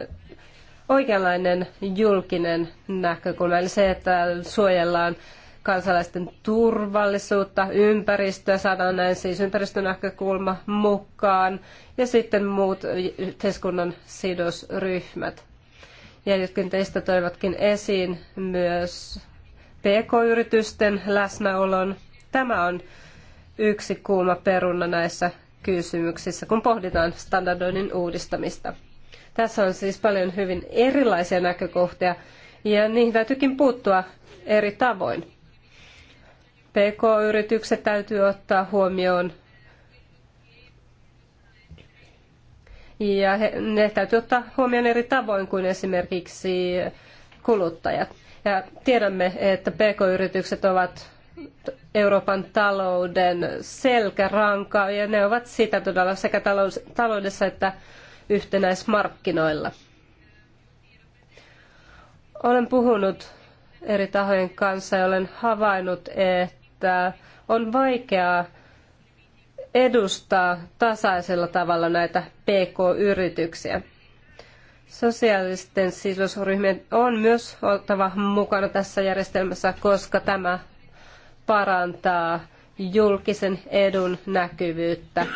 oikeanlainen julkinen näkökulma, eli se, että suojellaan kansalaisten turvallisuutta, ympäristöä, saadaan näin siis ympäristönäkökulma mukaan ja sitten muut yhteiskunnan sidosryhmät. Ja teistä toivatkin esiin myös PK-yritysten läsnäolon. Tämä on yksi kuuma peruna näissä kysymyksissä, kun pohditaan standardoinnin uudistamista. Tässä on siis paljon hyvin erilaisia näkökohtia ja niihin täytyykin puuttua eri tavoin. PK-yritykset täytyy ottaa huomioon ja he, ne täytyy ottaa huomioon eri tavoin kuin esimerkiksi kuluttajat. Ja tiedämme, että PK-yritykset ovat Euroopan talouden selkäranka ja ne ovat sitä todella sekä taloudessa että yhtenäismarkkinoilla. Olen puhunut eri tahojen kanssa ja olen havainnut, että että on vaikeaa edustaa tasaisella tavalla näitä PK-yrityksiä. Sosiaalisten sidosryhmien on myös oltava mukana tässä järjestelmässä, koska tämä parantaa julkisen edun näkyvyyttä.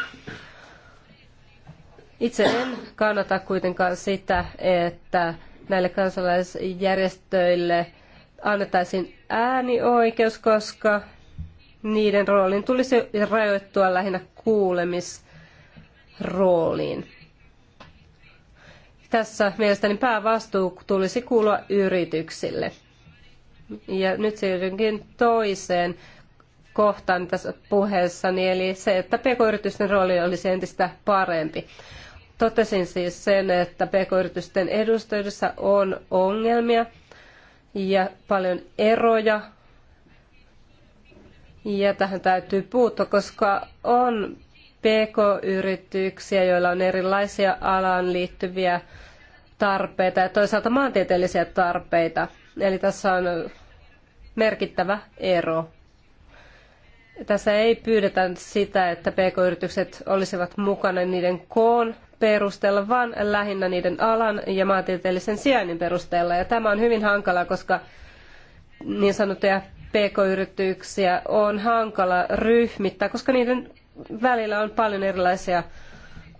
Itse en kannata kuitenkaan sitä, että näille kansalaisjärjestöille annettaisiin äänioikeus, koska niiden roolin tulisi rajoittua lähinnä kuulemisrooliin. Tässä mielestäni päävastuu tulisi kuulua yrityksille. Ja nyt siirrynkin toiseen kohtaan tässä puheessani, eli se, että pk-yritysten rooli olisi entistä parempi. Totesin siis sen, että pk-yritysten edustajissa on ongelmia ja paljon eroja ja tähän täytyy puuttua, koska on PK-yrityksiä, joilla on erilaisia alaan liittyviä tarpeita ja toisaalta maantieteellisiä tarpeita. Eli tässä on merkittävä ero. Tässä ei pyydetä sitä, että pk-yritykset olisivat mukana niiden koon perusteella, vaan lähinnä niiden alan ja maantieteellisen sijainnin perusteella. Ja tämä on hyvin hankalaa, koska niin sanottuja pk-yrityksiä on hankala ryhmittää, koska niiden välillä on paljon erilaisia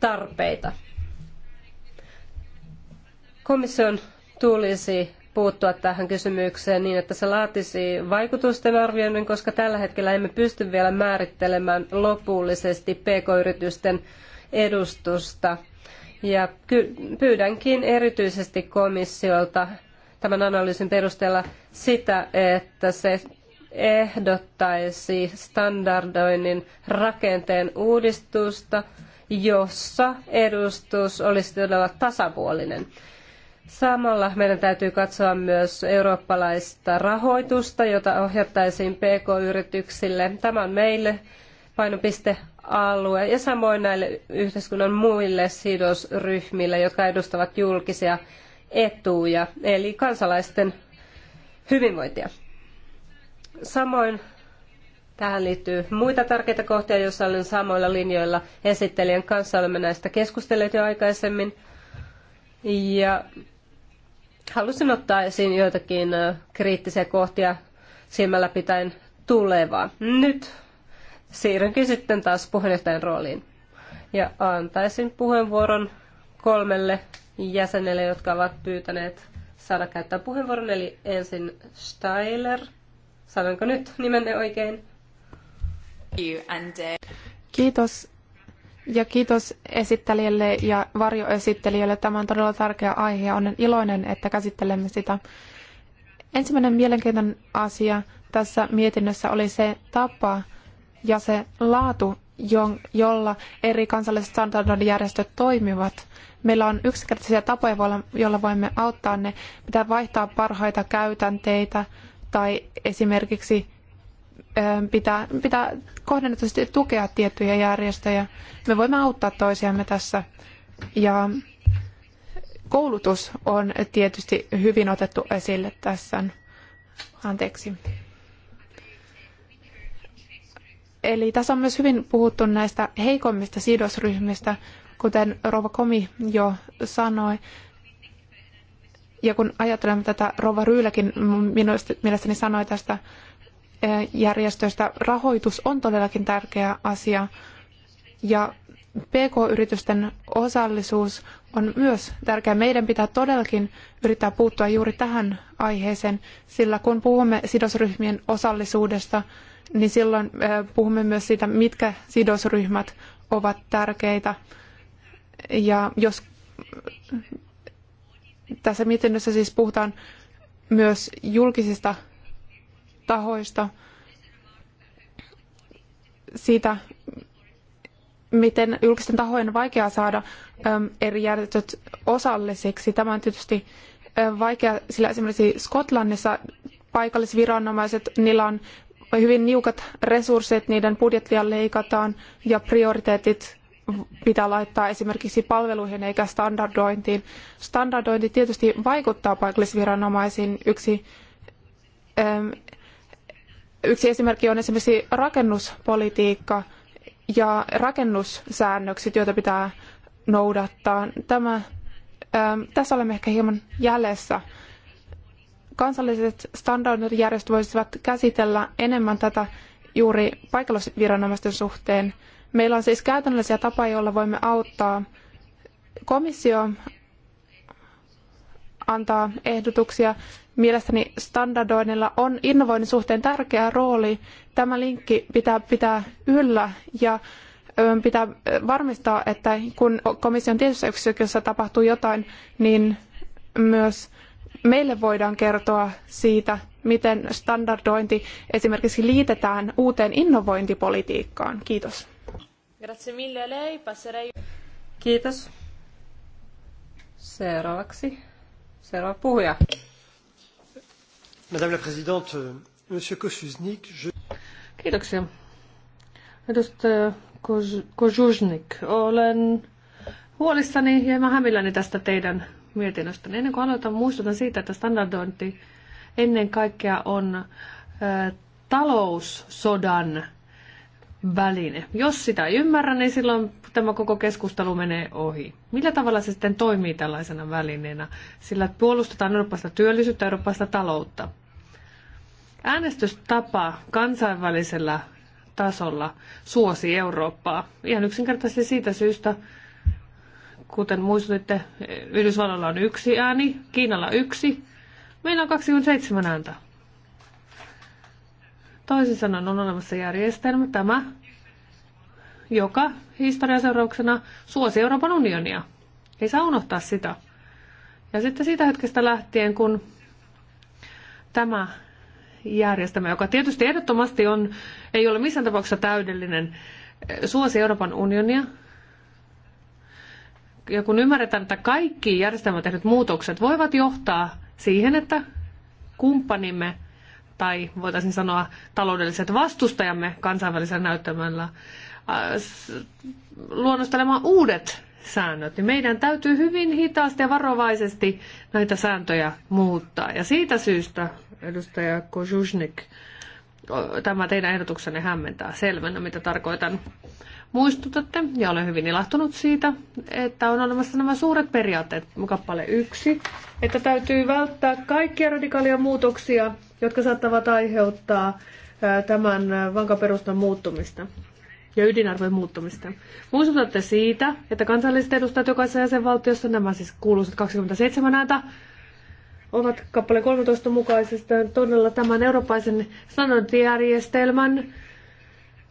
tarpeita. Komission tulisi puuttua tähän kysymykseen niin, että se laatisi vaikutusten arvioinnin, koska tällä hetkellä emme pysty vielä määrittelemään lopullisesti pk-yritysten edustusta. Ja pyydänkin erityisesti komissiolta tämän analyysin perusteella sitä, että se ehdottaisi standardoinnin rakenteen uudistusta, jossa edustus olisi todella tasapuolinen. Samalla meidän täytyy katsoa myös eurooppalaista rahoitusta, jota ohjattaisiin PK-yrityksille. Tämä on meille painopistealue ja samoin näille yhteiskunnan muille sidosryhmille, jotka edustavat julkisia etuja, eli kansalaisten hyvinvointia. Samoin tähän liittyy muita tärkeitä kohtia, joissa olen samoilla linjoilla esittelijän kanssa. Olemme näistä keskustelleet jo aikaisemmin. Ja halusin ottaa esiin joitakin kriittisiä kohtia silmällä pitäen tulevaa. Nyt siirrynkin sitten taas puheenjohtajan rooliin ja antaisin puheenvuoron kolmelle jäsenelle, jotka ovat pyytäneet saada käyttää puheenvuoron. Eli ensin Steiler – sanonko nyt nimenne oikein? Uh, kiitos ja kiitos esittelijälle ja varjoesittelijälle. Tämä on todella tärkeä aihe ja olen iloinen, että käsittelemme sitä. Ensimmäinen mielenkiintoinen asia tässä mietinnössä oli se tapa ja se laatu, jolla eri kansalliset standardijärjestöt toimivat. Meillä on yksinkertaisia tapoja, joilla voimme auttaa ne. Pitää vaihtaa parhaita käytänteitä, tai esimerkiksi pitää, pitää kohdennetusti tukea tiettyjä järjestöjä. Me voimme auttaa toisiamme tässä. Ja koulutus on tietysti hyvin otettu esille tässä. Anteeksi. Eli tässä on myös hyvin puhuttu näistä heikommista sidosryhmistä, kuten Rova Komi jo sanoi. Ja kun ajatellaan tätä, Rova Ryyläkin mielestäni sanoi tästä eh, järjestöstä, rahoitus on todellakin tärkeä asia. Ja PK-yritysten osallisuus on myös tärkeä. Meidän pitää todellakin yrittää puuttua juuri tähän aiheeseen, sillä kun puhumme sidosryhmien osallisuudesta, niin silloin eh, puhumme myös siitä, mitkä sidosryhmät ovat tärkeitä. Ja jos tässä mietinnössä siis puhutaan myös julkisista tahoista, siitä, miten julkisten tahojen on vaikea saada eri järjestöt osallisiksi. Tämä on tietysti vaikea, sillä esimerkiksi Skotlannissa paikallisviranomaiset, niillä on hyvin niukat resurssit, niiden budjettia leikataan ja prioriteetit pitää laittaa esimerkiksi palveluihin eikä standardointiin. Standardointi tietysti vaikuttaa paikallisviranomaisiin. Yksi, yksi esimerkki on esimerkiksi rakennuspolitiikka ja rakennussäännökset, joita pitää noudattaa. Tämä, tässä olemme ehkä hieman jäljessä. Kansalliset standardijärjestöt voisivat käsitellä enemmän tätä juuri paikallisviranomaisten suhteen Meillä on siis käytännöllisiä tapoja, joilla voimme auttaa. Komissio antaa ehdotuksia. Mielestäni standardoinnilla on innovoinnin suhteen tärkeä rooli. Tämä linkki pitää pitää yllä ja pitää varmistaa, että kun komission tietyssä yksikössä tapahtuu jotain, niin myös meille voidaan kertoa siitä, miten standardointi esimerkiksi liitetään uuteen innovointipolitiikkaan. Kiitos. Grazie mille a lei. Passerei... Kiitos. Seuraavaksi. Seuraava puhuja. Madame la Présidente, euh, Monsieur Kosusnik, je... Kiitoksia. Edustaja Kosusnik, olen huolissani ja hämilläni tästä teidän mietinnöstä. Ennen kuin aloitan, muistutan siitä, että standardointi ennen kaikkea on ö, taloussodan väline. Jos sitä ei ymmärrä, niin silloin tämä koko keskustelu menee ohi. Millä tavalla se sitten toimii tällaisena välineenä? Sillä puolustetaan eurooppalaista työllisyyttä, eurooppalaista taloutta. Äänestystapa kansainvälisellä tasolla suosi Eurooppaa. Ihan yksinkertaisesti siitä syystä, kuten muistutitte, Yhdysvalloilla on yksi ääni, Kiinalla yksi, meillä on 27 ääntä. Toisin sanoen on olemassa järjestelmä, tämä, joka historian seurauksena suosi Euroopan unionia. Ei saa unohtaa sitä. Ja sitten siitä hetkestä lähtien, kun tämä järjestelmä, joka tietysti ehdottomasti on, ei ole missään tapauksessa täydellinen, suosi Euroopan unionia. Ja kun ymmärretään, että kaikki järjestelmät tehdyt muutokset voivat johtaa siihen, että kumppanimme tai voitaisiin sanoa taloudelliset vastustajamme kansainvälisellä näyttämällä äh, luonnostelemaan uudet säännöt, niin meidän täytyy hyvin hitaasti ja varovaisesti näitä sääntöjä muuttaa. Ja siitä syystä, edustaja Kozusnik, tämä teidän ehdotuksenne hämmentää selvänä, mitä tarkoitan. Muistutatte, ja olen hyvin ilahtunut siitä, että on olemassa nämä suuret periaatteet, kappale yksi, että täytyy välttää kaikkia radikaalia muutoksia jotka saattavat aiheuttaa tämän vankaperustan muuttumista ja ydinarvojen muuttumista. Muistutatte siitä, että kansalliset edustajat jokaisessa jäsenvaltiossa, nämä siis kuuluisat 27 ääntä, ovat kappale 13 mukaisesti todella tämän eurooppaisen standardijärjestelmän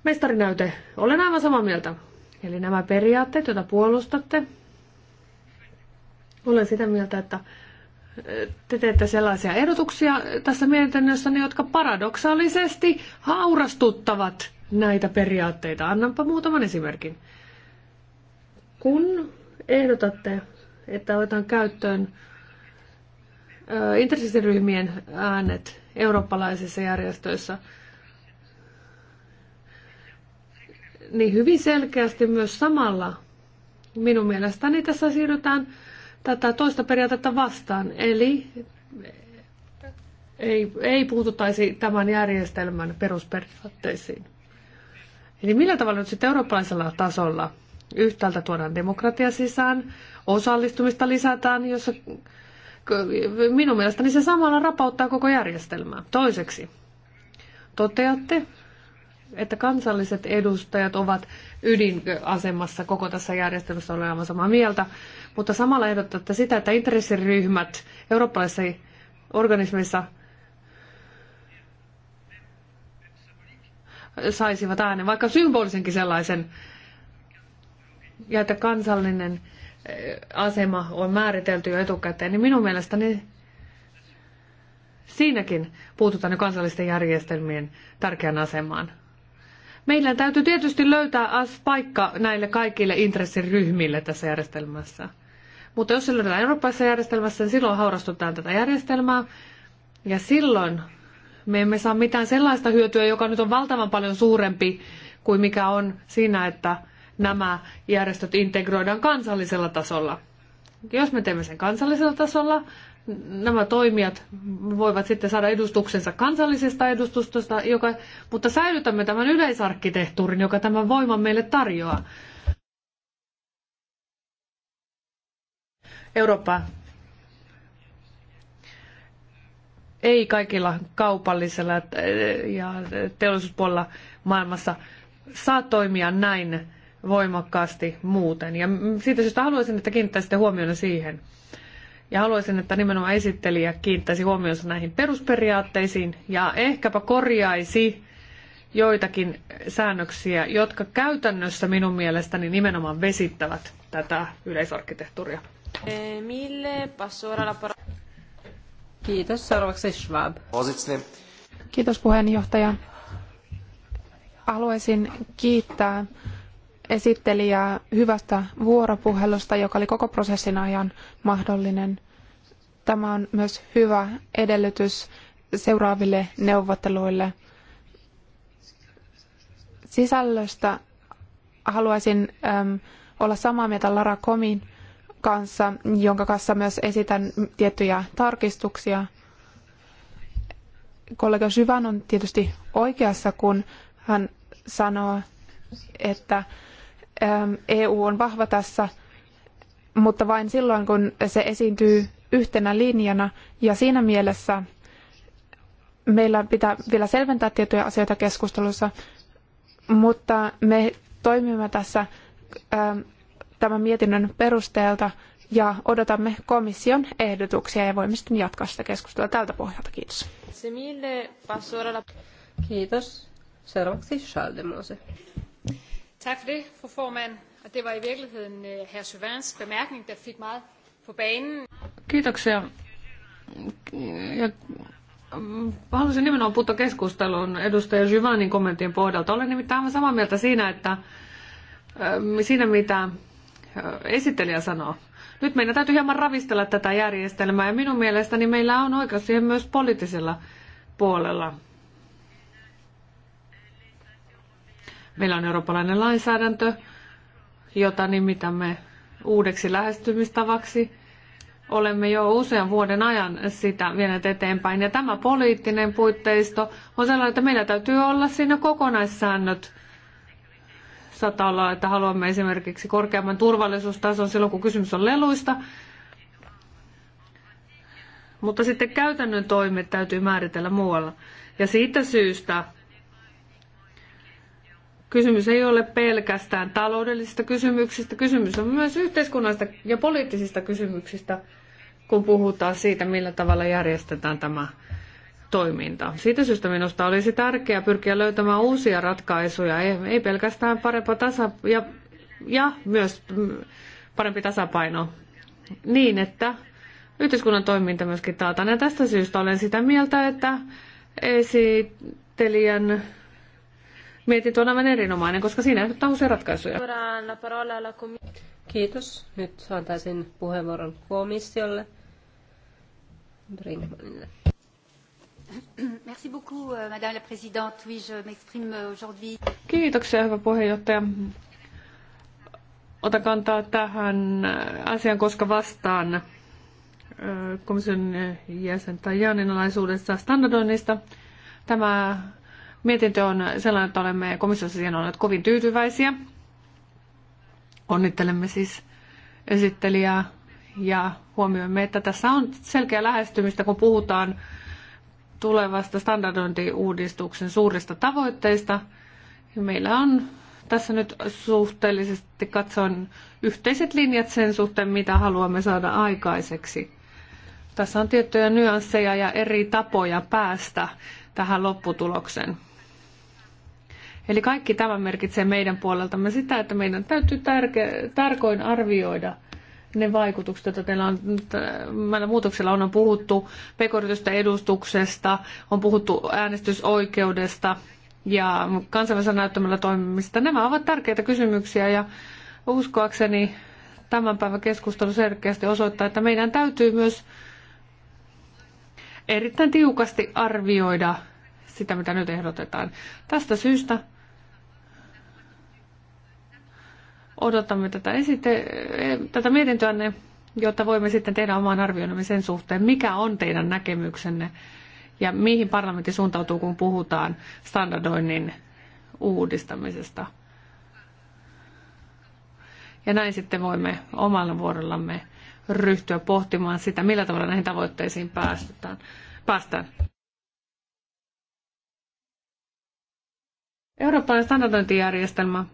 mestarinäyte. Olen aivan samaa mieltä. Eli nämä periaatteet, joita puolustatte, olen sitä mieltä, että te teette sellaisia ehdotuksia tässä mietinnössä, jotka paradoksaalisesti haurastuttavat näitä periaatteita. Annanpa muutaman esimerkin. Kun ehdotatte, että otetaan käyttöön intressiryhmien äänet eurooppalaisissa järjestöissä, niin hyvin selkeästi myös samalla minun mielestäni tässä siirrytään tätä toista periaatetta vastaan. Eli ei, ei puututtaisi tämän järjestelmän perusperiaatteisiin. Eli millä tavalla nyt sitten eurooppalaisella tasolla yhtäältä tuodaan demokratia sisään, osallistumista lisätään, jossa minun mielestäni se samalla rapauttaa koko järjestelmää. Toiseksi, toteatte, että kansalliset edustajat ovat ydinasemassa koko tässä järjestelmässä, olen aivan samaa mieltä, mutta samalla ehdotatte sitä, että intressiryhmät eurooppalaisissa organismeissa saisivat äänen, vaikka symbolisenkin sellaisen, ja että kansallinen eh, asema on määritelty jo etukäteen, niin minun mielestäni siinäkin puututaan jo kansallisten järjestelmien tärkeään asemaan. Meillä täytyy tietysti löytää paikka näille kaikille intressiryhmille tässä järjestelmässä. Mutta jos se löydetään eurooppalaisessa järjestelmässä, niin silloin haurastutaan tätä järjestelmää. Ja silloin me emme saa mitään sellaista hyötyä, joka nyt on valtavan paljon suurempi kuin mikä on siinä, että nämä järjestöt integroidaan kansallisella tasolla. Jos me teemme sen kansallisella tasolla, nämä toimijat voivat sitten saada edustuksensa kansallisesta edustustosta, joka, mutta säilytämme tämän yleisarkkitehtuurin, joka tämän voiman meille tarjoaa. Eurooppa ei kaikilla kaupallisella äh, ja teollisuuspuolella maailmassa saa toimia näin voimakkaasti muuten. Ja siitä syystä haluaisin, että kiinnittäisitte huomiota siihen. Ja haluaisin, että nimenomaan esittelijä kiinnittäisi huomionsa näihin perusperiaatteisiin ja ehkäpä korjaisi joitakin säännöksiä, jotka käytännössä minun mielestäni nimenomaan vesittävät tätä yleisarkkitehtuuria. Kiitos. Seuraavaksi Schwab. Kiitos puheenjohtaja. Haluaisin kiittää esittelijää hyvästä vuoropuhelusta, joka oli koko prosessin ajan mahdollinen. Tämä on myös hyvä edellytys seuraaville neuvotteluille. Sisällöstä haluaisin äm, olla samaa mieltä Lara Komin kanssa, jonka kanssa myös esitän tiettyjä tarkistuksia. Kollega Syvän on tietysti oikeassa, kun hän sanoo, että Ähm, EU on vahva tässä, mutta vain silloin, kun se esiintyy yhtenä linjana. Ja siinä mielessä meillä pitää vielä selventää tiettyjä asioita keskustelussa, mutta me toimimme tässä ähm, tämän mietinnön perusteelta ja odotamme komission ehdotuksia ja voimme sitten jatkaa sitä keskustelua tältä pohjalta. Kiitos. Kiitos. Seuraavaksi Charles Tak for det, fru formand. Og det var i virkeligheden øh, herr Søvans bemærkning, der fik meget på banen. Kiitoksia. Ja haluaisin nimenomaan puuttua keskusteluun edustaja Jyvanin kommenttien pohjalta. Olen nimittäin aivan samaa mieltä siinä, että siinä mitä esittelijä sanoo. Nyt meidän täytyy hieman ravistella tätä järjestelmää ja minun mielestäni meillä on oikeus siihen myös poliittisella puolella. Meillä on eurooppalainen lainsäädäntö, jota nimitämme uudeksi lähestymistavaksi. Olemme jo usean vuoden ajan sitä vienet eteenpäin. Ja tämä poliittinen puitteisto on sellainen, että meillä täytyy olla siinä kokonaissäännöt saattaa olla, että haluamme esimerkiksi korkeamman turvallisuustason silloin, kun kysymys on leluista. Mutta sitten käytännön toimet täytyy määritellä muualla. Ja siitä syystä Kysymys ei ole pelkästään taloudellisista kysymyksistä, kysymys on myös yhteiskunnallisista ja poliittisista kysymyksistä, kun puhutaan siitä, millä tavalla järjestetään tämä toiminta. Siitä syystä minusta olisi tärkeää pyrkiä löytämään uusia ratkaisuja, ei, pelkästään parempaa tasa ja, ja myös parempi tasapaino niin, että yhteiskunnan toiminta myöskin taataan. Ja tästä syystä olen sitä mieltä, että esittelijän Mietintö on aivan erinomainen, koska siinä on uusia ratkaisuja. Kiitos. Nyt antaisin puheenvuoron komissiolle. Brinkmanille. Merci beaucoup, euh, Madame la Présidente. Oui, je m'exprime aujourd'hui. Kiitoksia, hyvä puheenjohtaja. Otan kantaa tähän asiaan, koska vastaan komission jäsen tai alaisuudessa standardoinnista. Tämä Mietintö on sellainen, että olemme komissiossa siihen olleet kovin tyytyväisiä. Onnittelemme siis esittelijää ja huomioimme, että tässä on selkeä lähestymistä, kun puhutaan tulevasta standardointiuudistuksen suurista tavoitteista. Meillä on tässä nyt suhteellisesti katson yhteiset linjat sen suhteen, mitä haluamme saada aikaiseksi. Tässä on tiettyjä nyansseja ja eri tapoja päästä tähän lopputulokseen. Eli kaikki tämä merkitsee meidän puoleltamme sitä, että meidän täytyy tärke, tarkoin arvioida ne vaikutukset, joita teillä on, äh, meillä muutoksilla on, on puhuttu pekoyritysten edustuksesta, on puhuttu äänestysoikeudesta ja kansainvälisellä näyttämällä toimimista. Nämä ovat tärkeitä kysymyksiä ja uskoakseni tämän päivän keskustelu selkeästi osoittaa, että meidän täytyy myös erittäin tiukasti arvioida sitä, mitä nyt ehdotetaan. Tästä syystä odotamme tätä, esite, eh, tätä mietintöänne, jotta voimme sitten tehdä oman arvioimme sen suhteen, mikä on teidän näkemyksenne ja mihin parlamentti suuntautuu, kun puhutaan standardoinnin uudistamisesta. Ja näin sitten voimme omalla vuorollamme ryhtyä pohtimaan sitä, millä tavalla näihin tavoitteisiin päästetään, päästään. Eurooppalainen standardointijärjestelmä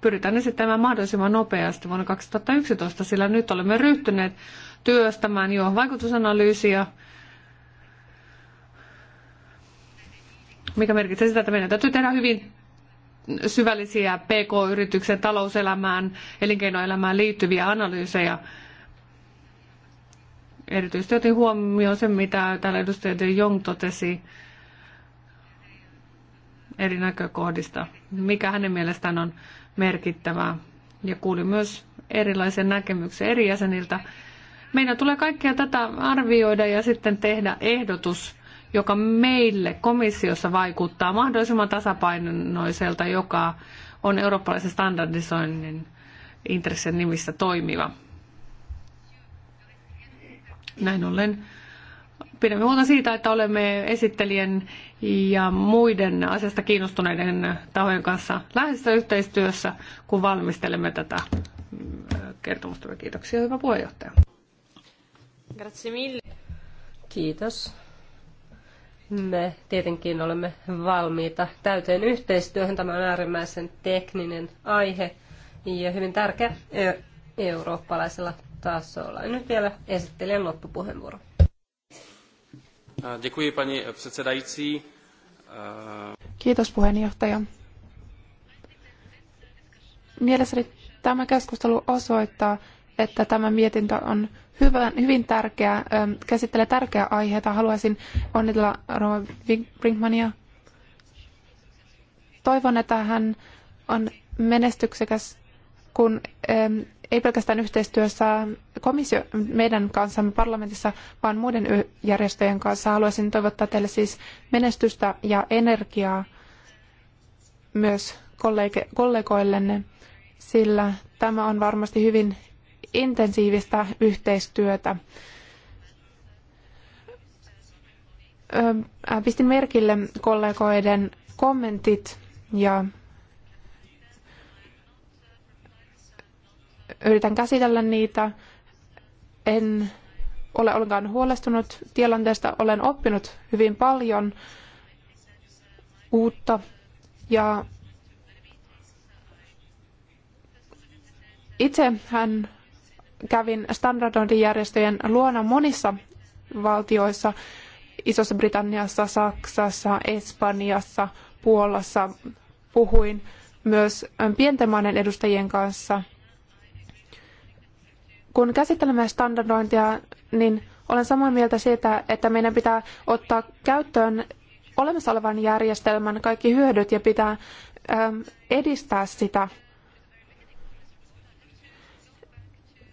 pyritään esittämään mahdollisimman nopeasti vuonna 2011, sillä nyt olemme ryhtyneet työstämään jo vaikutusanalyysiä, mikä merkitsee sitä, että meidän täytyy tehdä hyvin syvällisiä PK-yrityksen talouselämään, elinkeinoelämään liittyviä analyysejä. Erityisesti otin huomioon sen, mitä täällä edustaja De Jong totesi eri näkökohdista, mikä hänen mielestään on merkittävää ja kuuli myös erilaisia näkemyksiä eri jäseniltä. Meidän tulee kaikkea tätä arvioida ja sitten tehdä ehdotus, joka meille komissiossa vaikuttaa mahdollisimman tasapainoiselta, joka on eurooppalaisen standardisoinnin intressin nimissä toimiva. Näin ollen pidämme huolta siitä, että olemme esittelijän ja muiden asiasta kiinnostuneiden tahojen kanssa läheisessä yhteistyössä, kun valmistelemme tätä mm, kertomusta. Kiitoksia, hyvä puheenjohtaja. Kiitos. Me tietenkin olemme valmiita täyteen yhteistyöhön. Tämä on äärimmäisen tekninen aihe ja hyvin tärkeä e- eurooppalaisella tasolla. Nyt vielä esittelijän loppupuheenvuoro. Děkuji, paní předsedající. Kiitos puheenjohtaja. Mielestäni tämä keskustelu osoittaa, että tämä mietintö on hyvin tärkeä, ähm, käsittelee tärkeää aiheita. Haluaisin onnitella Rova Brinkmania. Toivon, että hän on menestyksekäs, kun ähm, ei pelkästään yhteistyössä komissio, meidän kanssamme parlamentissa, vaan muiden järjestöjen kanssa. Haluaisin toivottaa teille siis menestystä ja energiaa myös kollege, kollegoillenne, sillä tämä on varmasti hyvin intensiivistä yhteistyötä. Äh, pistin merkille kollegoiden kommentit ja yritän käsitellä niitä. En ole ollenkaan huolestunut tilanteesta, olen oppinut hyvin paljon uutta ja itsehän kävin standardointijärjestöjen luona monissa valtioissa, Isossa Britanniassa, Saksassa, Espanjassa, Puolassa. Puhuin myös pienten maiden edustajien kanssa – kun käsittelemme standardointia, niin olen samaa mieltä siitä, että meidän pitää ottaa käyttöön olemassa olevan järjestelmän kaikki hyödyt ja pitää ähm, edistää sitä.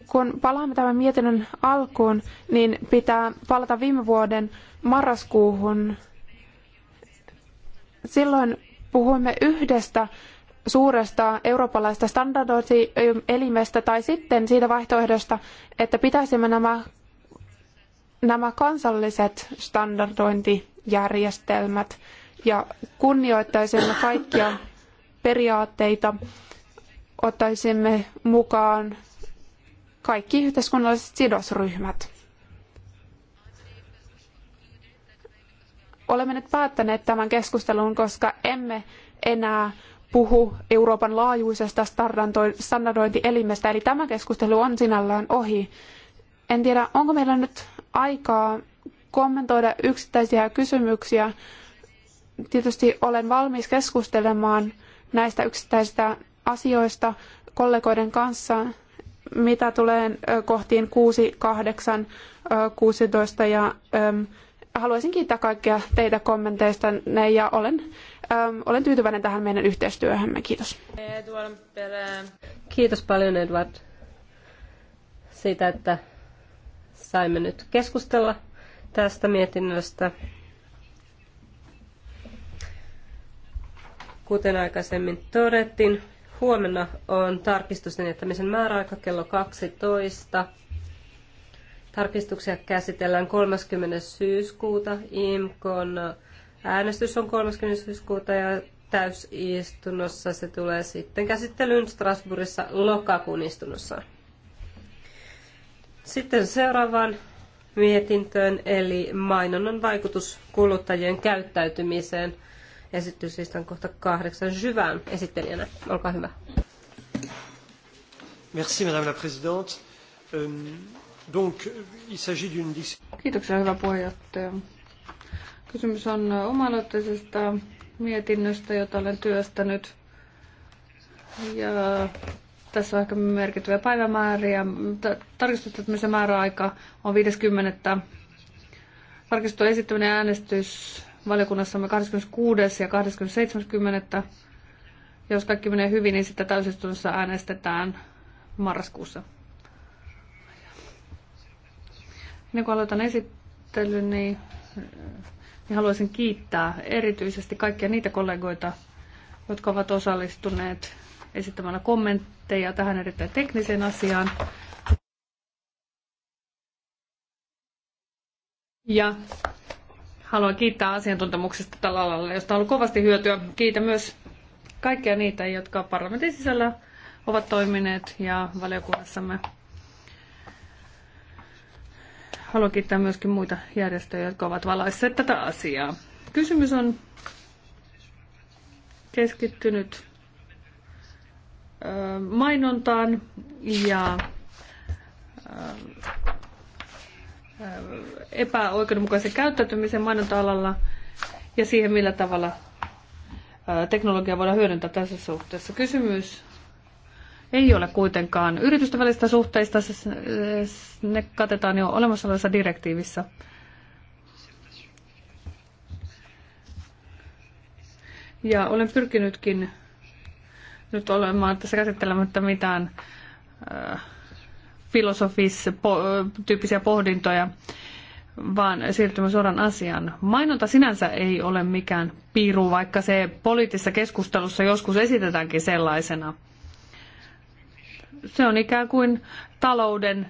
Kun palaamme tämän mietinnön alkuun, niin pitää palata viime vuoden marraskuuhun. Silloin puhuimme yhdestä suuresta eurooppalaista standardointielimestä tai sitten siitä vaihtoehdosta, että pitäisimme nämä, nämä kansalliset standardointijärjestelmät ja kunnioittaisimme kaikkia periaatteita, ottaisimme mukaan kaikki yhteiskunnalliset sidosryhmät. Olemme nyt päättäneet tämän keskustelun, koska emme enää puhu Euroopan laajuisesta standardointielimestä, eli tämä keskustelu on sinällään ohi. En tiedä, onko meillä nyt aikaa kommentoida yksittäisiä kysymyksiä. Tietysti olen valmis keskustelemaan näistä yksittäisistä asioista kollegoiden kanssa, mitä tulee kohtiin 6, 8, 16 ja haluaisin kiittää kaikkia teitä kommenteista ja olen Ähm, olen tyytyväinen tähän meidän yhteistyöhömme. Kiitos. Kiitos paljon Edward siitä, että saimme nyt keskustella tästä mietinnöstä. Kuten aikaisemmin todettiin, huomenna on tarkistusten jättämisen määräaika kello 12. Tarkistuksia käsitellään 30. syyskuuta IMKon Äänestys on 30. syyskuuta ja täysistunnossa se tulee sitten käsittelyyn Strasbourgissa lokakuun istunnossa. Sitten seuraavaan mietintöön, eli mainonnan vaikutus kuluttajien käyttäytymiseen. Esitys siis on kohta kahdeksan syvään esittelijänä. Olkaa hyvä. Merci, madame la présidente. Euh, donc, il s'agit d'une... Kiitoksia, hyvä puheenjohtaja. Kysymys on oma mietinnöstä, jota olen työstänyt. Ja tässä on ehkä merkittäviä päivämääriä. se määräaika on 50. Tarkistettu esittäminen äänestys valiokunnassamme 26. ja 27. Jos kaikki menee hyvin, niin sitten täysistunnossa äänestetään marraskuussa. Ennen kuin aloitan esittelyn, niin niin haluaisin kiittää erityisesti kaikkia niitä kollegoita, jotka ovat osallistuneet esittämällä kommentteja tähän erittäin tekniseen asiaan. Ja haluan kiittää asiantuntemuksesta tällä alalla, josta on ollut kovasti hyötyä. Kiitän myös kaikkia niitä, jotka parlamentin sisällä ovat toimineet ja valiokunnassamme haluan kiittää myöskin muita järjestöjä, jotka ovat valaisseet tätä asiaa. Kysymys on keskittynyt mainontaan ja epäoikeudenmukaisen käyttäytymisen mainonta-alalla ja siihen, millä tavalla teknologia voidaan hyödyntää tässä suhteessa. Kysymys ei ole kuitenkaan yritysten välistä suhteista, ne katetaan jo olemassa olevassa direktiivissä. Ja olen pyrkinytkin nyt olemaan tässä käsittelemättä mitään äh, filosofis-tyyppisiä pohdintoja, vaan siirtymä suoraan asiaan. Mainonta sinänsä ei ole mikään piiru, vaikka se poliittisessa keskustelussa joskus esitetäänkin sellaisena – se on ikään kuin talouden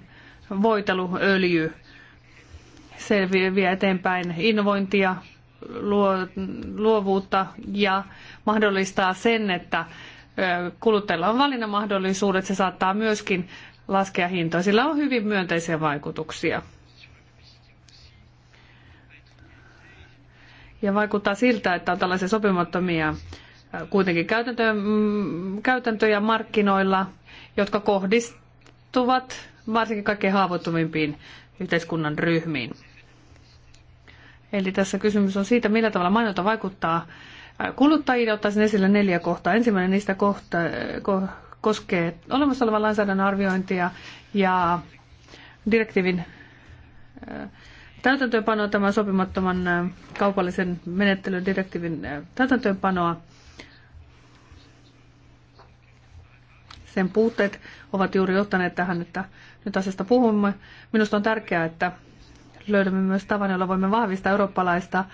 voiteluöljy. Se vie eteenpäin innovointia, luo, luovuutta ja mahdollistaa sen, että kuluttajilla on valinnan mahdollisuudet. Se saattaa myöskin laskea hintoja. Sillä on hyvin myönteisiä vaikutuksia. Ja vaikuttaa siltä, että on tällaisia sopimattomia kuitenkin käytäntöjä, käytäntöjä markkinoilla – jotka kohdistuvat varsinkin kaikkein haavoittuvimpiin yhteiskunnan ryhmiin. Eli tässä kysymys on siitä, millä tavalla mainonta vaikuttaa kuluttajiin. Ottaisin esille neljä kohtaa. Ensimmäinen niistä kohta, ko, koskee olemassa olevan lainsäädännön arviointia ja direktiivin äh, täytäntöönpanoa, tämän sopimattoman äh, kaupallisen menettelyn direktiivin äh, täytäntöönpanoa. sen puutteet ovat juuri ottaneet tähän, että nyt asiasta puhumme. Minusta on tärkeää, että löydämme myös tavan, jolla voimme vahvistaa eurooppalaista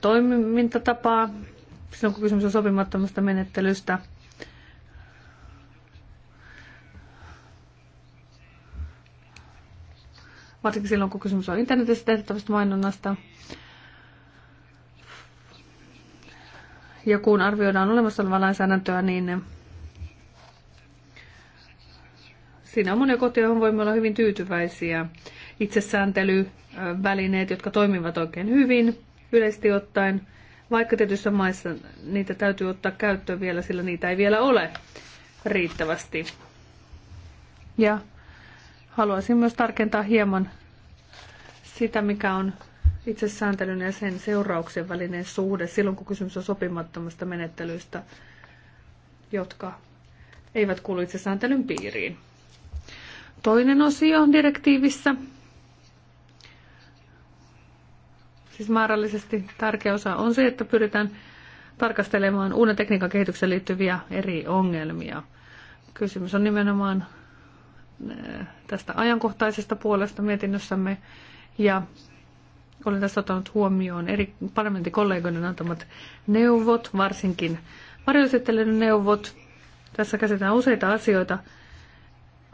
toimintatapaa silloin, kun kysymys on sopimattomasta menettelystä. Varsinkin silloin, kun kysymys on internetissä tehtävästä mainonnasta. Ja kun arvioidaan olemassa olevaa lainsäädäntöä, niin Siinä on monia kotia, johon voimme olla hyvin tyytyväisiä. Itsesääntelyvälineet, jotka toimivat oikein hyvin yleisesti ottaen, vaikka tietyissä maissa niitä täytyy ottaa käyttöön vielä, sillä niitä ei vielä ole riittävästi. Ja haluaisin myös tarkentaa hieman sitä, mikä on itsesääntelyn ja sen seurauksen välinen suhde silloin, kun kysymys on sopimattomasta menettelystä, jotka eivät kuulu itsesääntelyn piiriin toinen osio on direktiivissä, siis määrällisesti tärkeä osa on se, että pyritään tarkastelemaan uuden tekniikan kehitykseen liittyviä eri ongelmia. Kysymys on nimenomaan äh, tästä ajankohtaisesta puolesta mietinnössämme ja olen tässä ottanut huomioon eri parlamenttikollegoiden antamat neuvot, varsinkin varjoesittelyiden neuvot. Tässä käsitellään useita asioita,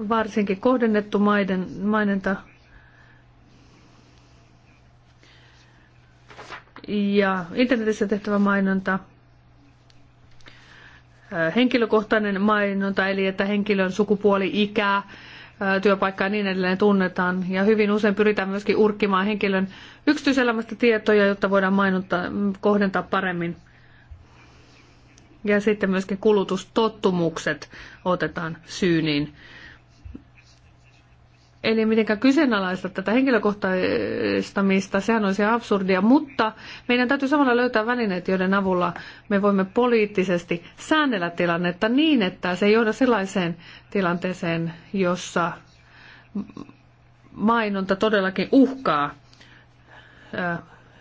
varsinkin kohdennettu maiden, maininta ja internetissä tehtävä mainonta, äh, henkilökohtainen mainonta, eli että henkilön sukupuoli, ikä, äh, työpaikka ja niin edelleen tunnetaan. Ja hyvin usein pyritään myöskin urkkimaan henkilön yksityiselämästä tietoja, jotta voidaan mainonta, kohdentaa paremmin. Ja sitten myöskin kulutustottumukset otetaan syyniin eli mitenkään kyseenalaista tätä henkilökohtaistamista, sehän on absurdia, mutta meidän täytyy samalla löytää välineet, joiden avulla me voimme poliittisesti säännellä tilannetta niin, että se ei johda sellaiseen tilanteeseen, jossa mainonta todellakin uhkaa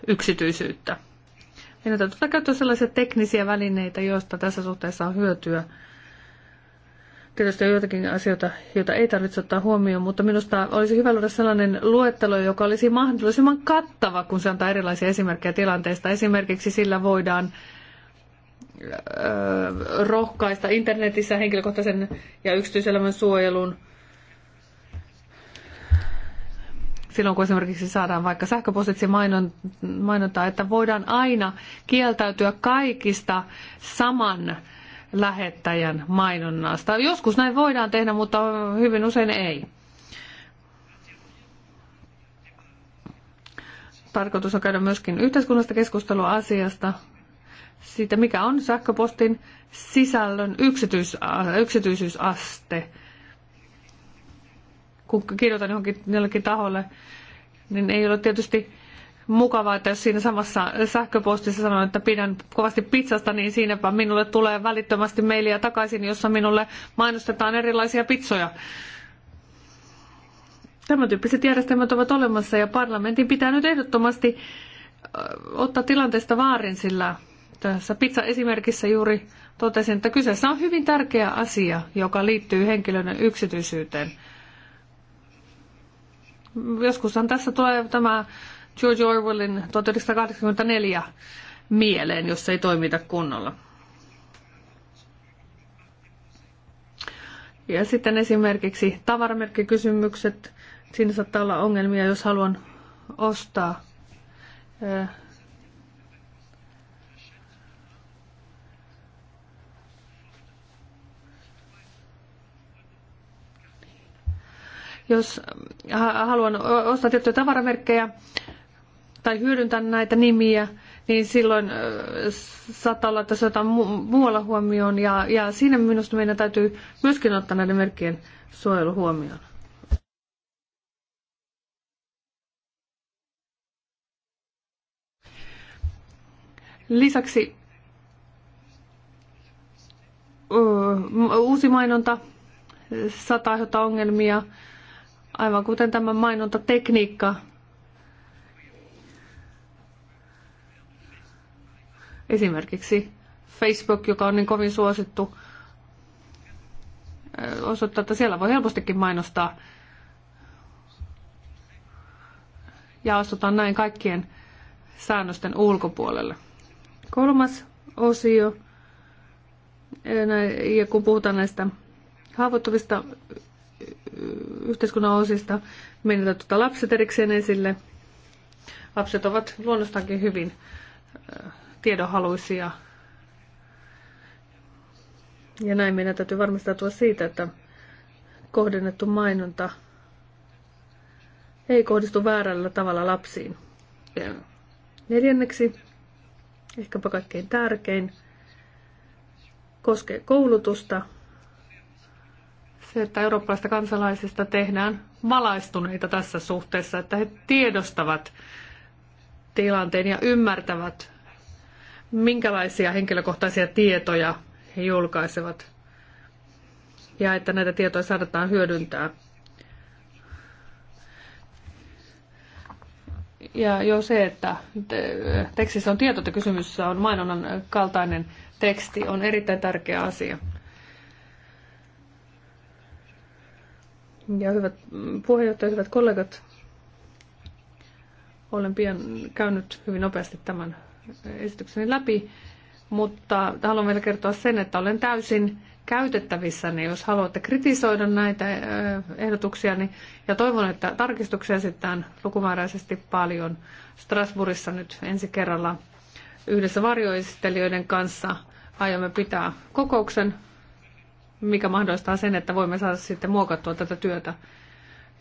yksityisyyttä. Meidän täytyy käyttää sellaisia teknisiä välineitä, joista tässä suhteessa on hyötyä Tietysti on joitakin asioita, joita ei tarvitse ottaa huomioon, mutta minusta olisi hyvä luoda sellainen luettelo, joka olisi mahdollisimman kattava, kun se antaa erilaisia esimerkkejä tilanteista. Esimerkiksi sillä voidaan rohkaista internetissä henkilökohtaisen ja yksityiselämän suojelun silloin kun esimerkiksi saadaan vaikka sähköpostitse mainontaa, että voidaan aina kieltäytyä kaikista saman lähettäjän mainonnasta. Joskus näin voidaan tehdä, mutta hyvin usein ei. Tarkoitus on käydä myöskin yhteiskunnasta keskustelua asiasta, siitä mikä on sähköpostin sisällön yksityis, yksityisyysaste. Kun kirjoitan johonkin jollekin taholle, niin ei ole tietysti mukavaa, että jos siinä samassa sähköpostissa sanon, että pidän kovasti pizzasta, niin siinäpä minulle tulee välittömästi mailia takaisin, jossa minulle mainostetaan erilaisia pizzoja. Tämän tyyppiset järjestelmät ovat olemassa ja parlamentin pitää nyt ehdottomasti ottaa tilanteesta vaarin, sillä tässä pizza-esimerkissä juuri totesin, että kyseessä on hyvin tärkeä asia, joka liittyy henkilön yksityisyyteen. Joskushan tässä tulee tämä George Orwellin 1984 mieleen, jos ei toimita kunnolla. Ja sitten esimerkiksi tavaramerkkikysymykset. Siinä saattaa olla ongelmia, jos haluan ostaa eh, jos haluan ostaa tiettyjä tavaramerkkejä, tai hyödyntää näitä nimiä, niin silloin saattaa olla, että se otetaan mu- muualla huomioon. Ja, ja siinä minusta meidän täytyy myöskin ottaa näiden merkkien suojelu huomioon. Lisäksi uusi mainonta saattaa aiheuttaa ongelmia, aivan kuten tämä mainontatekniikka Esimerkiksi Facebook, joka on niin kovin suosittu, osoittaa, että siellä voi helpostikin mainostaa ja astutaan näin kaikkien säännösten ulkopuolelle. Kolmas osio, ja kun puhutaan näistä haavoittuvista yhteiskunnan osista, menetä tuota lapset erikseen esille. Lapset ovat luonnostaankin hyvin tiedonhaluisia. Ja näin meidän täytyy varmistautua siitä, että kohdennettu mainonta ei kohdistu väärällä tavalla lapsiin. Neljänneksi, ehkäpä kaikkein tärkein, koskee koulutusta. Se, että eurooppalaista kansalaisista tehdään valaistuneita tässä suhteessa, että he tiedostavat tilanteen ja ymmärtävät minkälaisia henkilökohtaisia tietoja he julkaisevat ja että näitä tietoja saadaan hyödyntää. Ja jo se, että tekstissä on tieto, että kysymyssä on mainonnan kaltainen teksti, on erittäin tärkeä asia. Ja hyvät puheenjohtajat, hyvät kollegat, olen pian käynyt hyvin nopeasti tämän esitykseni läpi, mutta haluan vielä kertoa sen, että olen täysin käytettävissä, niin jos haluatte kritisoida näitä ehdotuksia, niin, ja toivon, että tarkistuksia esitetään lukumääräisesti paljon Strasbourgissa nyt ensi kerralla yhdessä varjoesittelijöiden kanssa aiomme pitää kokouksen, mikä mahdollistaa sen, että voimme saada sitten muokattua tätä työtä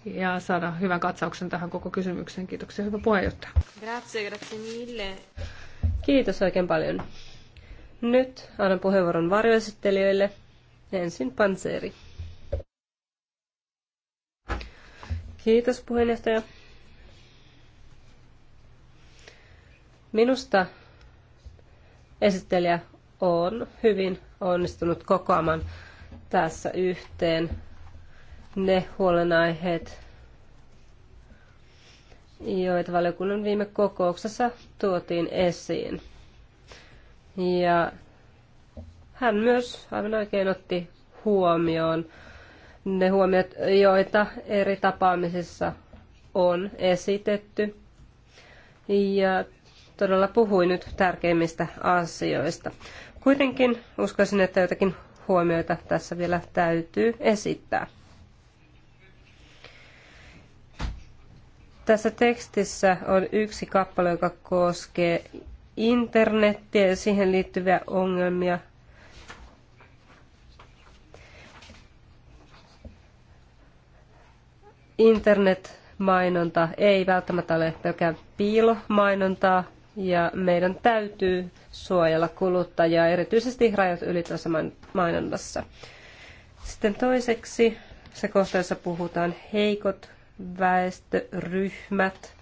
ja saada hyvän katsauksen tähän koko kysymykseen. Kiitoksia, hyvä puheenjohtaja. Grazie, grazie mille. Kiitos oikein paljon. Nyt annan puheenvuoron varjoesittelijöille. Ensin Panseri. Kiitos puheenjohtaja. Minusta esittelijä on hyvin onnistunut kokoamaan tässä yhteen ne huolenaiheet, joita valiokunnan viime kokouksessa tuotiin esiin. Ja hän myös aivan oikein otti huomioon ne huomiot, joita eri tapaamisissa on esitetty. Ja todella puhui nyt tärkeimmistä asioista. Kuitenkin uskoisin, että jotakin huomioita tässä vielä täytyy esittää. Tässä tekstissä on yksi kappale, joka koskee internettiä ja siihen liittyviä ongelmia. Internetmainonta ei välttämättä ole pelkään piilomainontaa ja meidän täytyy suojella kuluttajaa erityisesti rajat ylittävässä mainonnassa. Sitten toiseksi se kohta, jossa puhutaan heikot väestöryhmät,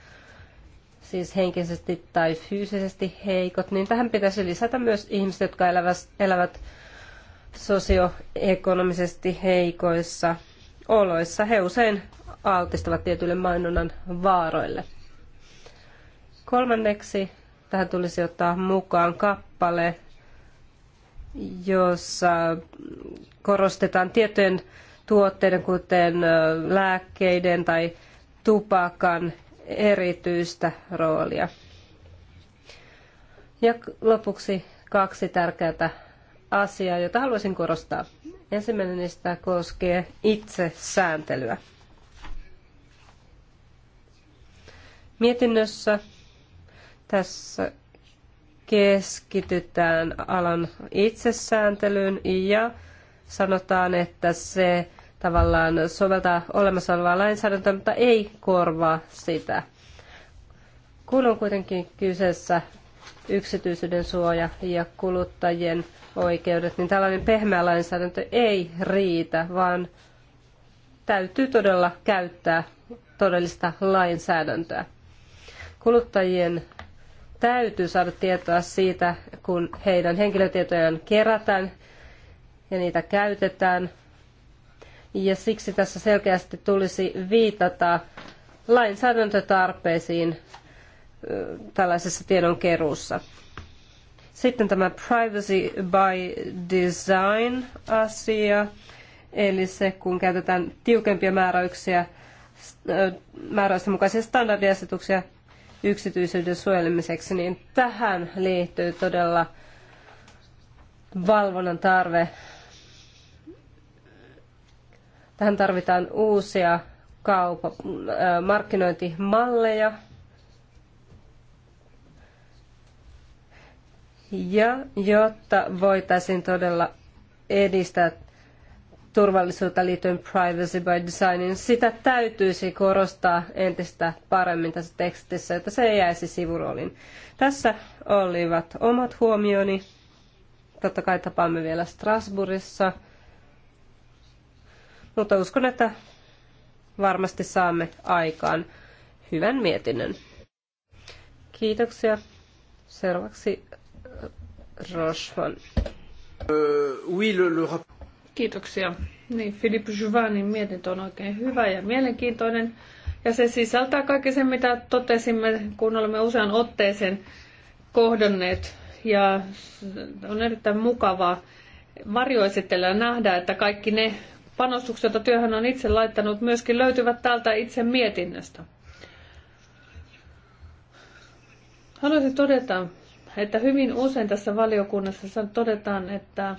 siis henkisesti tai fyysisesti heikot, niin tähän pitäisi lisätä myös ihmiset, jotka elävät sosioekonomisesti heikoissa oloissa. He usein altistavat tietylle mainonnan vaaroille. Kolmanneksi tähän tulisi ottaa mukaan kappale, jossa korostetaan tietojen tuotteiden, kuten lääkkeiden tai tupakan erityistä roolia. Ja lopuksi kaksi tärkeää asiaa, jota haluaisin korostaa. Ensimmäinen niistä koskee itsesääntelyä. Mietinnössä tässä keskitytään alan itsesääntelyyn ja sanotaan, että se tavallaan soveltaa olemassa olevaa lainsäädäntöä, mutta ei korvaa sitä. Kun on kuitenkin kyseessä yksityisyyden suoja ja kuluttajien oikeudet, niin tällainen pehmeä lainsäädäntö ei riitä, vaan täytyy todella käyttää todellista lainsäädäntöä. Kuluttajien täytyy saada tietoa siitä, kun heidän henkilötietojaan kerätään ja niitä käytetään ja siksi tässä selkeästi tulisi viitata lainsäädäntötarpeisiin tällaisessa tiedonkeruussa. Sitten tämä privacy by design asia, eli se kun käytetään tiukempia määräyksiä, määräysten mukaisia standardiasetuksia yksityisyyden suojelemiseksi, niin tähän liittyy todella valvonnan tarve Tähän tarvitaan uusia kaupo- markkinointimalleja. Ja jotta voitaisiin todella edistää turvallisuutta liittyen privacy by designin, niin sitä täytyisi korostaa entistä paremmin tässä tekstissä, että se ei jäisi sivurooliin. Tässä olivat omat huomioni. Totta kai tapaamme vielä Strasbourgissa. Mutta uskon, että varmasti saamme aikaan hyvän mietinnön. Kiitoksia. Seuraavaksi äh, Rosvan. Euh, Kiitoksia. Niin, Philippe Juvanin mietintö on oikein hyvä ja mielenkiintoinen. Ja se sisältää kaikki sen, mitä totesimme, kun olemme usean otteeseen kohdanneet. Ja on erittäin mukavaa varjoesitellä nähdä, että kaikki ne panostukset, joita työhön on itse laittanut, myöskin löytyvät täältä itse mietinnöstä. Haluaisin todeta, että hyvin usein tässä valiokunnassa todetaan, että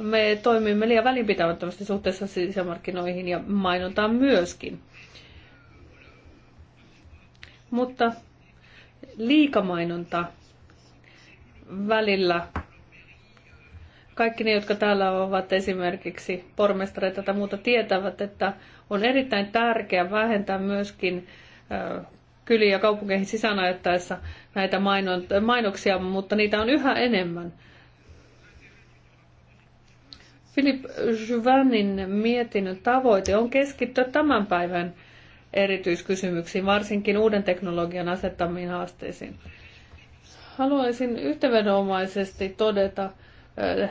me toimimme liian välinpitämättömästi suhteessa sisämarkkinoihin ja mainontaan myöskin. Mutta liikamainonta välillä kaikki ne, jotka täällä ovat esimerkiksi pormestareita tai muuta, tietävät, että on erittäin tärkeää vähentää myöskin kyliin ja kaupunkeihin sisään ajattaessa näitä mainoksia, mutta niitä on yhä enemmän. Philip Jyvänin mietinnön tavoite on keskittyä tämän päivän erityiskysymyksiin, varsinkin uuden teknologian asettamiin haasteisiin. Haluaisin yhteenvedonomaisesti todeta,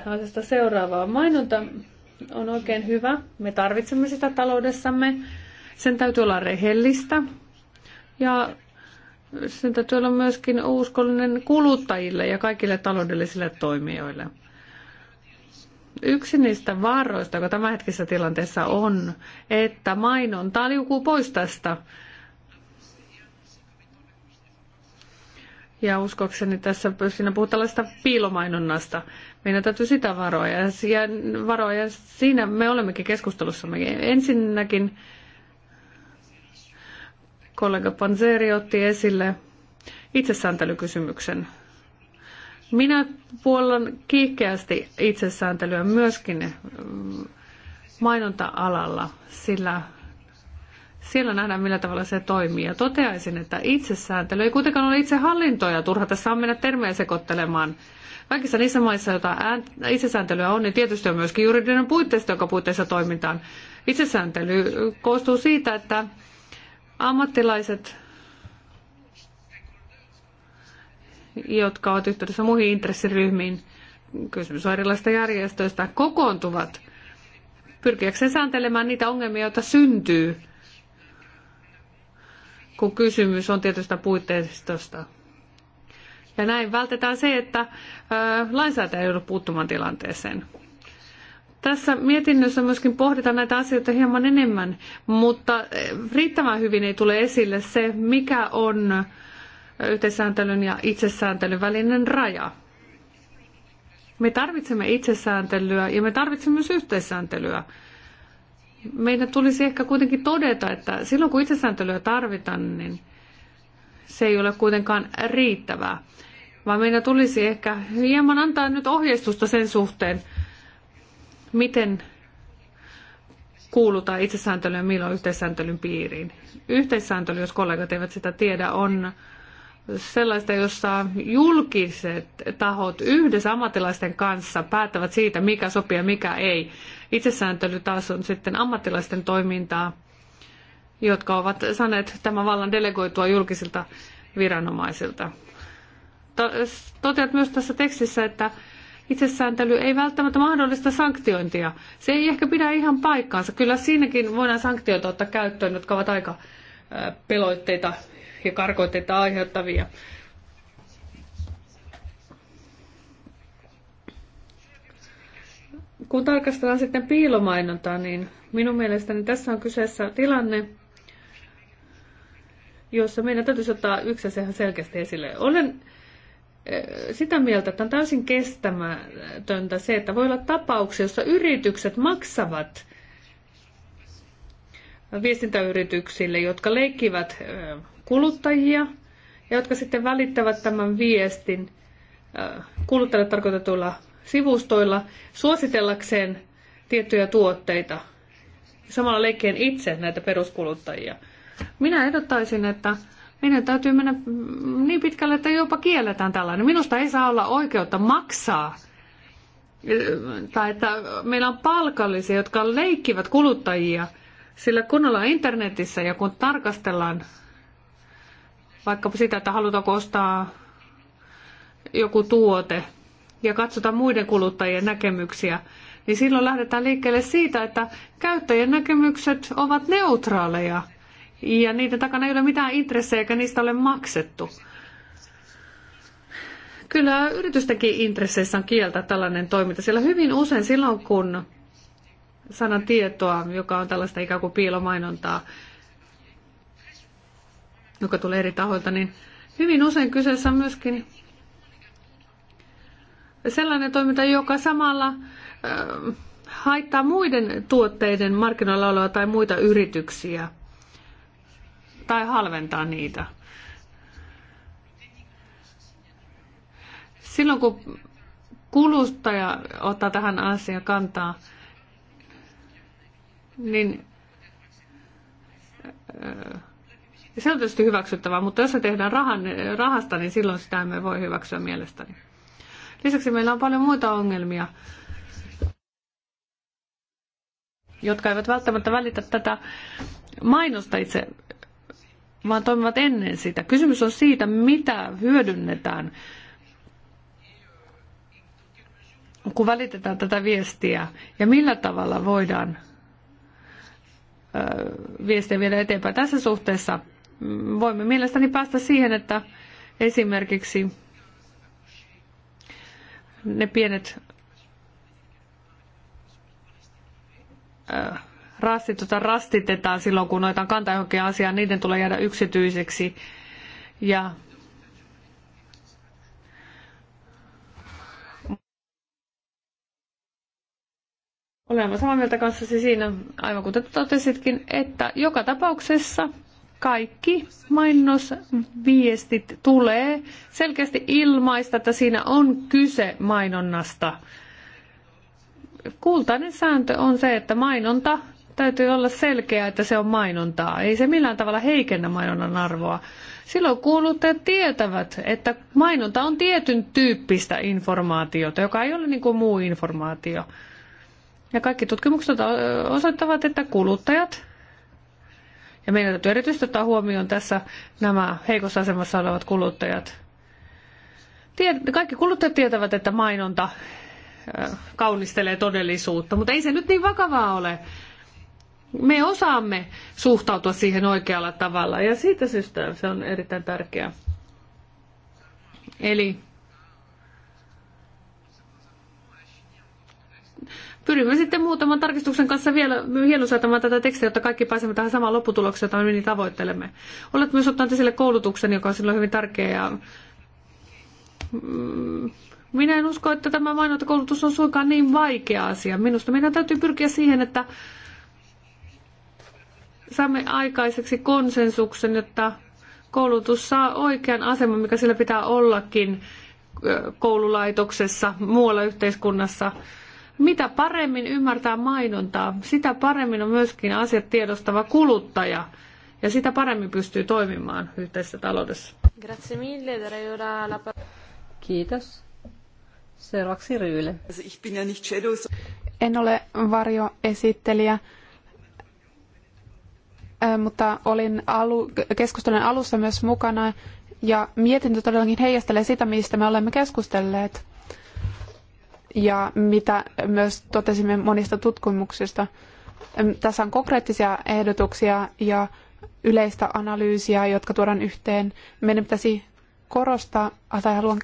asiasta seuraavaa. Mainonta on oikein hyvä. Me tarvitsemme sitä taloudessamme. Sen täytyy olla rehellistä ja sen täytyy olla myöskin uskollinen kuluttajille ja kaikille taloudellisille toimijoille. Yksi niistä vaaroista, joka tämänhetkisessä tilanteessa on, että mainonta liukuu pois tästä Ja uskokseni tässä siinä puhutaan tällaista piilomainonnasta. Meidän täytyy sitä varoja. Ja varoja siinä me olemmekin keskustelussa. Ensinnäkin kollega Panzeri otti esille itsesääntelykysymyksen. Minä puollan kiihkeästi itsesääntelyä myöskin mainonta-alalla, sillä siellä nähdään, millä tavalla se toimii. Ja toteaisin, että itsesääntely ei kuitenkaan ole itse hallintoja turha tässä on mennä termejä sekoittelemaan. Kaikissa niissä maissa, joita itsesääntelyä on, niin tietysti on myöskin juridinen puitteisto, joka puitteissa toimitaan. Itsesääntely koostuu siitä, että ammattilaiset, jotka ovat yhteydessä muihin intressiryhmiin, kysymys on erilaisista järjestöistä, kokoontuvat pyrkiäkseen sääntelemään niitä ongelmia, joita syntyy, kun kysymys on tietystä puitteistosta. Ja näin vältetään se, että lainsäätäjä joudu puuttumaan tilanteeseen. Tässä mietinnössä myöskin pohditaan näitä asioita hieman enemmän, mutta riittävän hyvin ei tule esille se, mikä on yhteissääntelyn ja itsesääntelyn välinen raja. Me tarvitsemme itsesääntelyä ja me tarvitsemme myös yhteissääntelyä. Meidän tulisi ehkä kuitenkin todeta, että silloin kun itsesääntelyä tarvitaan, niin se ei ole kuitenkaan riittävää vaan meidän tulisi ehkä hieman antaa nyt ohjeistusta sen suhteen, miten kuulutaan itsesääntelyyn ja milloin yhteissääntelyn piiriin. Yhteissääntely, jos kollegat eivät sitä tiedä, on sellaista, jossa julkiset tahot yhdessä ammattilaisten kanssa päättävät siitä, mikä sopii ja mikä ei. Itsesääntely taas on sitten ammattilaisten toimintaa, jotka ovat saaneet tämän vallan delegoitua julkisilta viranomaisilta toteat myös tässä tekstissä, että itsesääntely ei välttämättä mahdollista sanktiointia. Se ei ehkä pidä ihan paikkaansa. Kyllä siinäkin voidaan sanktioita ottaa käyttöön, jotka ovat aika peloitteita ja karkoitteita aiheuttavia. Kun tarkastellaan sitten piilomainontaa, niin minun mielestäni tässä on kyseessä tilanne, jossa meidän täytyisi ottaa yksi asia selkeästi esille. Olen sitä mieltä, että on täysin kestämätöntä se, että voi olla tapauksia, joissa yritykset maksavat viestintäyrityksille, jotka leikkivät kuluttajia ja jotka sitten välittävät tämän viestin kuluttajille tarkoitetuilla sivustoilla suositellakseen tiettyjä tuotteita. Samalla leikkien itse näitä peruskuluttajia. Minä ehdottaisin, että meidän täytyy mennä niin pitkälle, että jopa kielletään tällainen. Minusta ei saa olla oikeutta maksaa tai että meillä on palkallisia, jotka leikkivät kuluttajia, sillä kun ollaan internetissä ja kun tarkastellaan vaikkapa sitä, että halutaanko ostaa joku tuote ja katsotaan muiden kuluttajien näkemyksiä, niin silloin lähdetään liikkeelle siitä, että käyttäjien näkemykset ovat neutraaleja – ja niiden takana ei ole mitään intressejä eikä niistä ole maksettu. Kyllä yritystenkin intresseissä on kieltä tällainen toiminta, sillä hyvin usein silloin kun sanan tietoa, joka on tällaista ikään kuin piilomainontaa, joka tulee eri tahoilta, niin hyvin usein kyseessä on myöskin sellainen toiminta, joka samalla haittaa muiden tuotteiden markkinoilla olevaa tai muita yrityksiä tai halventaa niitä. Silloin kun kuluttaja ottaa tähän asiaan kantaa, niin äh, se on tietysti hyväksyttävää, mutta jos se tehdään rahan, rahasta, niin silloin sitä emme voi hyväksyä mielestäni. Lisäksi meillä on paljon muita ongelmia, jotka eivät välttämättä välitä tätä mainosta itse vaan toimivat ennen sitä. Kysymys on siitä, mitä hyödynnetään, kun välitetään tätä viestiä ja millä tavalla voidaan viestiä viedä eteenpäin. Tässä suhteessa mm, voimme mielestäni päästä siihen, että esimerkiksi ne pienet rastituta tota, rastitetaan silloin, kun noitaan kantaa johonkin asiaan, niiden tulee jäädä yksityiseksi. Ja Olen samaa mieltä kanssasi siinä, aivan kuten totesitkin, että joka tapauksessa kaikki mainosviestit tulee selkeästi ilmaista, että siinä on kyse mainonnasta. Kultainen sääntö on se, että mainonta täytyy olla selkeää, että se on mainontaa. Ei se millään tavalla heikennä mainonnan arvoa. Silloin kuuluttajat tietävät, että mainonta on tietyn tyyppistä informaatiota, joka ei ole niin kuin muu informaatio. Ja kaikki tutkimukset osoittavat, että kuluttajat, ja meidän täytyy erityisesti ottaa huomioon tässä nämä heikossa asemassa olevat kuluttajat, kaikki kuluttajat tietävät, että mainonta kaunistelee todellisuutta, mutta ei se nyt niin vakavaa ole me osaamme suhtautua siihen oikealla tavalla ja siitä syystä se on erittäin tärkeää. Eli pyrimme sitten muutaman tarkistuksen kanssa vielä hienosäätämään tätä tekstiä, jotta kaikki pääsemme tähän samaan lopputulokseen, jota me niin tavoittelemme. Olet myös ottanut esille koulutuksen, joka on silloin hyvin tärkeä. Ja... Mm, minä en usko, että tämä mainontakoulutus on suinkaan niin vaikea asia. Minusta meidän täytyy pyrkiä siihen, että saamme aikaiseksi konsensuksen, jotta koulutus saa oikean aseman, mikä sillä pitää ollakin koululaitoksessa, muualla yhteiskunnassa. Mitä paremmin ymmärtää mainontaa, sitä paremmin on myöskin asiat tiedostava kuluttaja ja sitä paremmin pystyy toimimaan yhteisessä taloudessa. Grazie mille, Kiitos. Seuraavaksi Ryyle. En ole varjoesittelijä mutta olin alu, keskustelun alussa myös mukana ja mietintö todellakin heijastelee sitä, mistä me olemme keskustelleet ja mitä myös totesimme monista tutkimuksista. Tässä on konkreettisia ehdotuksia ja yleistä analyysiä, jotka tuodaan yhteen. Meidän pitäisi korostaa, tai haluan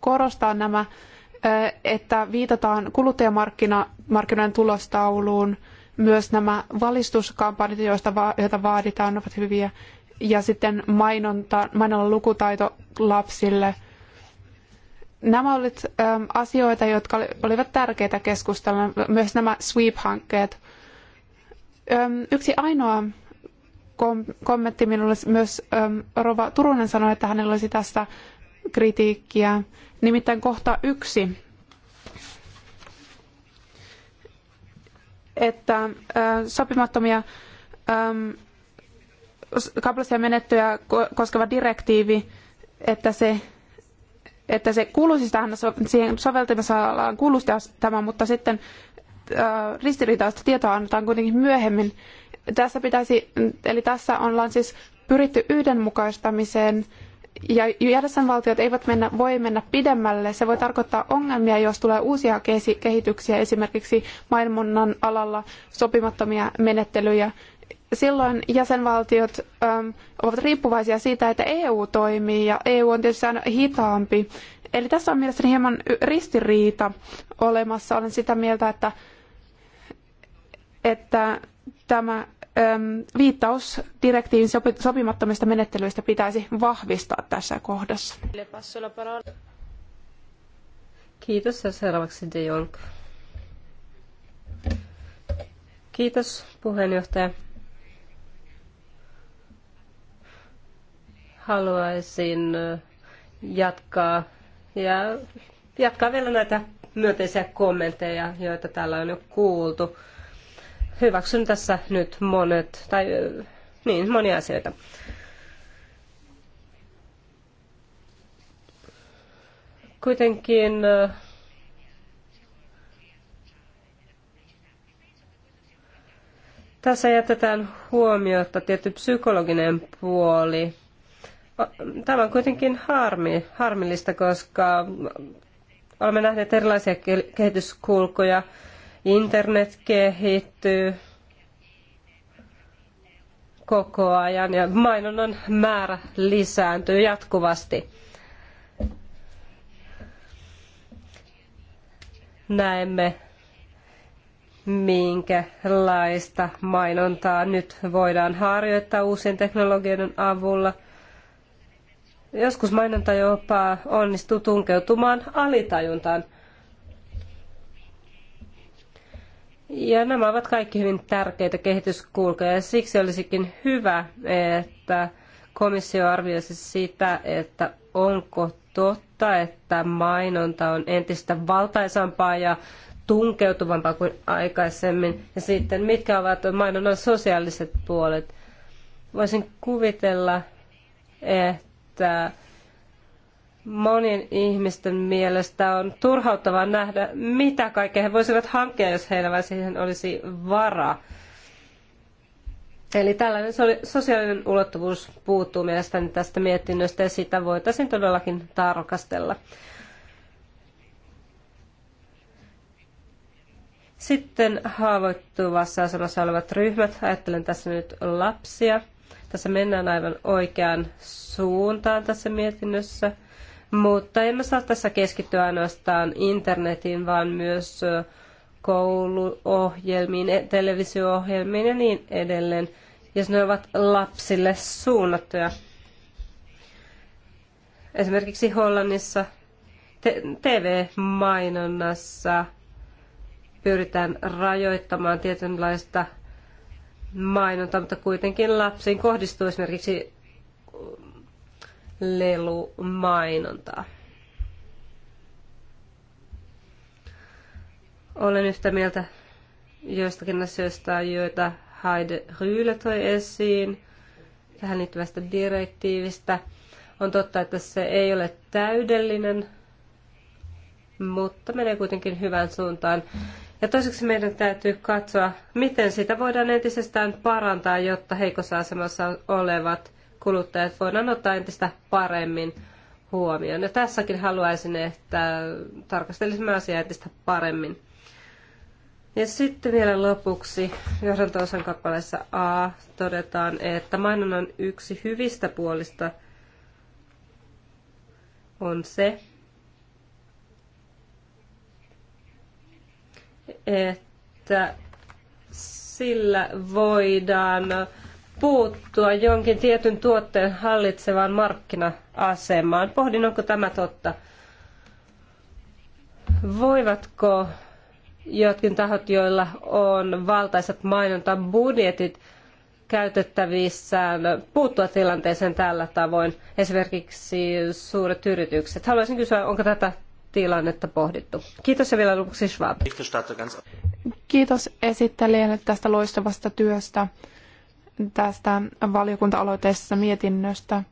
korostaa nämä, että viitataan kuluttajamarkkinoiden tulostauluun – myös nämä valistuskampanjat, joista va- joita vaaditaan, ovat hyviä. Ja sitten mainonta, mainonnan lukutaito lapsille. Nämä olivat ähm, asioita, jotka olivat tärkeitä keskustella. Myös nämä sweep-hankkeet. Ähm, yksi ainoa kommentti minulle myös äm, Rova Turunen sanoi, että hänellä olisi tästä kritiikkiä. Nimittäin kohta yksi. että sopimattomia kaupallisia menettöjä koskeva direktiivi, että se, että se kuuluisi siis tähän, siihen soveltamisalaan kuuluisi tämä, mutta sitten ristiriitaista tietoa annetaan kuitenkin myöhemmin. Tässä pitäisi, eli tässä ollaan siis pyritty yhdenmukaistamiseen ja jäsenvaltiot eivät mennä, voi mennä pidemmälle. Se voi tarkoittaa ongelmia, jos tulee uusia kehityksiä, esimerkiksi maailmannan alalla sopimattomia menettelyjä. Silloin jäsenvaltiot äm, ovat riippuvaisia siitä, että EU toimii ja EU on tietysti aina hitaampi. Eli tässä on mielestäni hieman ristiriita olemassa. Olen sitä mieltä, että, että tämä viittaus direktiivin sopimattomista menettelyistä pitäisi vahvistaa tässä kohdassa. Kiitos ja seuraavaksi De Jolk. Kiitos puheenjohtaja. Haluaisin jatkaa ja jatkaa vielä näitä myönteisiä kommentteja, joita täällä on jo kuultu hyväksyn tässä nyt monet, tai niin, monia asioita. Kuitenkin tässä jätetään huomiota tietty psykologinen puoli. Tämä on kuitenkin harmi, harmillista, koska olemme nähneet erilaisia kehityskulkuja Internet kehittyy koko ajan ja mainonnan määrä lisääntyy jatkuvasti. Näemme, minkälaista mainontaa nyt voidaan harjoittaa uusien teknologioiden avulla. Joskus mainonta jopa onnistuu tunkeutumaan alitajuntaan – Ja nämä ovat kaikki hyvin tärkeitä kehityskulkuja ja siksi olisikin hyvä, että komissio arvioisi sitä, että onko totta, että mainonta on entistä valtaisampaa ja tunkeutuvampaa kuin aikaisemmin. Ja sitten mitkä ovat mainonnan sosiaaliset puolet. Voisin kuvitella, että monien ihmisten mielestä on turhauttavaa nähdä, mitä kaikkea he voisivat hankkia, jos heillä vain siihen olisi varaa. Eli tällainen sosiaalinen ulottuvuus puuttuu mielestäni tästä mietinnöstä ja sitä voitaisiin todellakin tarkastella. Sitten haavoittuvassa asemassa olevat ryhmät. Ajattelen tässä nyt lapsia. Tässä mennään aivan oikeaan suuntaan tässä mietinnössä – mutta emme saa tässä keskittyä ainoastaan internetin, vaan myös kouluohjelmiin, e, televisio-ohjelmiin ja niin edelleen, jos ne ovat lapsille suunnattuja. Esimerkiksi Hollannissa TV-mainonnassa pyritään rajoittamaan tietynlaista mainontaa, mutta kuitenkin lapsiin kohdistuu esimerkiksi lelumainontaa. Olen yhtä mieltä joistakin asioista, joita Heide Ryhle toi esiin tähän liittyvästä direktiivistä. On totta, että se ei ole täydellinen, mutta menee kuitenkin hyvään suuntaan. Ja toiseksi meidän täytyy katsoa, miten sitä voidaan entisestään parantaa, jotta heikossa asemassa olevat kuluttajat voidaan ottaa entistä paremmin huomioon. Ja tässäkin haluaisin, että tarkastelisimme asiaa entistä paremmin. Ja sitten vielä lopuksi johdanto-osan kappaleessa A todetaan, että mainonnan yksi hyvistä puolista on se, että sillä voidaan puuttua jonkin tietyn tuotteen hallitsevaan markkina-asemaan. Pohdin, onko tämä totta. Voivatko jotkin tahot, joilla on valtaisat mainontabudjetit käytettävissään, puuttua tilanteeseen tällä tavoin, esimerkiksi suuret yritykset. Haluaisin kysyä, onko tätä tilannetta pohdittu. Kiitos ja vielä lopuksi Schwab. Kiitos esittelijälle tästä loistavasta työstä tästä valiokunta-aloitteessa mietinnöstä.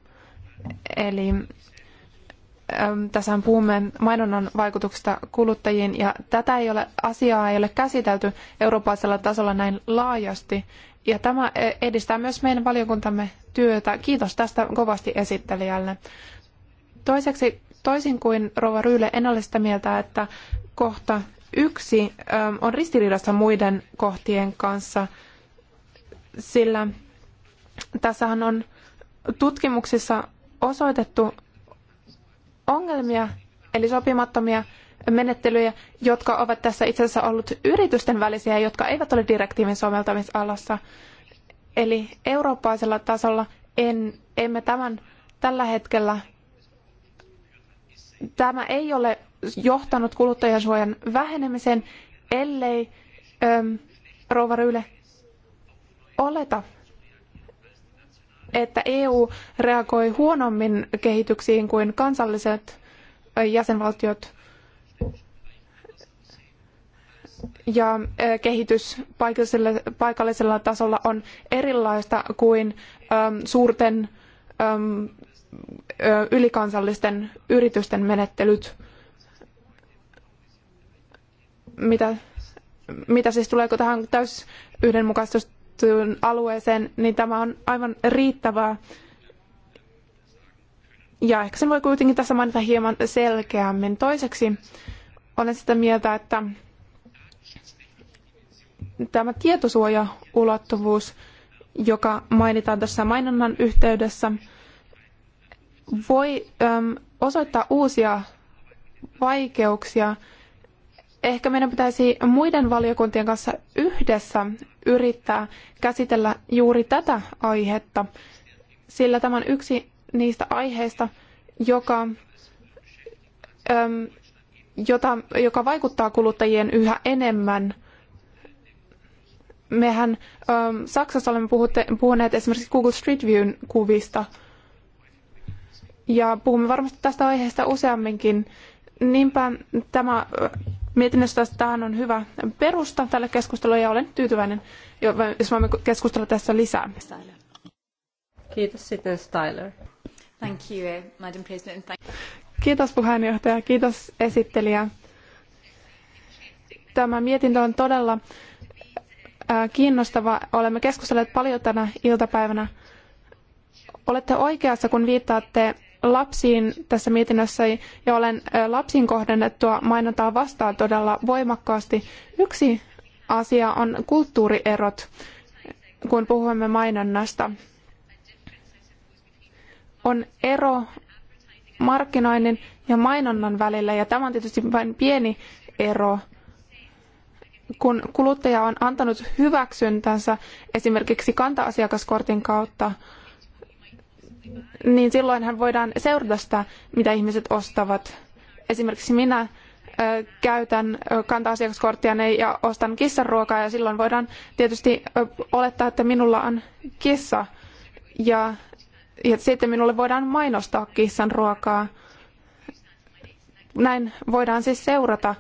Eli ähm, tässä puhumme mainonnan vaikutuksesta kuluttajiin ja tätä ei ole, asiaa ei ole käsitelty eurooppalaisella tasolla näin laajasti. Ja tämä e, edistää myös meidän valiokuntamme työtä. Kiitos tästä kovasti esittelijälle. Toiseksi, toisin kuin Rova Ryyle, en ole sitä mieltä, että kohta yksi ähm, on ristiriidassa muiden kohtien kanssa – sillä tässähän on tutkimuksissa osoitettu ongelmia, eli sopimattomia menettelyjä, jotka ovat tässä itse asiassa ollut yritysten välisiä, jotka eivät ole direktiivin soveltamisalassa. Eli eurooppaisella tasolla en, emme tämän tällä hetkellä, tämä ei ole johtanut kuluttajansuojan vähenemiseen, ellei äm, rouva Ryyle oleta, että EU reagoi huonommin kehityksiin kuin kansalliset jäsenvaltiot ja kehitys paikallisella, tasolla on erilaista kuin suurten ylikansallisten yritysten menettelyt. Mitä, mitä siis tuleeko tähän täys tiettyyn alueeseen, niin tämä on aivan riittävää. Ja ehkä sen voi kuitenkin tässä mainita hieman selkeämmin. Toiseksi olen sitä mieltä, että tämä tietosuojaulottuvuus, joka mainitaan tässä mainonnan yhteydessä, voi osoittaa uusia vaikeuksia ehkä meidän pitäisi muiden valiokuntien kanssa yhdessä yrittää käsitellä juuri tätä aihetta, sillä tämä on yksi niistä aiheista, joka, jota, joka vaikuttaa kuluttajien yhä enemmän. Mehän Saksassa olemme puhutte, puhuneet esimerkiksi Google Street Viewn kuvista, ja puhumme varmasti tästä aiheesta useamminkin. Niinpä tämä mietinnöstä tähän on hyvä perusta tälle keskustelulle ja olen tyytyväinen, jos voimme keskustella tästä lisää. Kiitos sitten Styler. Thank you, eh, Madam President. Kiitos puheenjohtaja, kiitos esittelijä. Tämä mietintö on todella kiinnostava. Olemme keskustelleet paljon tänä iltapäivänä. Olette oikeassa, kun viittaatte lapsiin tässä mietinnössä ja olen lapsiin kohdennettua mainontaa vastaan todella voimakkaasti. Yksi asia on kulttuurierot, kun puhumme mainonnasta. On ero markkinoinnin ja mainonnan välillä ja tämä on tietysti vain pieni ero kun kuluttaja on antanut hyväksyntänsä esimerkiksi kanta-asiakaskortin kautta, niin silloinhan voidaan seurata sitä, mitä ihmiset ostavat. Esimerkiksi minä käytän kanta-asiakaskorttia ja ostan kissan ja silloin voidaan tietysti olettaa, että minulla on kissa ja, ja sitten minulle voidaan mainostaa kissan ruokaa. Näin voidaan siis seurata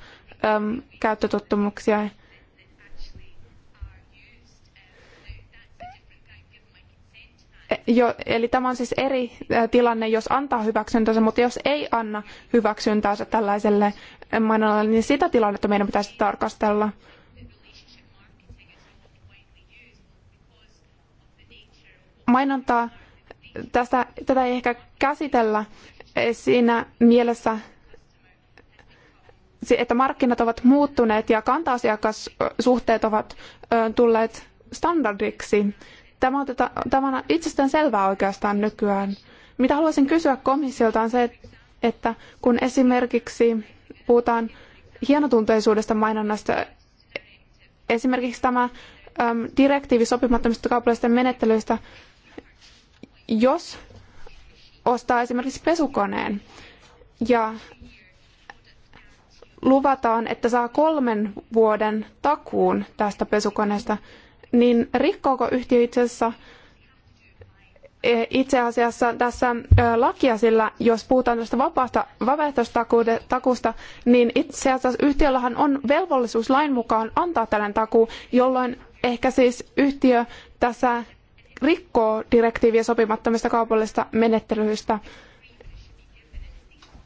äm, käyttötottumuksia. Jo, eli tämä on siis eri tilanne, jos antaa hyväksyntänsä, mutta jos ei anna hyväksyntäänsä tällaiselle mainonnalle, niin sitä tilannetta meidän pitäisi tarkastella. Mainontaa, tästä, tätä ei ehkä käsitellä siinä mielessä, että markkinat ovat muuttuneet ja kanta-asiakassuhteet ovat tulleet standardiksi. Tämä on tämä on itsestään selvää oikeastaan nykyään. Mitä haluaisin kysyä komissiolta on se, että kun esimerkiksi puhutaan hienotunteisuudesta mainonnasta, esimerkiksi tämä äm, direktiivi sopimattomista kaupallisista menettelyistä, jos ostaa esimerkiksi pesukoneen ja luvataan, että saa kolmen vuoden takuun tästä pesukoneesta, niin rikkooko yhtiö itse asiassa e, itse asiassa tässä lakia, sillä jos puhutaan tästä vapaasta vapaaehtoistakuusta, niin itse asiassa yhtiöllähän on velvollisuus lain mukaan antaa tällainen takuu, jolloin ehkä siis yhtiö tässä rikkoo direktiiviä sopimattomista kaupallisista menettelyistä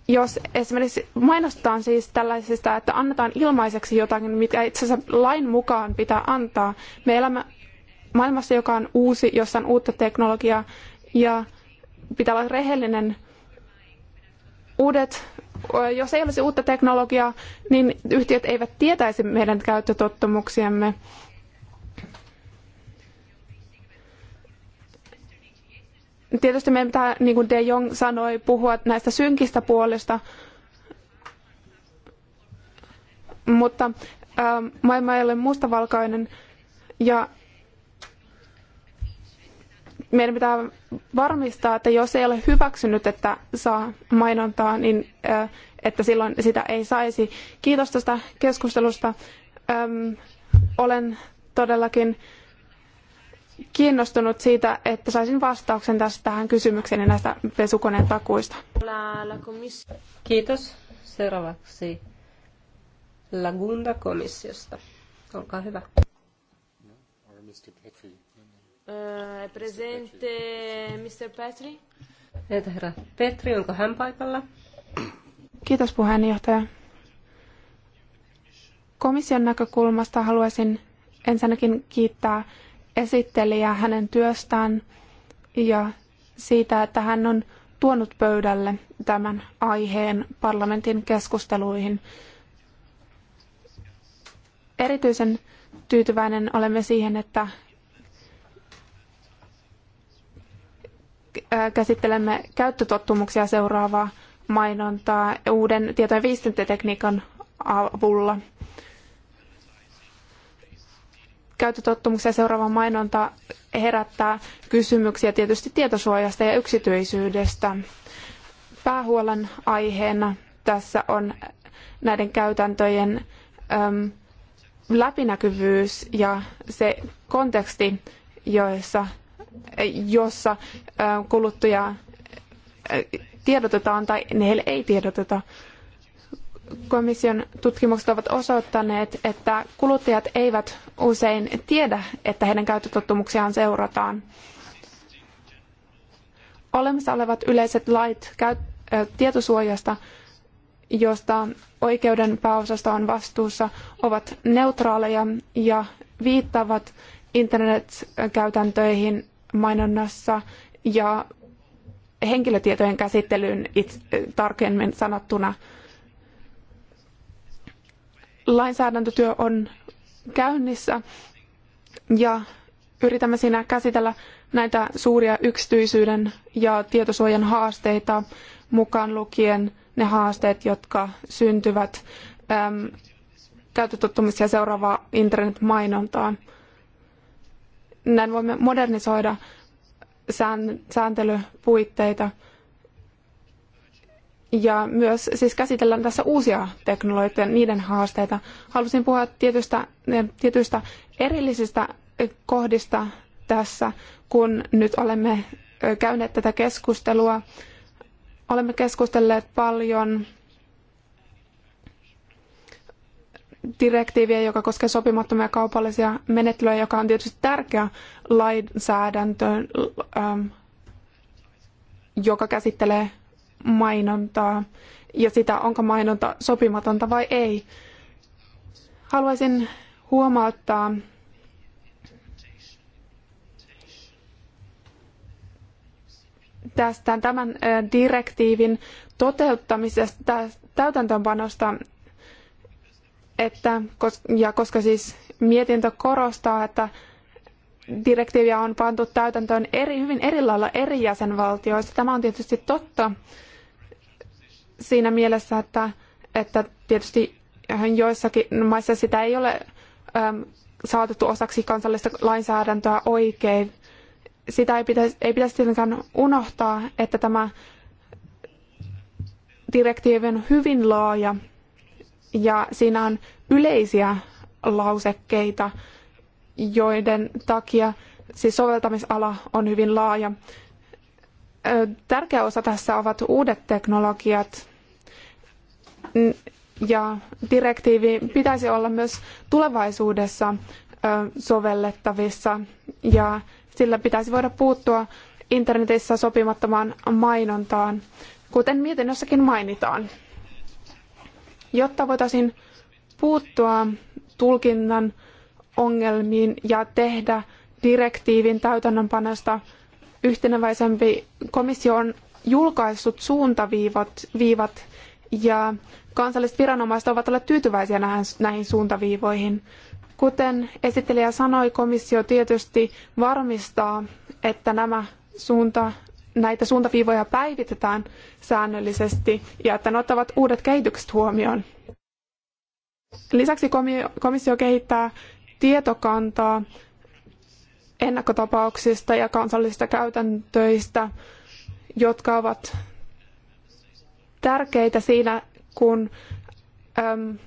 jos esimerkiksi mainostetaan siis tällaisista, että annetaan ilmaiseksi jotakin, mitä itse asiassa lain mukaan pitää antaa. Me elämme maailmassa, joka on uusi, jossa on uutta teknologiaa ja pitää olla rehellinen. Uudet, jos ei olisi uutta teknologiaa, niin yhtiöt eivät tietäisi meidän käyttötottumuksiamme. tietysti meidän pitää, niin kuin De Jong sanoi, puhua näistä synkistä puolista, mutta ää, ähm, maailma ei ole mustavalkoinen ja meidän pitää varmistaa, että jos ei ole hyväksynyt, että saa mainontaa, niin äh, että silloin sitä ei saisi. Kiitos tästä keskustelusta. Ähm, olen todellakin kiinnostunut siitä, että saisin vastauksen tässä tähän kysymykseen näistä pesukoneen takuista. Kiitos. Seuraavaksi Lagunda komissiosta. Olkaa hyvä. Eh, presente Mr. Petri. Entä eh, herra Petri, onko hän paikalla? Kiitos puheenjohtaja. Komission näkökulmasta haluaisin ensinnäkin kiittää esittelijä hänen työstään ja siitä, että hän on tuonut pöydälle tämän aiheen parlamentin keskusteluihin. Erityisen tyytyväinen olemme siihen, että äh, käsittelemme käyttötottumuksia seuraavaa mainontaa uuden tieto- ja viestintätekniikan avulla käytötottumuksia seuraava mainonta herättää kysymyksiä tietysti tietosuojasta ja yksityisyydestä. Päähuolen aiheena tässä on näiden käytäntöjen äm, läpinäkyvyys ja se konteksti, joissa, jossa kuluttaja tiedotetaan tai heille ei tiedoteta komission tutkimukset ovat osoittaneet, että kuluttajat eivät usein tiedä, että heidän käyttötottumuksiaan seurataan. Olemassa olevat yleiset lait tietosuojasta, josta oikeuden pääosasta on vastuussa, ovat neutraaleja ja viittaavat internetkäytäntöihin mainonnassa ja henkilötietojen käsittelyyn tarkemmin sanottuna – lainsäädäntötyö on käynnissä ja yritämme siinä käsitellä näitä suuria yksityisyyden ja tietosuojan haasteita mukaan lukien ne haasteet, jotka syntyvät äm, käytötottumisia seuraavaa internetmainontaa. Näin voimme modernisoida sään, sääntelypuitteita ja myös siis käsitellään tässä uusia teknologioita ja niiden haasteita. Halusin puhua tietystä, eh, tietyistä erillisistä eh, kohdista tässä, kun nyt olemme eh, käyneet tätä keskustelua. Olemme keskustelleet paljon direktiiviä, joka koskee sopimattomia kaupallisia menettelyjä, joka on tietysti tärkeä lainsäädäntö, joka käsittelee mainontaa ja sitä, onko mainonta sopimatonta vai ei. Haluaisin huomauttaa tästä tämän direktiivin toteuttamisesta, täytäntöönpanosta, että, ja koska siis mietintö korostaa, että direktiiviä on pantu täytäntöön eri, hyvin eri lailla eri jäsenvaltioissa. Tämä on tietysti totta, siinä mielessä, että, että tietysti joissakin maissa sitä ei ole äm, saatettu osaksi kansallista lainsäädäntöä oikein. Sitä ei pitäisi, ei pitäisi tietenkään unohtaa, että tämä direktiivi on hyvin laaja ja siinä on yleisiä lausekkeita, joiden takia siis soveltamisala on hyvin laaja. Tärkeä osa tässä ovat uudet teknologiat, ja direktiivi pitäisi olla myös tulevaisuudessa sovellettavissa ja sillä pitäisi voida puuttua internetissä sopimattomaan mainontaan, kuten mietinnössäkin mainitaan. Jotta voitaisiin puuttua tulkinnan ongelmiin ja tehdä direktiivin täytännönpanosta yhteneväisempi, komissio on julkaissut suuntaviivat viivat ja kansalliset viranomaiset ovat olleet tyytyväisiä näihin suuntaviivoihin. Kuten esittelijä sanoi, komissio tietysti varmistaa, että nämä suunta, näitä suuntaviivoja päivitetään säännöllisesti ja että ne ottavat uudet kehitykset huomioon. Lisäksi komissio kehittää tietokantaa ennakkotapauksista ja kansallisista käytäntöistä, jotka ovat tärkeitä siinä, kun, äm,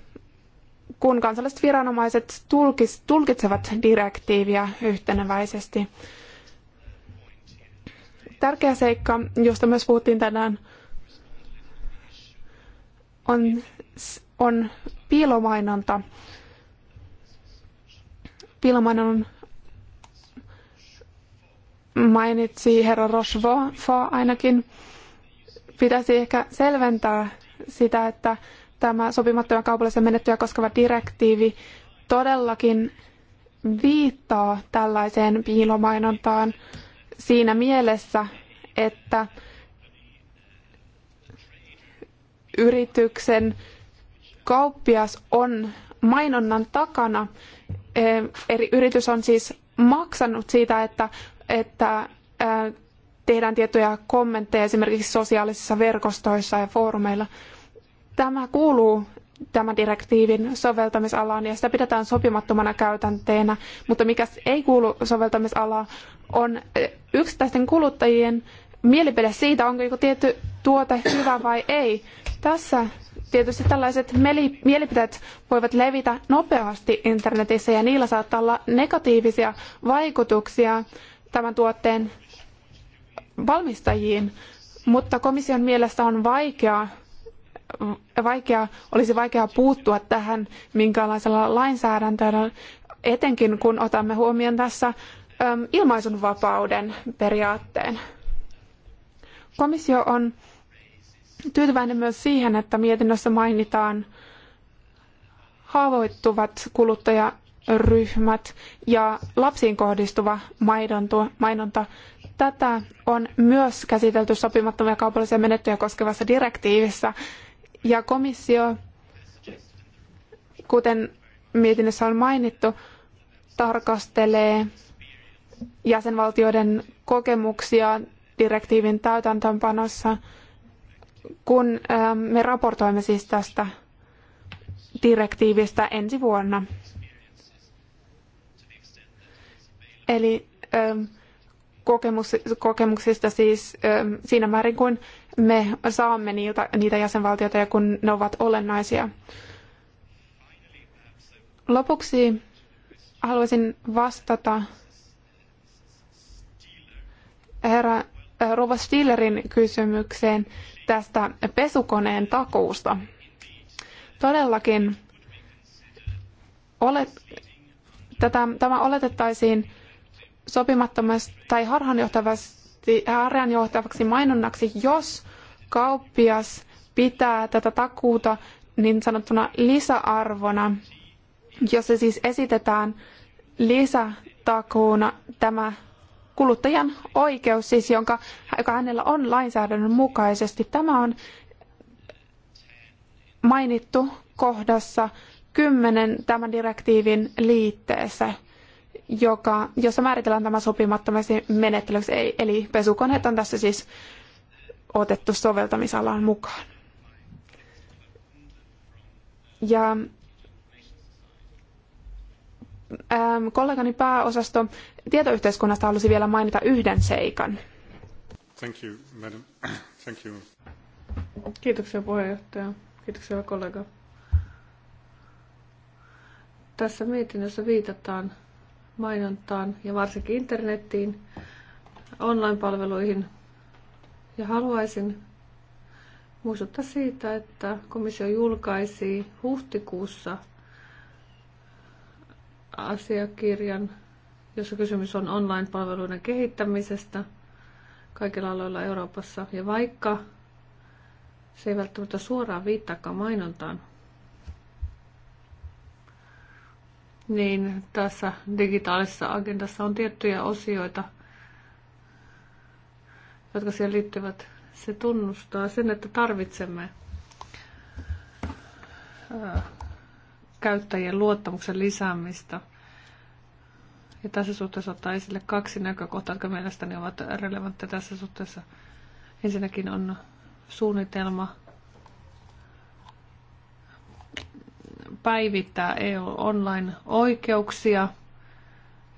kun kansalliset viranomaiset tulkis, tulkitsevat direktiiviä yhteneväisesti. Tärkeä seikka, josta myös puhuttiin tänään, on, on piilomainonta. Piilomainon mainitsi herra Rochefort ainakin. Pitäisi ehkä selventää sitä, että tämä sopimattoman kaupallisen menettelyä koskeva direktiivi todellakin viittaa tällaiseen piilomainontaan siinä mielessä, että yrityksen kauppias on mainonnan takana. Eri yritys on siis maksanut siitä, että, että tehdään tiettyjä kommentteja esimerkiksi sosiaalisissa verkostoissa ja foorumeilla. Tämä kuuluu tämän direktiivin soveltamisalaan ja sitä pidetään sopimattomana käytänteenä, mutta mikä ei kuulu soveltamisalaan on eh, yksittäisten kuluttajien mielipide siitä, onko joku tietty tuote hyvä vai ei. Tässä tietysti tällaiset mielipiteet voivat levitä nopeasti internetissä ja niillä saattaa olla negatiivisia vaikutuksia tämän tuotteen valmistajiin, mutta komission mielestä on vaikea, vaikea, olisi vaikea puuttua tähän minkälaisella lainsäädäntöllä, etenkin kun otamme huomioon tässä ähm, ilmaisunvapauden periaatteen. Komissio on tyytyväinen myös siihen, että mietinnössä mainitaan haavoittuvat kuluttajaryhmät ja lapsiin kohdistuva mainonta. Tätä on myös käsitelty sopimattomia kaupallisia menettelyjä koskevassa direktiivissä. Ja komissio, kuten mietinnössä on mainittu, tarkastelee jäsenvaltioiden kokemuksia direktiivin täytäntöönpanossa, kun ähm, me raportoimme siis tästä direktiivistä ensi vuonna. Eli ähm, kokemuksista siis siinä määrin, kuin me saamme niiltä, niitä jäsenvaltioita ja kun ne ovat olennaisia. Lopuksi haluaisin vastata herra Rova Stillerin kysymykseen tästä pesukoneen takuusta. Todellakin olet, tätä, tämä oletettaisiin sopimattomasti tai harhaanjohtavasti, harhaanjohtavaksi mainonnaksi, jos kauppias pitää tätä takuuta niin sanottuna lisäarvona, jos se siis esitetään lisätakuuna tämä kuluttajan oikeus, siis jonka, joka hänellä on lainsäädännön mukaisesti. Tämä on mainittu kohdassa kymmenen tämän direktiivin liitteessä joka, jossa määritellään tämä sopimattomaksi menettelyksi. Eli pesukoneet on tässä siis otettu soveltamisalaan mukaan. Ja ähm, kollegani pääosasto tietoyhteiskunnasta halusi vielä mainita yhden seikan. Thank you, madam. Thank you. Kiitoksia puheenjohtaja. Kiitoksia kollega. Tässä mietinnössä viitataan mainontaan ja varsinkin internettiin, online-palveluihin. Ja haluaisin muistuttaa siitä, että komissio julkaisi huhtikuussa asiakirjan, jossa kysymys on online-palveluiden kehittämisestä kaikilla aloilla Euroopassa. Ja vaikka se ei välttämättä suoraan viittaakaan mainontaan, niin tässä digitaalisessa agendassa on tiettyjä osioita, jotka siihen liittyvät. Se tunnustaa sen, että tarvitsemme käyttäjien luottamuksen lisäämistä. Ja tässä suhteessa ottaa esille kaksi näkökohtaa, jotka mielestäni ovat relevantteja tässä suhteessa. Ensinnäkin on suunnitelma päivittää EU online-oikeuksia,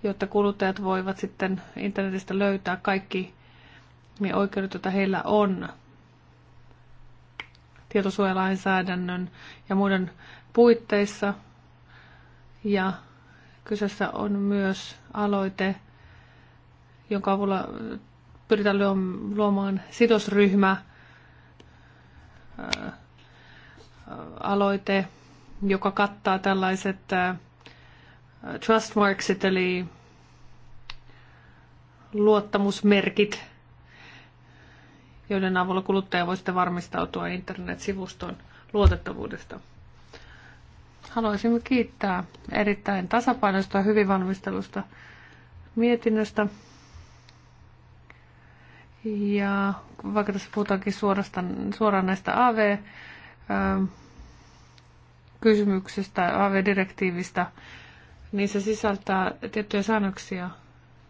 jotta kuluttajat voivat sitten internetistä löytää kaikki ne oikeudet, joita heillä on tietosuojalainsäädännön ja muiden puitteissa. Ja kyseessä on myös aloite, jonka avulla pyritään luomaan sidosryhmä aloite, joka kattaa tällaiset äh, trustmarksit eli luottamusmerkit, joiden avulla kuluttaja voi sitten varmistautua internetsivuston luotettavuudesta. Haluaisin kiittää erittäin tasapainoista ja hyvin valmistelusta mietinnöstä. Ja vaikka tässä puhutaankin suorastaan, suoraan näistä AV- ähm, kysymyksestä, AV-direktiivistä, niin se sisältää tiettyjä säännöksiä,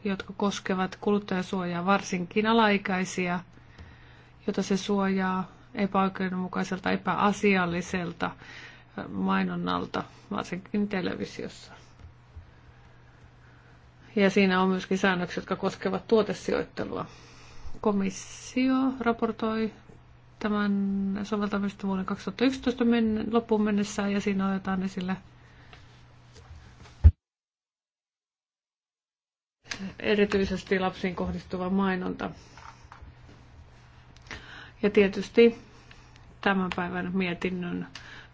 jotka koskevat kuluttajasuojaa, varsinkin alaikäisiä, jota se suojaa epäoikeudenmukaiselta, epäasialliselta mainonnalta, varsinkin televisiossa. Ja siinä on myöskin säännökset, jotka koskevat tuotesijoittelua. Komissio raportoi tämän soveltamista vuoden 2011 men- loppuun mennessä ja siinä otetaan esille erityisesti lapsiin kohdistuva mainonta. Ja tietysti tämän päivän mietinnön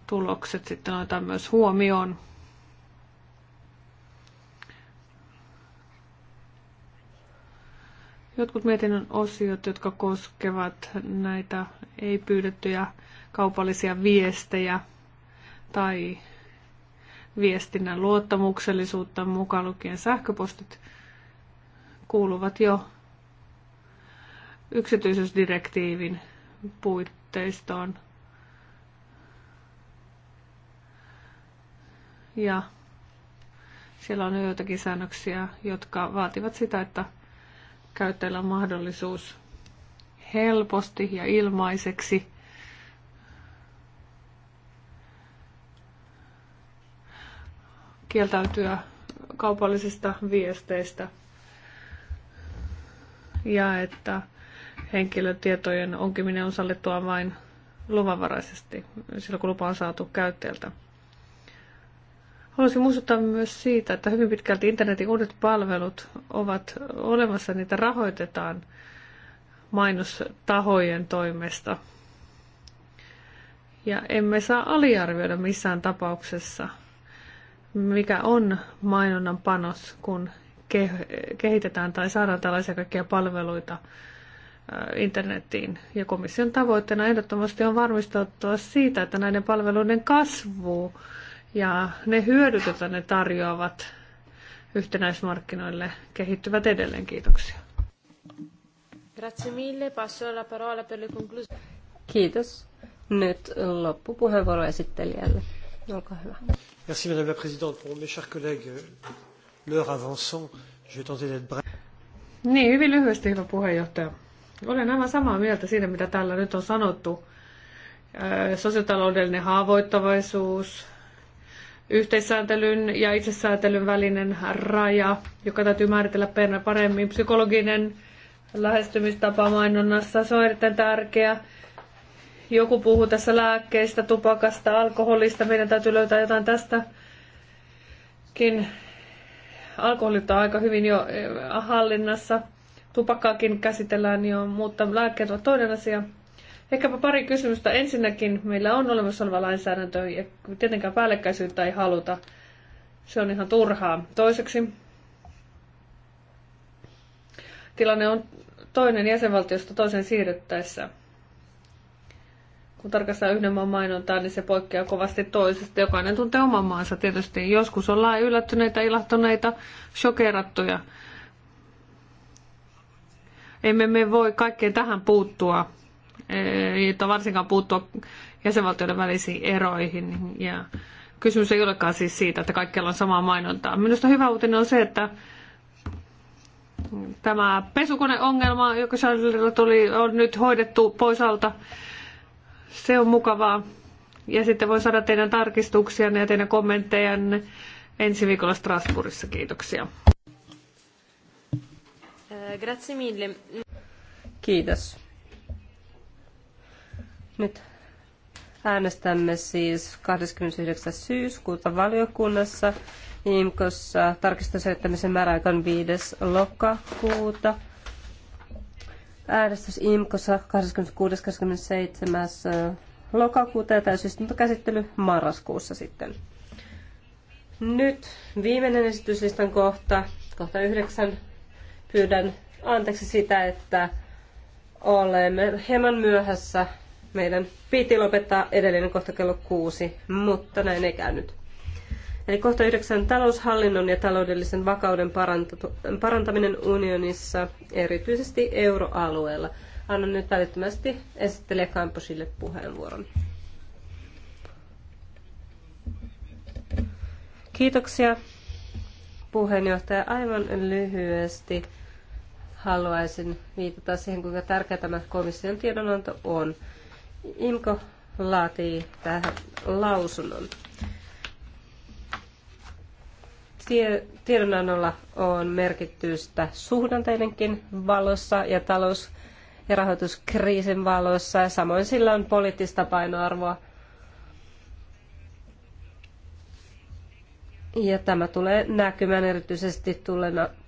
tulokset sitten otetaan myös huomioon Jotkut mietinnön osiot, jotka koskevat näitä ei-pyydettyjä kaupallisia viestejä tai viestinnän luottamuksellisuutta mukaan lukien sähköpostit, kuuluvat jo yksityisyysdirektiivin puitteistoon. Ja siellä on joitakin säännöksiä, jotka vaativat sitä, että käyttäjällä on mahdollisuus helposti ja ilmaiseksi kieltäytyä kaupallisista viesteistä ja että henkilötietojen onkiminen on sallittua vain luvanvaraisesti silloin, kun lupa on saatu käyttäjältä. Haluaisin muistuttaa myös siitä, että hyvin pitkälti internetin uudet palvelut ovat olemassa, niitä rahoitetaan mainostahojen toimesta. Ja emme saa aliarvioida missään tapauksessa, mikä on mainonnan panos, kun kehitetään tai saadaan tällaisia kaikkia palveluita internettiin. Ja komission tavoitteena ehdottomasti on varmistautua siitä, että näiden palveluiden kasvu ja ne hyödyt, joita ne tarjoavat yhtenäismarkkinoille, kehittyvät edelleen. Kiitoksia. Grazie mille. Passo la parola per le conclusioni. Kiitos. Nyt loppupuheenvuoro esittelijälle. Olkaa hyvä. Merci madame la présidente. Pour mes chers collègues, l'heure avançant, je vais tenter d'être bref. Niin, hyvin lyhyesti, hyvä puheenjohtaja. Olen aivan samaa mieltä siitä, mitä täällä nyt on sanottu. Sosiotaloudellinen haavoittavaisuus, yhteissääntelyn ja itsesäätelyn välinen raja, joka täytyy määritellä paremmin. Psykologinen lähestymistapa mainonnassa, se on erittäin tärkeä. Joku puhuu tässä lääkkeistä, tupakasta, alkoholista. Meidän täytyy löytää jotain tästäkin. Alkoholit on aika hyvin jo eh, hallinnassa. Tupakkaakin käsitellään jo, mutta lääkkeet ovat toinen asia. Ehkäpä pari kysymystä. Ensinnäkin meillä on olemassa oleva lainsäädäntö ja tietenkään päällekkäisyyttä ei haluta. Se on ihan turhaa. Toiseksi tilanne on toinen jäsenvaltiosta toisen siirryttäessä. Kun tarkastaa yhden maan mainontaa, niin se poikkeaa kovasti toisesta. Jokainen tuntee oman maansa tietysti. Joskus ollaan yllättyneitä, ilahtuneita, shokerattuja. Emme me voi kaikkeen tähän puuttua että varsinkaan puuttua jäsenvaltioiden välisiin eroihin. Ja kysymys ei olekaan siis siitä, että kaikkialla on samaa mainontaa. Minusta hyvä uutinen on se, että tämä pesukoneongelma, joka Charlesilla tuli, on nyt hoidettu pois alta. Se on mukavaa. Ja sitten voi saada teidän tarkistuksianne ja teidän kommenttejanne ensi viikolla Strasbourgissa. Kiitoksia. Grazie mille. Kiitos. Nyt äänestämme siis 29. syyskuuta valiokunnassa IMKossa tarkistusjärjestämisen määräaikaan 5. lokakuuta. Äänestys IMKossa 26.27. lokakuuta ja täysistuntokäsittely marraskuussa sitten. Nyt viimeinen esityslistan kohta, kohta yhdeksän. Pyydän anteeksi sitä, että olemme hieman myöhässä meidän piti lopettaa edellinen kohta kello kuusi, mutta näin ei käynyt. Eli kohta yhdeksän taloushallinnon ja taloudellisen vakauden parantaminen unionissa, erityisesti euroalueella. Annan nyt välittömästi esittelijä Kamposille puheenvuoron. Kiitoksia puheenjohtaja. Aivan lyhyesti haluaisin viitata siihen, kuinka tärkeä tämä komission tiedonanto on – IMKO laatii tähän lausunnon. tiedonannolla on merkitystä suhdanteidenkin valossa ja talous- ja rahoituskriisin valossa ja samoin sillä on poliittista painoarvoa. Ja tämä tulee näkymään erityisesti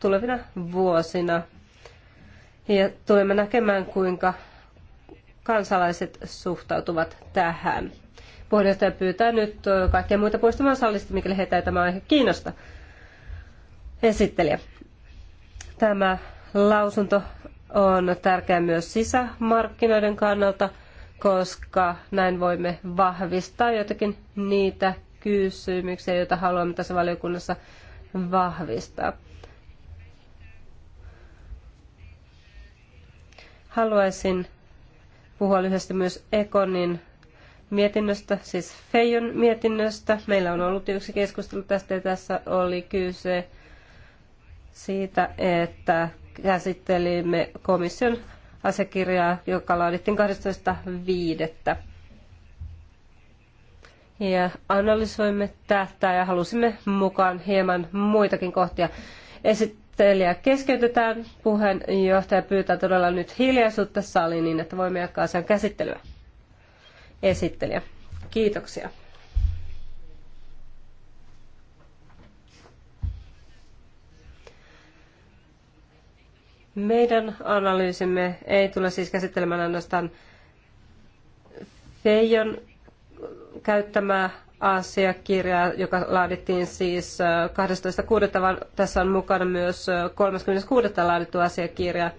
tulevina vuosina. Ja tulemme näkemään, kuinka kansalaiset suhtautuvat tähän. Puheenjohtaja pyytää nyt kaikkia muita poistumaan sallista, mikäli heitä ei tämä aihe kiinnosta. Esittelijä. Tämä lausunto on tärkeä myös sisämarkkinoiden kannalta, koska näin voimme vahvistaa jotakin niitä kysymyksiä, joita haluamme tässä valiokunnassa vahvistaa. Haluaisin puhua lyhyesti myös Ekonin mietinnöstä, siis Feijon mietinnöstä. Meillä on ollut yksi keskustelu tästä ja tässä oli kyse siitä, että käsittelimme komission asiakirjaa, joka laadittiin 12.5. Ja analysoimme tätä ja halusimme mukaan hieman muitakin kohtia. Esit- esittelijä keskeytetään. Puheenjohtaja pyytää todella nyt hiljaisuutta saliin niin, että voimme jatkaa sen käsittelyä. Esittelijä. Kiitoksia. Meidän analyysimme ei tule siis käsittelemään ainoastaan Feijon käyttämää asiakirjaa, joka laadittiin siis 12.6. vaan tässä on mukana myös 36. laadittu asiakirja.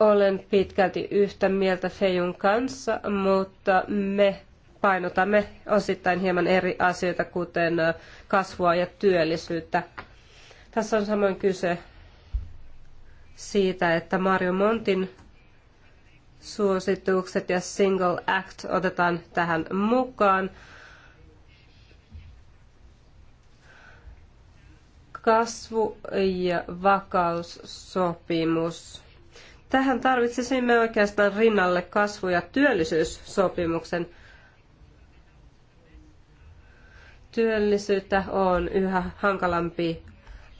Olen pitkälti yhtä mieltä Feijun kanssa, mutta me painotamme osittain hieman eri asioita, kuten kasvua ja työllisyyttä. Tässä on samoin kyse siitä, että Mario Montin suositukset ja Single Act otetaan tähän mukaan. Kasvu- ja vakaussopimus. Tähän tarvitsisimme oikeastaan rinnalle kasvu- ja työllisyyssopimuksen. Työllisyyttä on yhä hankalampi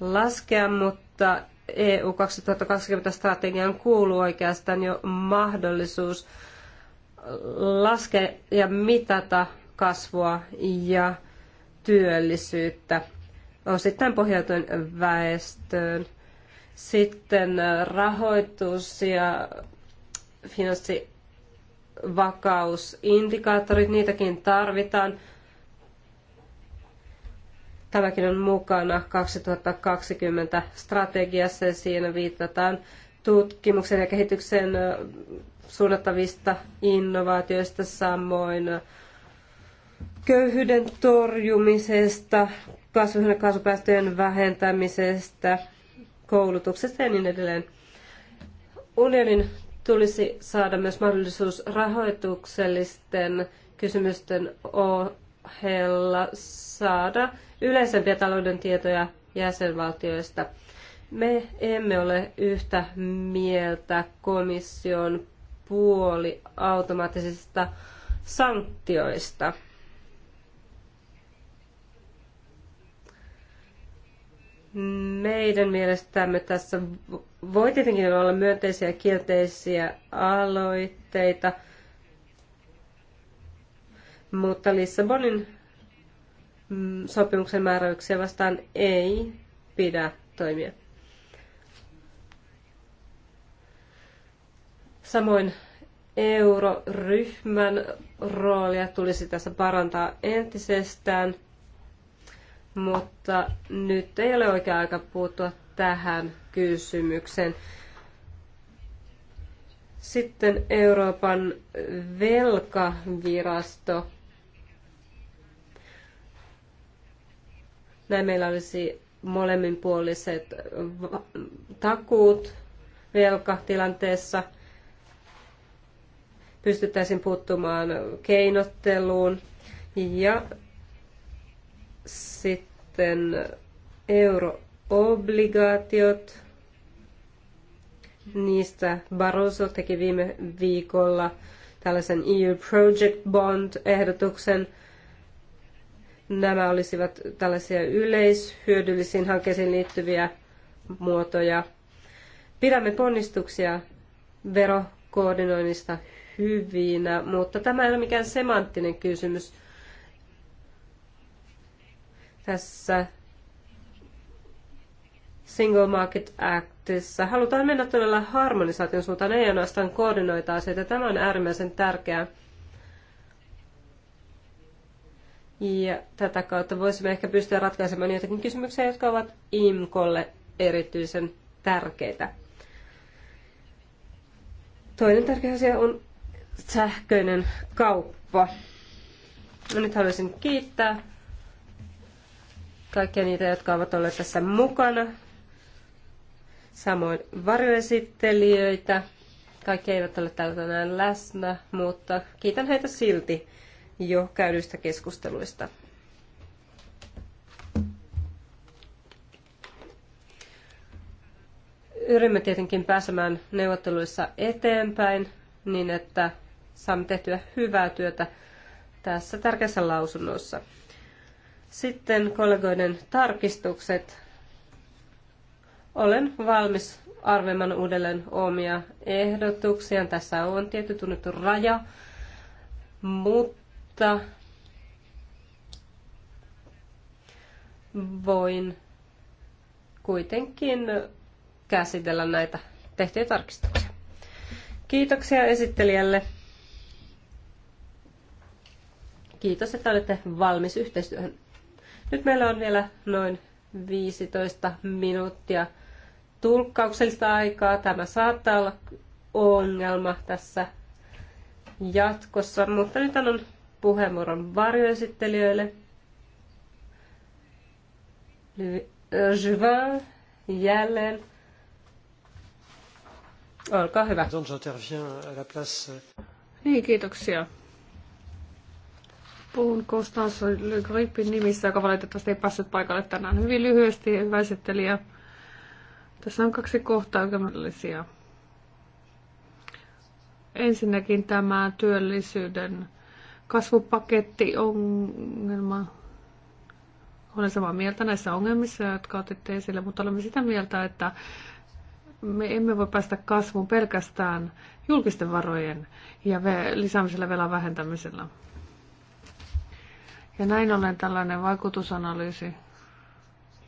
laskea, mutta EU 2020-strategiaan kuuluu oikeastaan jo mahdollisuus laskea ja mitata kasvua ja työllisyyttä osittain pohjautuen väestöön. Sitten äh, rahoitus ja finanssivakausindikaattorit, niitäkin tarvitaan – Tämäkin on mukana 2020 strategiassa ja siinä viitataan tutkimuksen ja kehityksen suunnattavista innovaatioista, samoin köyhyyden torjumisesta, kasvihuonekaasupäästöjen vähentämisestä, koulutuksesta ja niin edelleen. Unionin tulisi saada myös mahdollisuus rahoituksellisten kysymysten ohella saada yleisempiä talouden tietoja jäsenvaltioista. Me emme ole yhtä mieltä komission puoli automaattisista sanktioista. Meidän mielestämme tässä voi tietenkin olla myönteisiä ja kielteisiä aloitteita, mutta Lissabonin Mm, sopimuksen määräyksiä vastaan ei pidä toimia. Samoin euroryhmän roolia tulisi tässä parantaa entisestään, mutta nyt ei ole oikea aika puuttua tähän kysymykseen. Sitten Euroopan velkavirasto Näin meillä olisi molemminpuoliset takuut velkatilanteessa. Pystyttäisiin puuttumaan keinotteluun ja sitten euroobligaatiot. Niistä Barroso teki viime viikolla tällaisen EU Project Bond-ehdotuksen – Nämä olisivat tällaisia yleishyödyllisiin hankkeisiin liittyviä muotoja. Pidämme ponnistuksia verokoordinoinnista hyvinä, mutta tämä ei ole mikään semanttinen kysymys. Tässä Single Market Actissa halutaan mennä todella harmonisaation suuntaan, ei ainoastaan koordinoita asioita. Tämä on äärimmäisen tärkeää. Ja tätä kautta voisimme ehkä pystyä ratkaisemaan joitakin kysymyksiä, jotka ovat IMKOlle erityisen tärkeitä. Toinen tärkeä asia on sähköinen kauppa. No, nyt haluaisin kiittää kaikkia niitä, jotka ovat olleet tässä mukana. Samoin varjoesittelijöitä. Kaikki eivät ole täällä tänään läsnä, mutta kiitän heitä silti jo käydyistä keskusteluista. Yrimme tietenkin pääsemään neuvotteluissa eteenpäin niin, että saamme tehtyä hyvää työtä tässä tärkeässä lausunnossa. Sitten kollegoiden tarkistukset. Olen valmis arvemaan uudelleen omia ehdotuksia. Tässä on tietty tunnettu raja, mutta mutta voin kuitenkin käsitellä näitä tehtyjä tarkistuksia. Kiitoksia esittelijälle. Kiitos, että olette valmis yhteistyöhön. Nyt meillä on vielä noin 15 minuuttia tulkkauksellista aikaa. Tämä saattaa olla ongelma tässä jatkossa, mutta nyt on puheenvuoron varjoesittelijöille. Jyvä, jälleen. Olkaa hyvä. Niin, kiitoksia. Puhun Constance Le Grippin nimissä, joka valitettavasti ei päässyt paikalle tänään. Hyvin lyhyesti, hyvä esittelijä. Tässä on kaksi kohtaa oikeudellisia. Ensinnäkin tämä työllisyyden kasvupaketti ongelma. Olen samaa mieltä näissä ongelmissa, jotka otitte esille, mutta olemme sitä mieltä, että me emme voi päästä kasvuun pelkästään julkisten varojen ja lisäämisellä velan vähentämisellä. Ja näin ollen tällainen vaikutusanalyysi.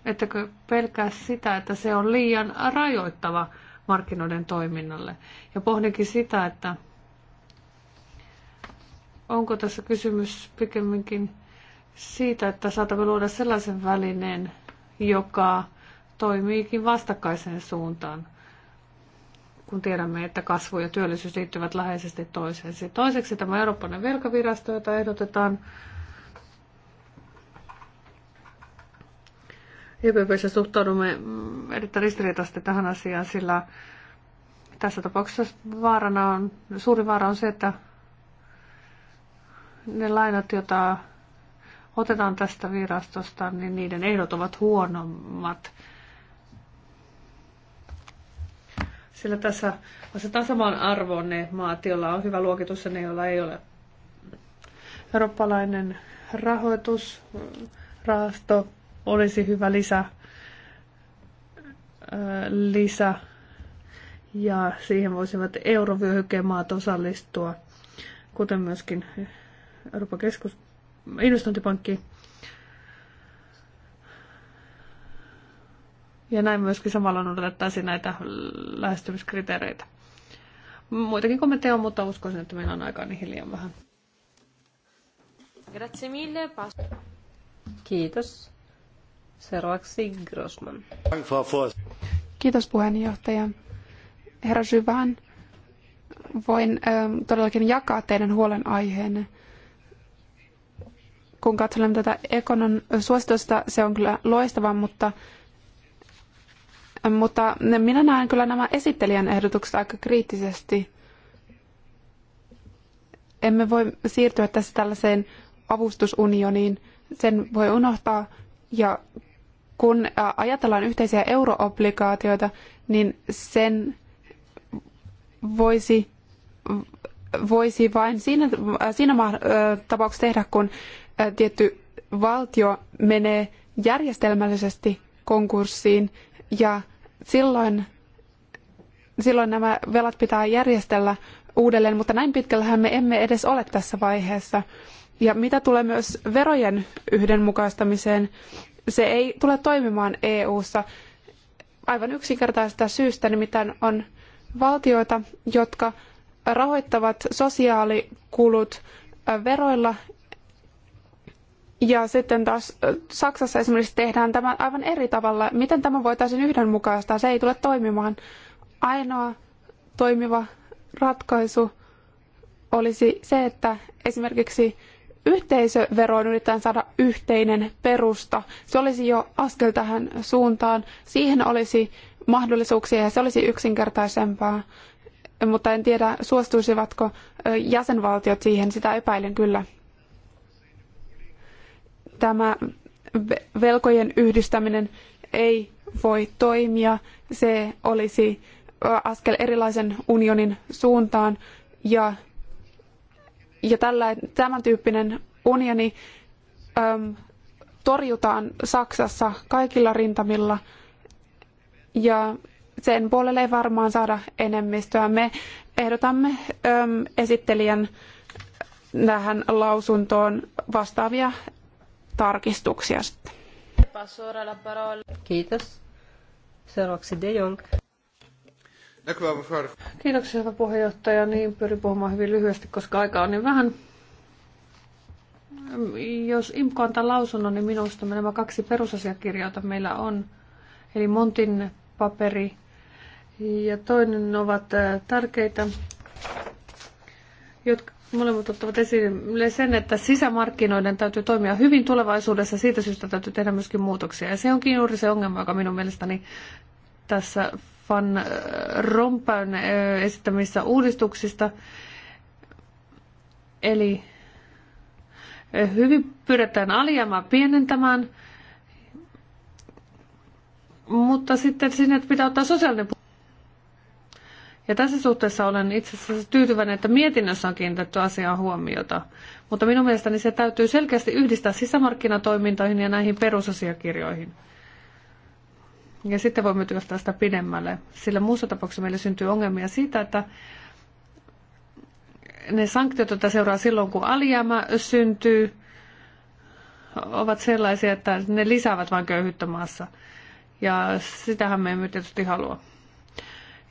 Ettäkö pelkää sitä, että se on liian rajoittava markkinoiden toiminnalle? Ja pohdinkin sitä, että onko tässä kysymys pikemminkin siitä, että saatamme luoda sellaisen välineen, joka toimiikin vastakkaiseen suuntaan, kun tiedämme, että kasvu ja työllisyys liittyvät läheisesti toiseensa. Toiseksi tämä Euroopan velkavirasto, jota ehdotetaan EPPssä suhtaudumme erittäin ristiriitaisesti tähän asiaan, sillä tässä tapauksessa vaarana on, suuri vaara on se, että ne lainat, joita otetaan tästä virastosta, niin niiden ehdot ovat huonommat. Sillä tässä asetaan samaan arvoon ne maat, joilla on hyvä luokitus ja ne, joilla ei ole. Eurooppalainen rahoitusrahasto olisi hyvä lisä, lisä ja siihen voisivat eurovyöhykemaat osallistua, kuten myöskin Euroopan keskus, investointipankki. Ja näin myöskin samalla noudatettaisiin näitä lähestymiskriteereitä. Muitakin kommentteja on, mutta uskoisin, että meillä on aikaa niihin liian vähän. Grazie mille. Kiitos. Seuraavaksi Grossman. Kiitos puheenjohtaja. Herra Syvään, voin ö, todellakin jakaa teidän huolenaiheenne kun katselemme tätä Ekonon suositusta, se on kyllä loistava, mutta, mutta minä näen kyllä nämä esittelijän ehdotukset aika kriittisesti. Emme voi siirtyä tässä tällaiseen avustusunioniin. Sen voi unohtaa ja kun ajatellaan yhteisiä euroobligaatioita, niin sen voisi, voisi vain siinä, siinä tapauksessa tehdä, kun tietty valtio menee järjestelmällisesti konkurssiin ja silloin, silloin nämä velat pitää järjestellä uudelleen, mutta näin pitkällähän me emme edes ole tässä vaiheessa. Ja mitä tulee myös verojen yhdenmukaistamiseen, se ei tule toimimaan EU-ssa aivan yksinkertaisesta syystä, nimittäin on valtioita, jotka rahoittavat sosiaalikulut veroilla ja sitten taas Saksassa esimerkiksi tehdään tämä aivan eri tavalla. Miten tämä voitaisiin yhdenmukaistaa? Se ei tule toimimaan. Ainoa toimiva ratkaisu olisi se, että esimerkiksi yhteisöveroon yritetään saada yhteinen perusta. Se olisi jo askel tähän suuntaan. Siihen olisi mahdollisuuksia ja se olisi yksinkertaisempaa. Mutta en tiedä, suostuisivatko jäsenvaltiot siihen, sitä epäilen kyllä tämä velkojen yhdistäminen ei voi toimia. Se olisi askel erilaisen unionin suuntaan ja, ja tällä, tämän tyyppinen unioni äm, torjutaan Saksassa kaikilla rintamilla ja sen puolelle ei varmaan saada enemmistöä. Me ehdotamme äm, esittelijän tähän lausuntoon vastaavia tarkistuksia sitten. Kiitos. Seuraavaksi De Jong. Kiitoksia, hyvä puheenjohtaja. Niin, pyrin puhumaan hyvin lyhyesti, koska aika on niin vähän. Jos IMKO antaa lausunnon, niin minusta nämä kaksi perusasiakirjaa, joita meillä on, eli Montin paperi ja toinen ovat tärkeitä, jotka Molemmat ottavat esille sen, että sisämarkkinoiden täytyy toimia hyvin tulevaisuudessa, siitä syystä täytyy tehdä myöskin muutoksia. Ja se onkin juuri se ongelma, joka minun mielestäni tässä Van äh, Rompäyn äh, esittämissä uudistuksista. Eli äh, hyvin pyritään alijäämää pienentämään, mutta sitten sinne pitää ottaa sosiaalinen ja tässä suhteessa olen itse asiassa tyytyväinen, että mietinnössä on kiinnitetty asiaan huomiota. Mutta minun mielestäni se täytyy selkeästi yhdistää sisämarkkinatoimintoihin ja näihin perusasiakirjoihin. Ja sitten voimme työstää sitä pidemmälle, sillä muussa tapauksessa meille syntyy ongelmia siitä, että ne sanktiot, joita seuraa silloin, kun alijäämä syntyy, ovat sellaisia, että ne lisäävät vain köyhyyttä maassa. Ja sitähän me emme tietysti halua.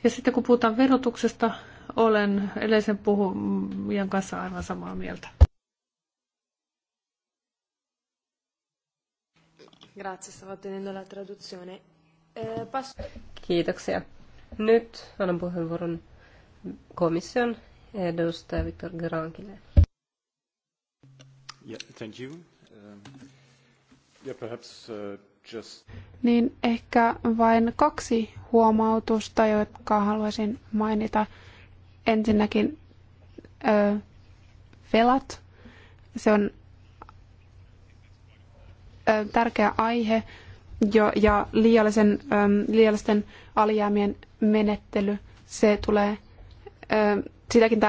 Ja sitten kun puhutaan verotuksesta, olen edellisen puhujan kanssa aivan samaa mieltä. Grazie, stavo tenendo la traduzione. Eh, Kiitoksia. Nyt annan puheenvuoron komission edustaja Viktor Grankille. Yeah, thank you. Um, yeah, perhaps uh, niin ehkä vain kaksi huomautusta, jotka haluaisin mainita. Ensinnäkin ö, velat. Se on ö, tärkeä aihe jo, ja liiallisen, ö, liiallisten alijäämien menettely, se tulee ö, sitäkin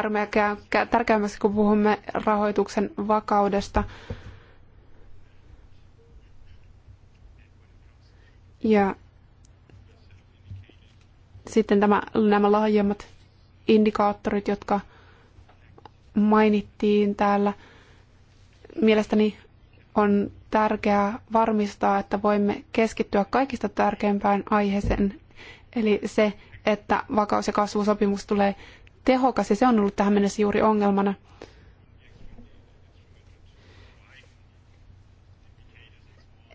tärkeämmäksi, kun puhumme rahoituksen vakaudesta. Ö, Ja sitten tämä, nämä laajemmat indikaattorit, jotka mainittiin täällä. Mielestäni on tärkeää varmistaa, että voimme keskittyä kaikista tärkeimpään aiheeseen, eli se, että vakaus- ja kasvusopimus tulee tehokas, ja se on ollut tähän mennessä juuri ongelmana.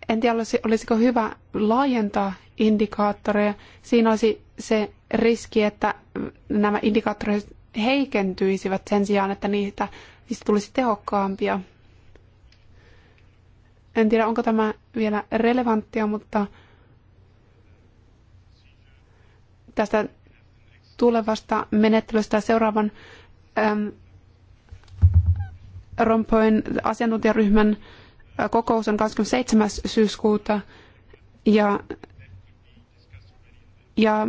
En tiedä, olisiko hyvä laajentaa indikaattoreja. Siinä olisi se riski, että nämä indikaattorit heikentyisivät sen sijaan, että niitä, niistä tulisi tehokkaampia. En tiedä, onko tämä vielä relevanttia, mutta tästä tulevasta menettelystä seuraavan äm, Rompoin asiantuntijaryhmän kokous on 27. syyskuuta ja, ja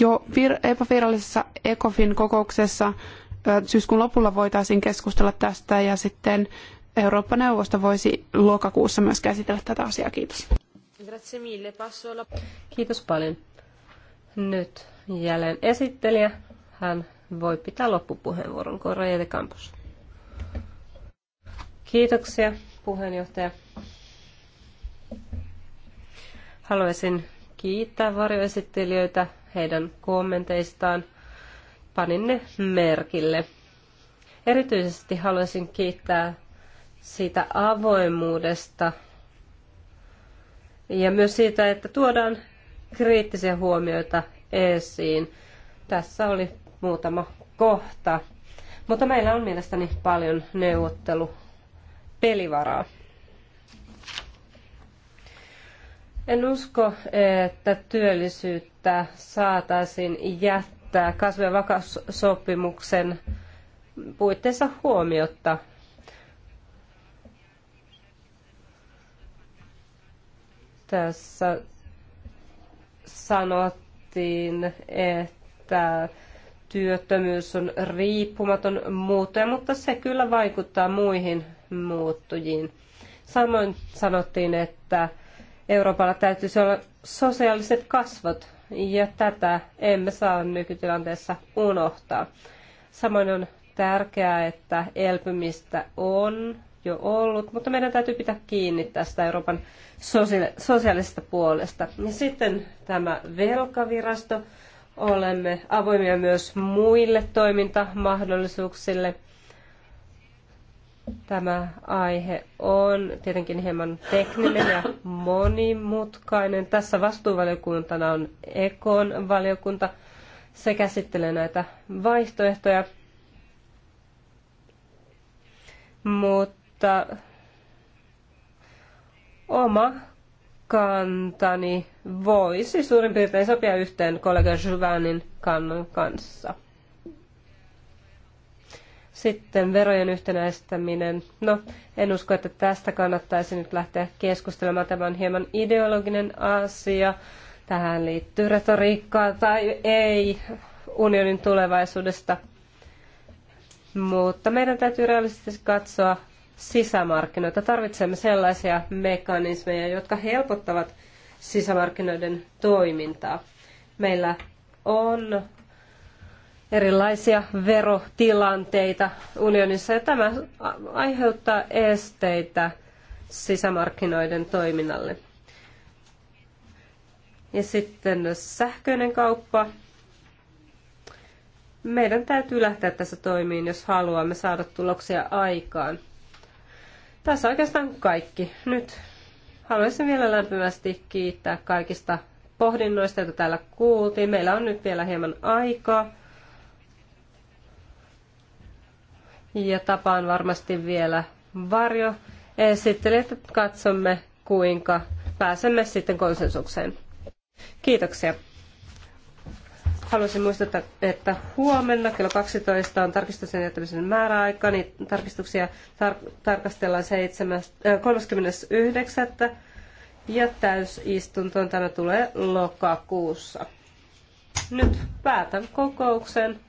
jo vir- epävirallisessa ECOFIN kokouksessa syyskuun lopulla voitaisiin keskustella tästä ja sitten Eurooppa-neuvosto voisi lokakuussa myös käsitellä tätä asiaa. Kiitos. Kiitos paljon. Nyt jälleen esittelijä. Hän voi pitää loppupuheenvuoron. Korra Kampus. Kiitoksia puheenjohtaja. Haluaisin kiittää varjoesittelijöitä heidän kommenteistaan. Panin ne merkille. Erityisesti haluaisin kiittää siitä avoimuudesta ja myös siitä, että tuodaan kriittisiä huomioita esiin. Tässä oli muutama kohta. Mutta meillä on mielestäni paljon neuvottelu pelivaraa. En usko, että työllisyyttä saataisiin jättää kasvu- ja vakaussopimuksen puitteissa huomiotta. Tässä sanottiin, että työttömyys on riippumaton muuten, mutta se kyllä vaikuttaa muihin muuttujiin. Samoin sanottiin, että Euroopalla täytyisi olla sosiaaliset kasvot, ja tätä emme saa nykytilanteessa unohtaa. Samoin on tärkeää, että elpymistä on jo ollut, mutta meidän täytyy pitää kiinni tästä Euroopan sosiaalisesta puolesta. Ja sitten tämä velkavirasto. Olemme avoimia myös muille toimintamahdollisuuksille – Tämä aihe on tietenkin hieman tekninen ja monimutkainen. Tässä vastuuvaliokuntana on Ekon valiokunta. Se käsittelee näitä vaihtoehtoja. Mutta oma kantani voisi suurin piirtein sopia yhteen kollega Juvanin kannan kanssa. Sitten verojen yhtenäistäminen. No, en usko, että tästä kannattaisi nyt lähteä keskustelemaan. Tämä on hieman ideologinen asia. Tähän liittyy retoriikkaa tai ei unionin tulevaisuudesta. Mutta meidän täytyy realistisesti katsoa sisämarkkinoita. Tarvitsemme sellaisia mekanismeja, jotka helpottavat sisämarkkinoiden toimintaa. Meillä on erilaisia verotilanteita unionissa ja tämä aiheuttaa esteitä sisämarkkinoiden toiminnalle. Ja sitten sähköinen kauppa. Meidän täytyy lähteä tässä toimiin, jos haluamme saada tuloksia aikaan. Tässä oikeastaan kaikki. Nyt haluaisin vielä lämpimästi kiittää kaikista pohdinnoista, joita täällä kuultiin. Meillä on nyt vielä hieman aikaa. ja tapaan varmasti vielä varjo esitteli, että katsomme kuinka pääsemme sitten konsensukseen. Kiitoksia. Haluaisin muistuttaa, että huomenna kello 12 on tarkistuksen jättämisen määräaika, niin tarkistuksia tar- tarkastellaan 7, äh, 39. ja täysistuntoon tämä tulee lokakuussa. Nyt päätän kokouksen.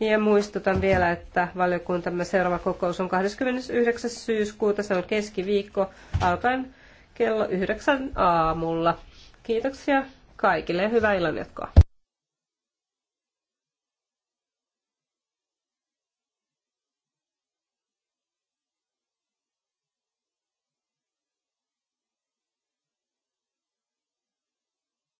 Ja muistutan vielä, että valiokuntamme seuraava kokous on 29. syyskuuta, se on keskiviikko, alkaen kello 9 aamulla. Kiitoksia kaikille ja hyvää illanjatkoa.